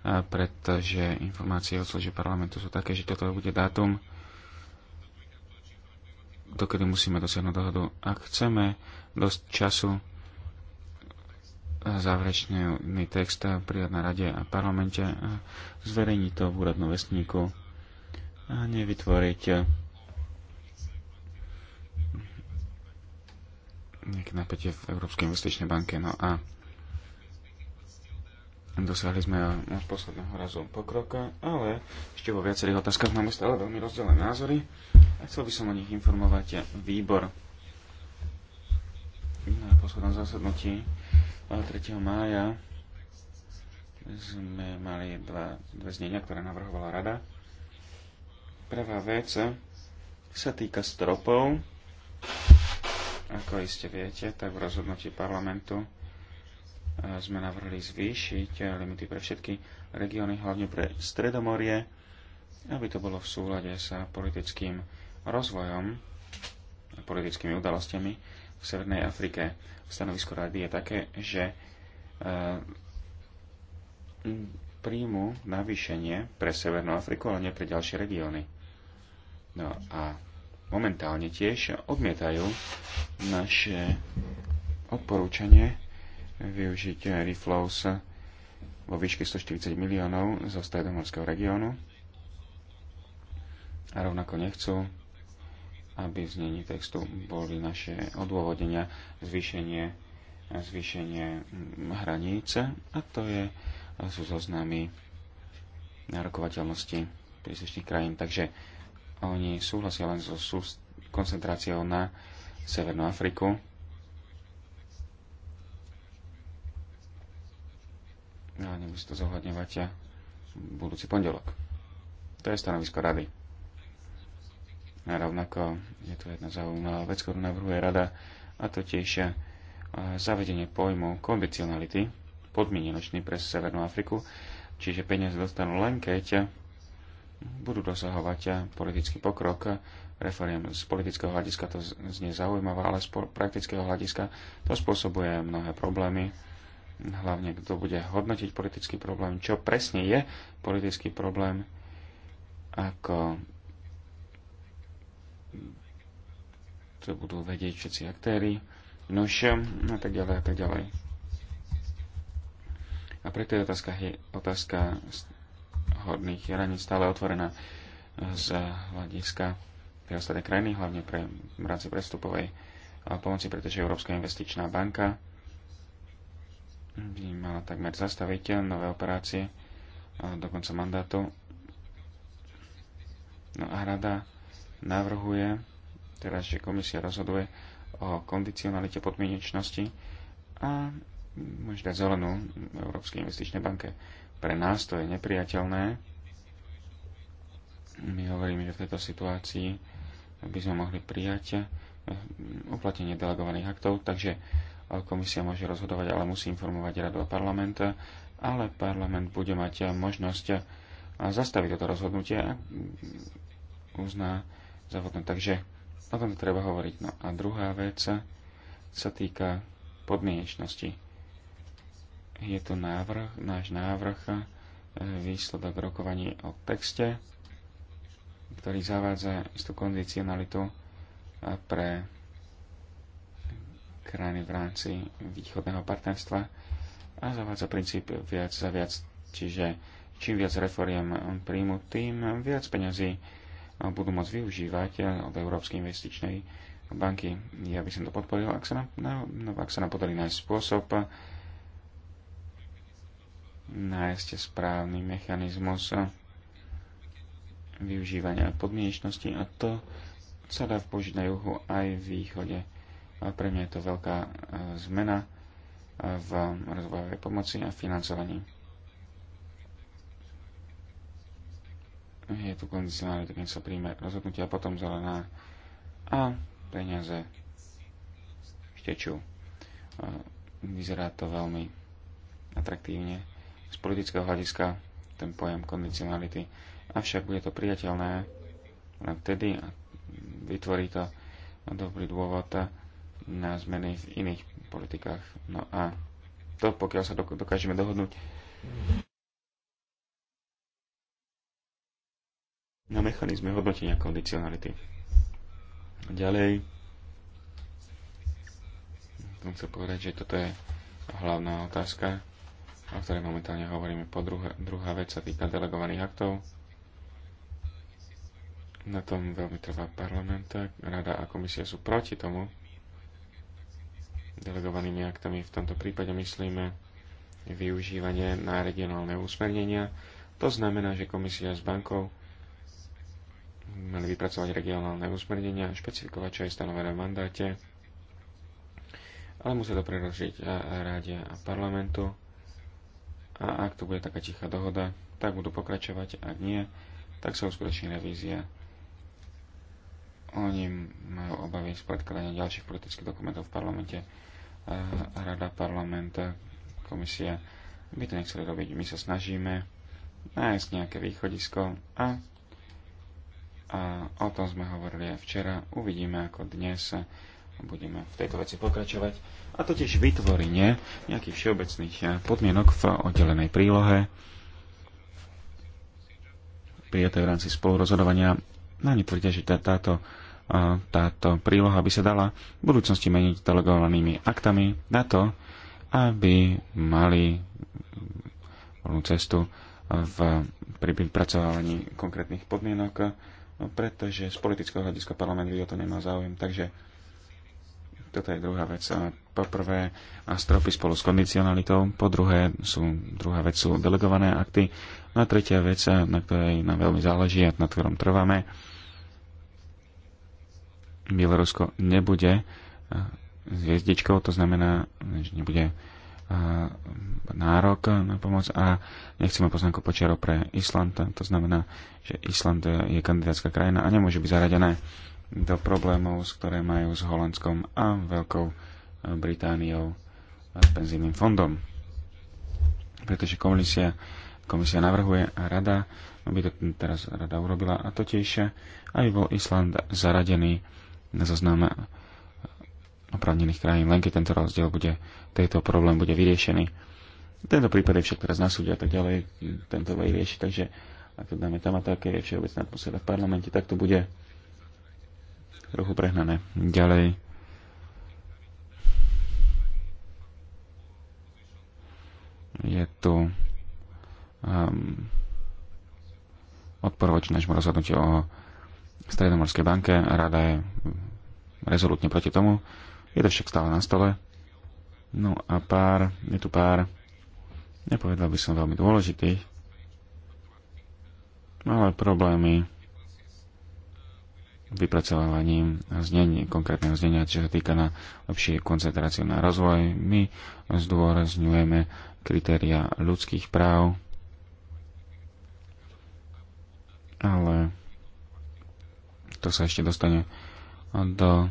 D: a pretože informácie od služieb parlamentu sú také, že toto bude dátum, dokedy musíme dosiahnuť dohodu. Ak chceme dosť času záverečný text prijať na rade a parlamente a zverejniť to v úradnom vestníku a nevytvoriť eh, nejaké napätie v Európskej investičnej banke. No a dosiahli sme eh, od posledného razu pokroka, ale ešte vo viacerých otázkach máme stále veľmi rozdielne názory a chcel by som o nich informovať výbor na poslednom zasadnutí 3. mája sme mali dva, dve znenia, ktoré navrhovala rada. Prvá vec sa týka stropov. Ako iste viete, tak v rozhodnutí parlamentu e, sme navrhli zvýšiť e, limity pre všetky regióny, hlavne pre Stredomorie, aby to bolo v súlade s politickým rozvojom a politickými udalostiami v Severnej Afrike stanovisko rady je také, že eh, príjmu navýšenie pre Severnú Afriku, ale nie pre ďalšie regióny. No a momentálne tiež odmietajú naše odporúčanie využiť reflows vo výške 140 miliónov zo stredomorského regiónu a rovnako nechcú aby v znení textu boli naše odôvodenia zvýšenie, zvýšenie mm, hranice a to je, sú zoznamy nárokovateľnosti príslušných krajín. Takže oni súhlasia len so koncentráciou na Severnú Afriku. Ale nemusí to zohľadňovať budúci pondelok. To je stanovisko rady. A rovnako je tu jedna zaujímavá vec, ktorú navrhuje rada, a to tiež e, zavedenie pojmu kondicionality, podmienenočný pre Severnú Afriku, čiže peniaze dostanú len keď budú dosahovať politický pokrok. Reforiem z politického hľadiska to znie zaujímavé, ale z praktického hľadiska to spôsobuje mnohé problémy. Hlavne, kto bude hodnotiť politický problém, čo presne je politický problém, ako to budú vedieť všetci aktéry, nož a tak ďalej a tak ďalej. A preto je otázka, je otázka hodných hraníc stále otvorená z hľadiska pre ostatné krajiny, hlavne pre v rámci prestupovej pomoci, pretože Európska investičná banka by mala takmer zastaviť nové operácie do konca mandátu. No a rada navrhuje, teraz, že komisia rozhoduje o kondicionalite podmienečnosti a môže dať zelenú Európskej investičnej banke. Pre nás to je nepriateľné. My hovoríme, že v tejto situácii by sme mohli prijať eh, uplatnenie delegovaných aktov, takže eh, komisia môže rozhodovať, ale musí informovať radu a parlament, ale parlament bude mať eh, možnosť zastaviť toto rozhodnutie, uzná, zahodnú. Takže o tom treba hovoriť. No a druhá vec sa týka podmienečnosti. Je to návrh, náš návrh, e, výsledok rokovaní o texte, ktorý zavádza istú kondicionalitu pre krajiny v rámci východného partnerstva a zavádza princíp viac za viac, čiže čím viac reforiem príjmu, tým viac peňazí budú môcť využívať eh, od Európskej investičnej banky. Ja by som to podporil, ak sa nám, no, ak sa nám podarí nájsť spôsob, nájsť správny mechanizmus eh, využívania podmienečnosti a to sa dá použiť na juhu aj v východe. A pre mňa je to veľká eh, zmena v rozvojovej pomoci a financovaní. je tu kondicionálne, tak nech sa príjme rozhodnutie a potom zelená a peniaze štečú. E, vyzerá to veľmi atraktívne z politického hľadiska ten pojem kondicionality. Avšak bude to priateľné len vtedy a vytvorí to dobrý dôvod na zmeny v iných politikách. No a to, pokiaľ sa dokážeme dohodnúť na mechanizme hodnotenia kondicionality. Ďalej, som chcel povedať, že toto je hlavná otázka, o ktorej momentálne hovoríme. Po druhá, druhá vec sa týka delegovaných aktov. Na tom veľmi trvá parlament, rada a komisia sú proti tomu. Delegovanými aktami v tomto prípade myslíme využívanie na regionálne usmernenia. To znamená, že komisia s bankou mali vypracovať regionálne usmernenia, špecifikovať, čo je stanovené v mandáte, ale musia to preložiť ráde a parlamentu. A ak tu bude taká tichá dohoda, tak budú pokračovať, ak nie, tak sa uskutoční revízia. Oni majú obavy z predkladania ďalších politických dokumentov v parlamente. Rada, parlament, komisia by to nechceli robiť. My sa snažíme nájsť nejaké východisko a a o tom sme hovorili aj včera. Uvidíme, ako dnes budeme v tejto veci pokračovať. A totiž vytvorenie nejakých všeobecných podmienok v oddelenej prílohe prijaté v rámci spolurozhodovania. Na no, ne tvrdia, že táto, táto príloha by sa dala v budúcnosti meniť delegovanými aktami na to, aby mali voľnú cestu v, pri vypracovaní konkrétnych podmienok No, pretože z politického hľadiska parlament by o to nemá záujem. Takže toto je druhá vec. Po prvé, astropy spolu s kondicionalitou. Po druhé, sú, druhá vec sú delegované akty. A tretia vec, na ktorej nám veľmi záleží a na ktorom trváme, Bielorusko nebude s hviezdičkou, to znamená, že nebude nárok na pomoc a nechceme poznámku počiarov pre Island. To znamená, že Island je kandidátska krajina a nemôže byť zaradené do problémov, ktoré majú s Holandskom a Veľkou Britániou a s penzijným fondom. Pretože komisia, komisia navrhuje a rada, aby to teraz rada urobila, a totiž, aby bol Island zaradený na zozname oprávnených krajín, len keď tento rozdiel bude, tento problém bude vyriešený. Tento prípad je však teraz na súde a tak ďalej, tento vej rieši, takže ak to dáme tam a také je všeobecná atmosféra v parlamente, tak to bude trochu prehnané. Ďalej. Je tu um, odpor voči nášmu rozhodnutiu o Stredomorskej banke. Rada je rezolutne proti tomu. Je to však stále na stole. No a pár, je tu pár, nepovedal by som veľmi dôležitých, ale problémy vypracovávaním znení, konkrétneho znenia, čo sa týka na lepšie koncentráciu na rozvoj. My zdôrazňujeme kritéria ľudských práv, ale to sa ešte dostane do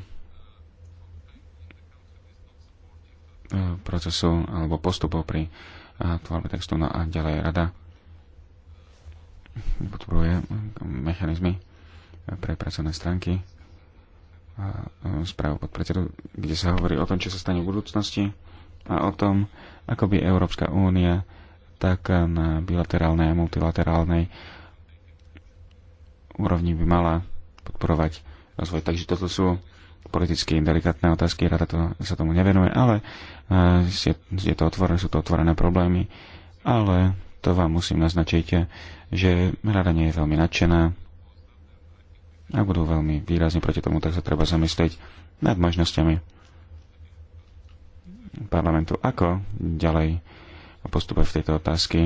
D: procesu alebo postupov pri tvorbe textu. No a ďalej rada podporuje mechanizmy pre pracovné stránky e, správu podpredsedu, kde sa hovorí o tom, čo sa stane v budúcnosti a o tom, ako by Európska únia tak na bilaterálnej a multilaterálnej úrovni by mala podporovať rozvoj. Takže toto sú politicky delikatné otázky, rada to, sa tomu nevenuje, ale e, je, je to otvorené, sú to otvorené problémy, ale to vám musím naznačiť, že rada nie je veľmi nadšená a budú veľmi výrazne proti tomu, tak sa treba zamyslieť nad možnosťami parlamentu, ako ďalej postupovať v tejto otázky.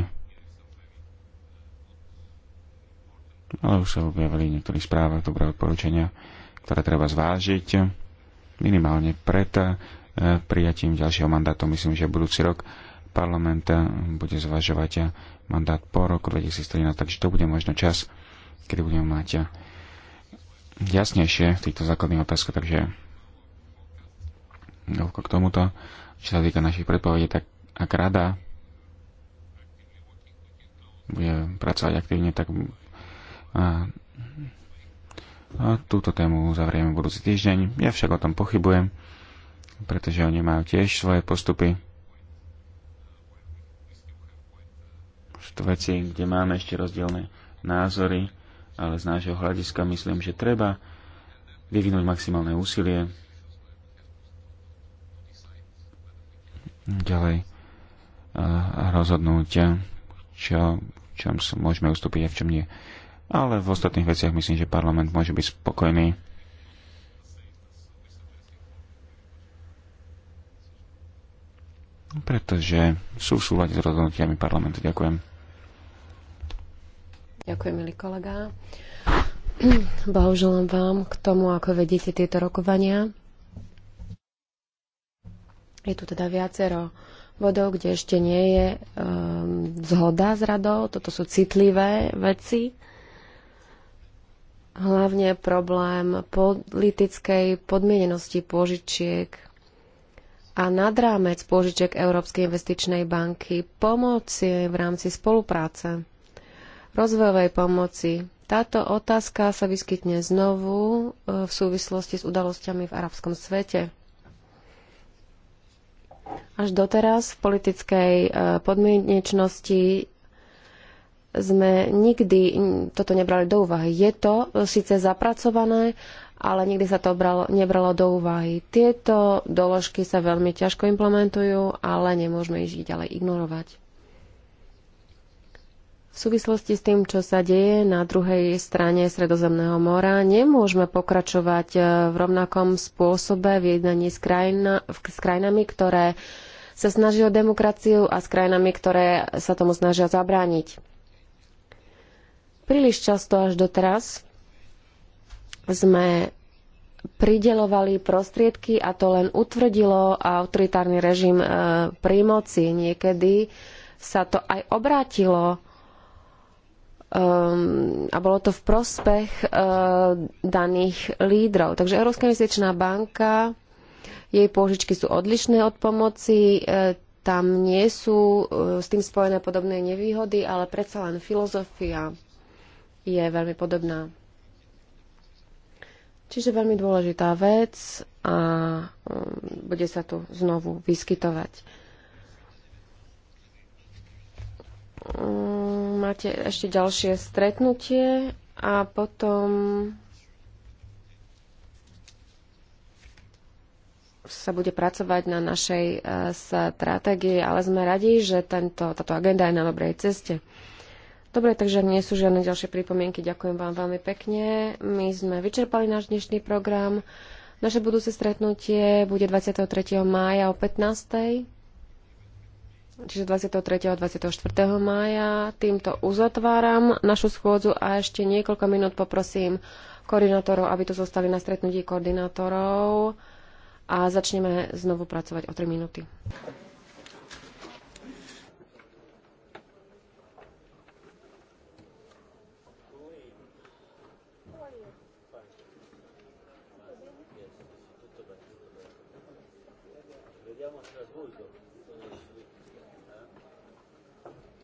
D: Ale už sa objavili v niektorých správach dobré odporúčania ktoré treba zvážiť minimálne pred eh, prijatím ďalšieho mandátu. Myslím, že budúci rok parlament eh, bude zvažovať eh, mandát po roku 2013, no, takže to bude možno čas, kedy budeme mať jasnejšie v týchto základných otázkach, takže k tomuto. Čo sa týka našich predpovedí, tak ak rada bude pracovať aktívne, tak a, a túto tému uzavrieme budúci týždeň. Ja však o tom pochybujem, pretože oni majú tiež svoje postupy. Sú to veci, kde máme ešte rozdielne názory, ale z nášho hľadiska myslím, že treba vyvinúť maximálne úsilie. Ďalej a eh, rozhodnúť, čo, čom môžeme ustúpiť a v čom nie ale v ostatných veciach myslím, že parlament môže byť spokojný. Pretože sú v súlade s rozhodnutiami parlamentu. Ďakujem.
B: Ďakujem, milý kolega. Blahoželám vám k tomu, ako vedete tieto rokovania. Je tu teda viacero bodov, kde ešte nie je um, zhoda s radou. Toto sú citlivé veci hlavne problém politickej podmienenosti pôžičiek a nad rámec pôžičiek Európskej investičnej banky pomoci v rámci spolupráce, rozvojovej pomoci. Táto otázka sa vyskytne znovu e, v súvislosti s udalosťami v arabskom svete. Až doteraz v politickej e, podmienečnosti sme nikdy toto nebrali do úvahy. Je to e, síce zapracované, ale nikdy sa to bralo, nebralo do úvahy. Tieto doložky sa veľmi ťažko implementujú, ale nemôžeme ich ďalej ignorovať. V súvislosti s tým, čo sa deje na druhej strane Sredozemného mora, nemôžeme pokračovať e, v rovnakom spôsobe v jednaní s, krajina, s krajinami, ktoré sa snažia o demokraciu a s krajinami, ktoré sa tomu snažia zabrániť. Príliš často až doteraz sme pridelovali prostriedky a to len utvrdilo autoritárny režim e, pri moci. Niekedy sa to aj obrátilo ehm, a bolo to v prospech e, daných lídrov. Takže Európska investičná banka, jej pôžičky sú odlišné od pomoci, e, tam nie sú s tým spojené podobné nevýhody, ale predsa len filozofia je veľmi podobná. Čiže veľmi dôležitá vec a um, bude sa tu znovu vyskytovať. Um, máte ešte ďalšie stretnutie a potom sa bude pracovať na našej uh, stratégii, ale sme radi, že tento, táto agenda je na dobrej ceste. Dobre, takže nie sú žiadne ďalšie pripomienky. Ďakujem vám veľmi pekne. My sme vyčerpali náš dnešný program. Naše budúce stretnutie bude 23. mája o 15. Čiže 23. a 24. mája. Týmto uzatváram našu schôdzu a ešte niekoľko minút poprosím koordinátorov, aby tu zostali na stretnutí koordinátorov a začneme znovu pracovať o 3 minúty.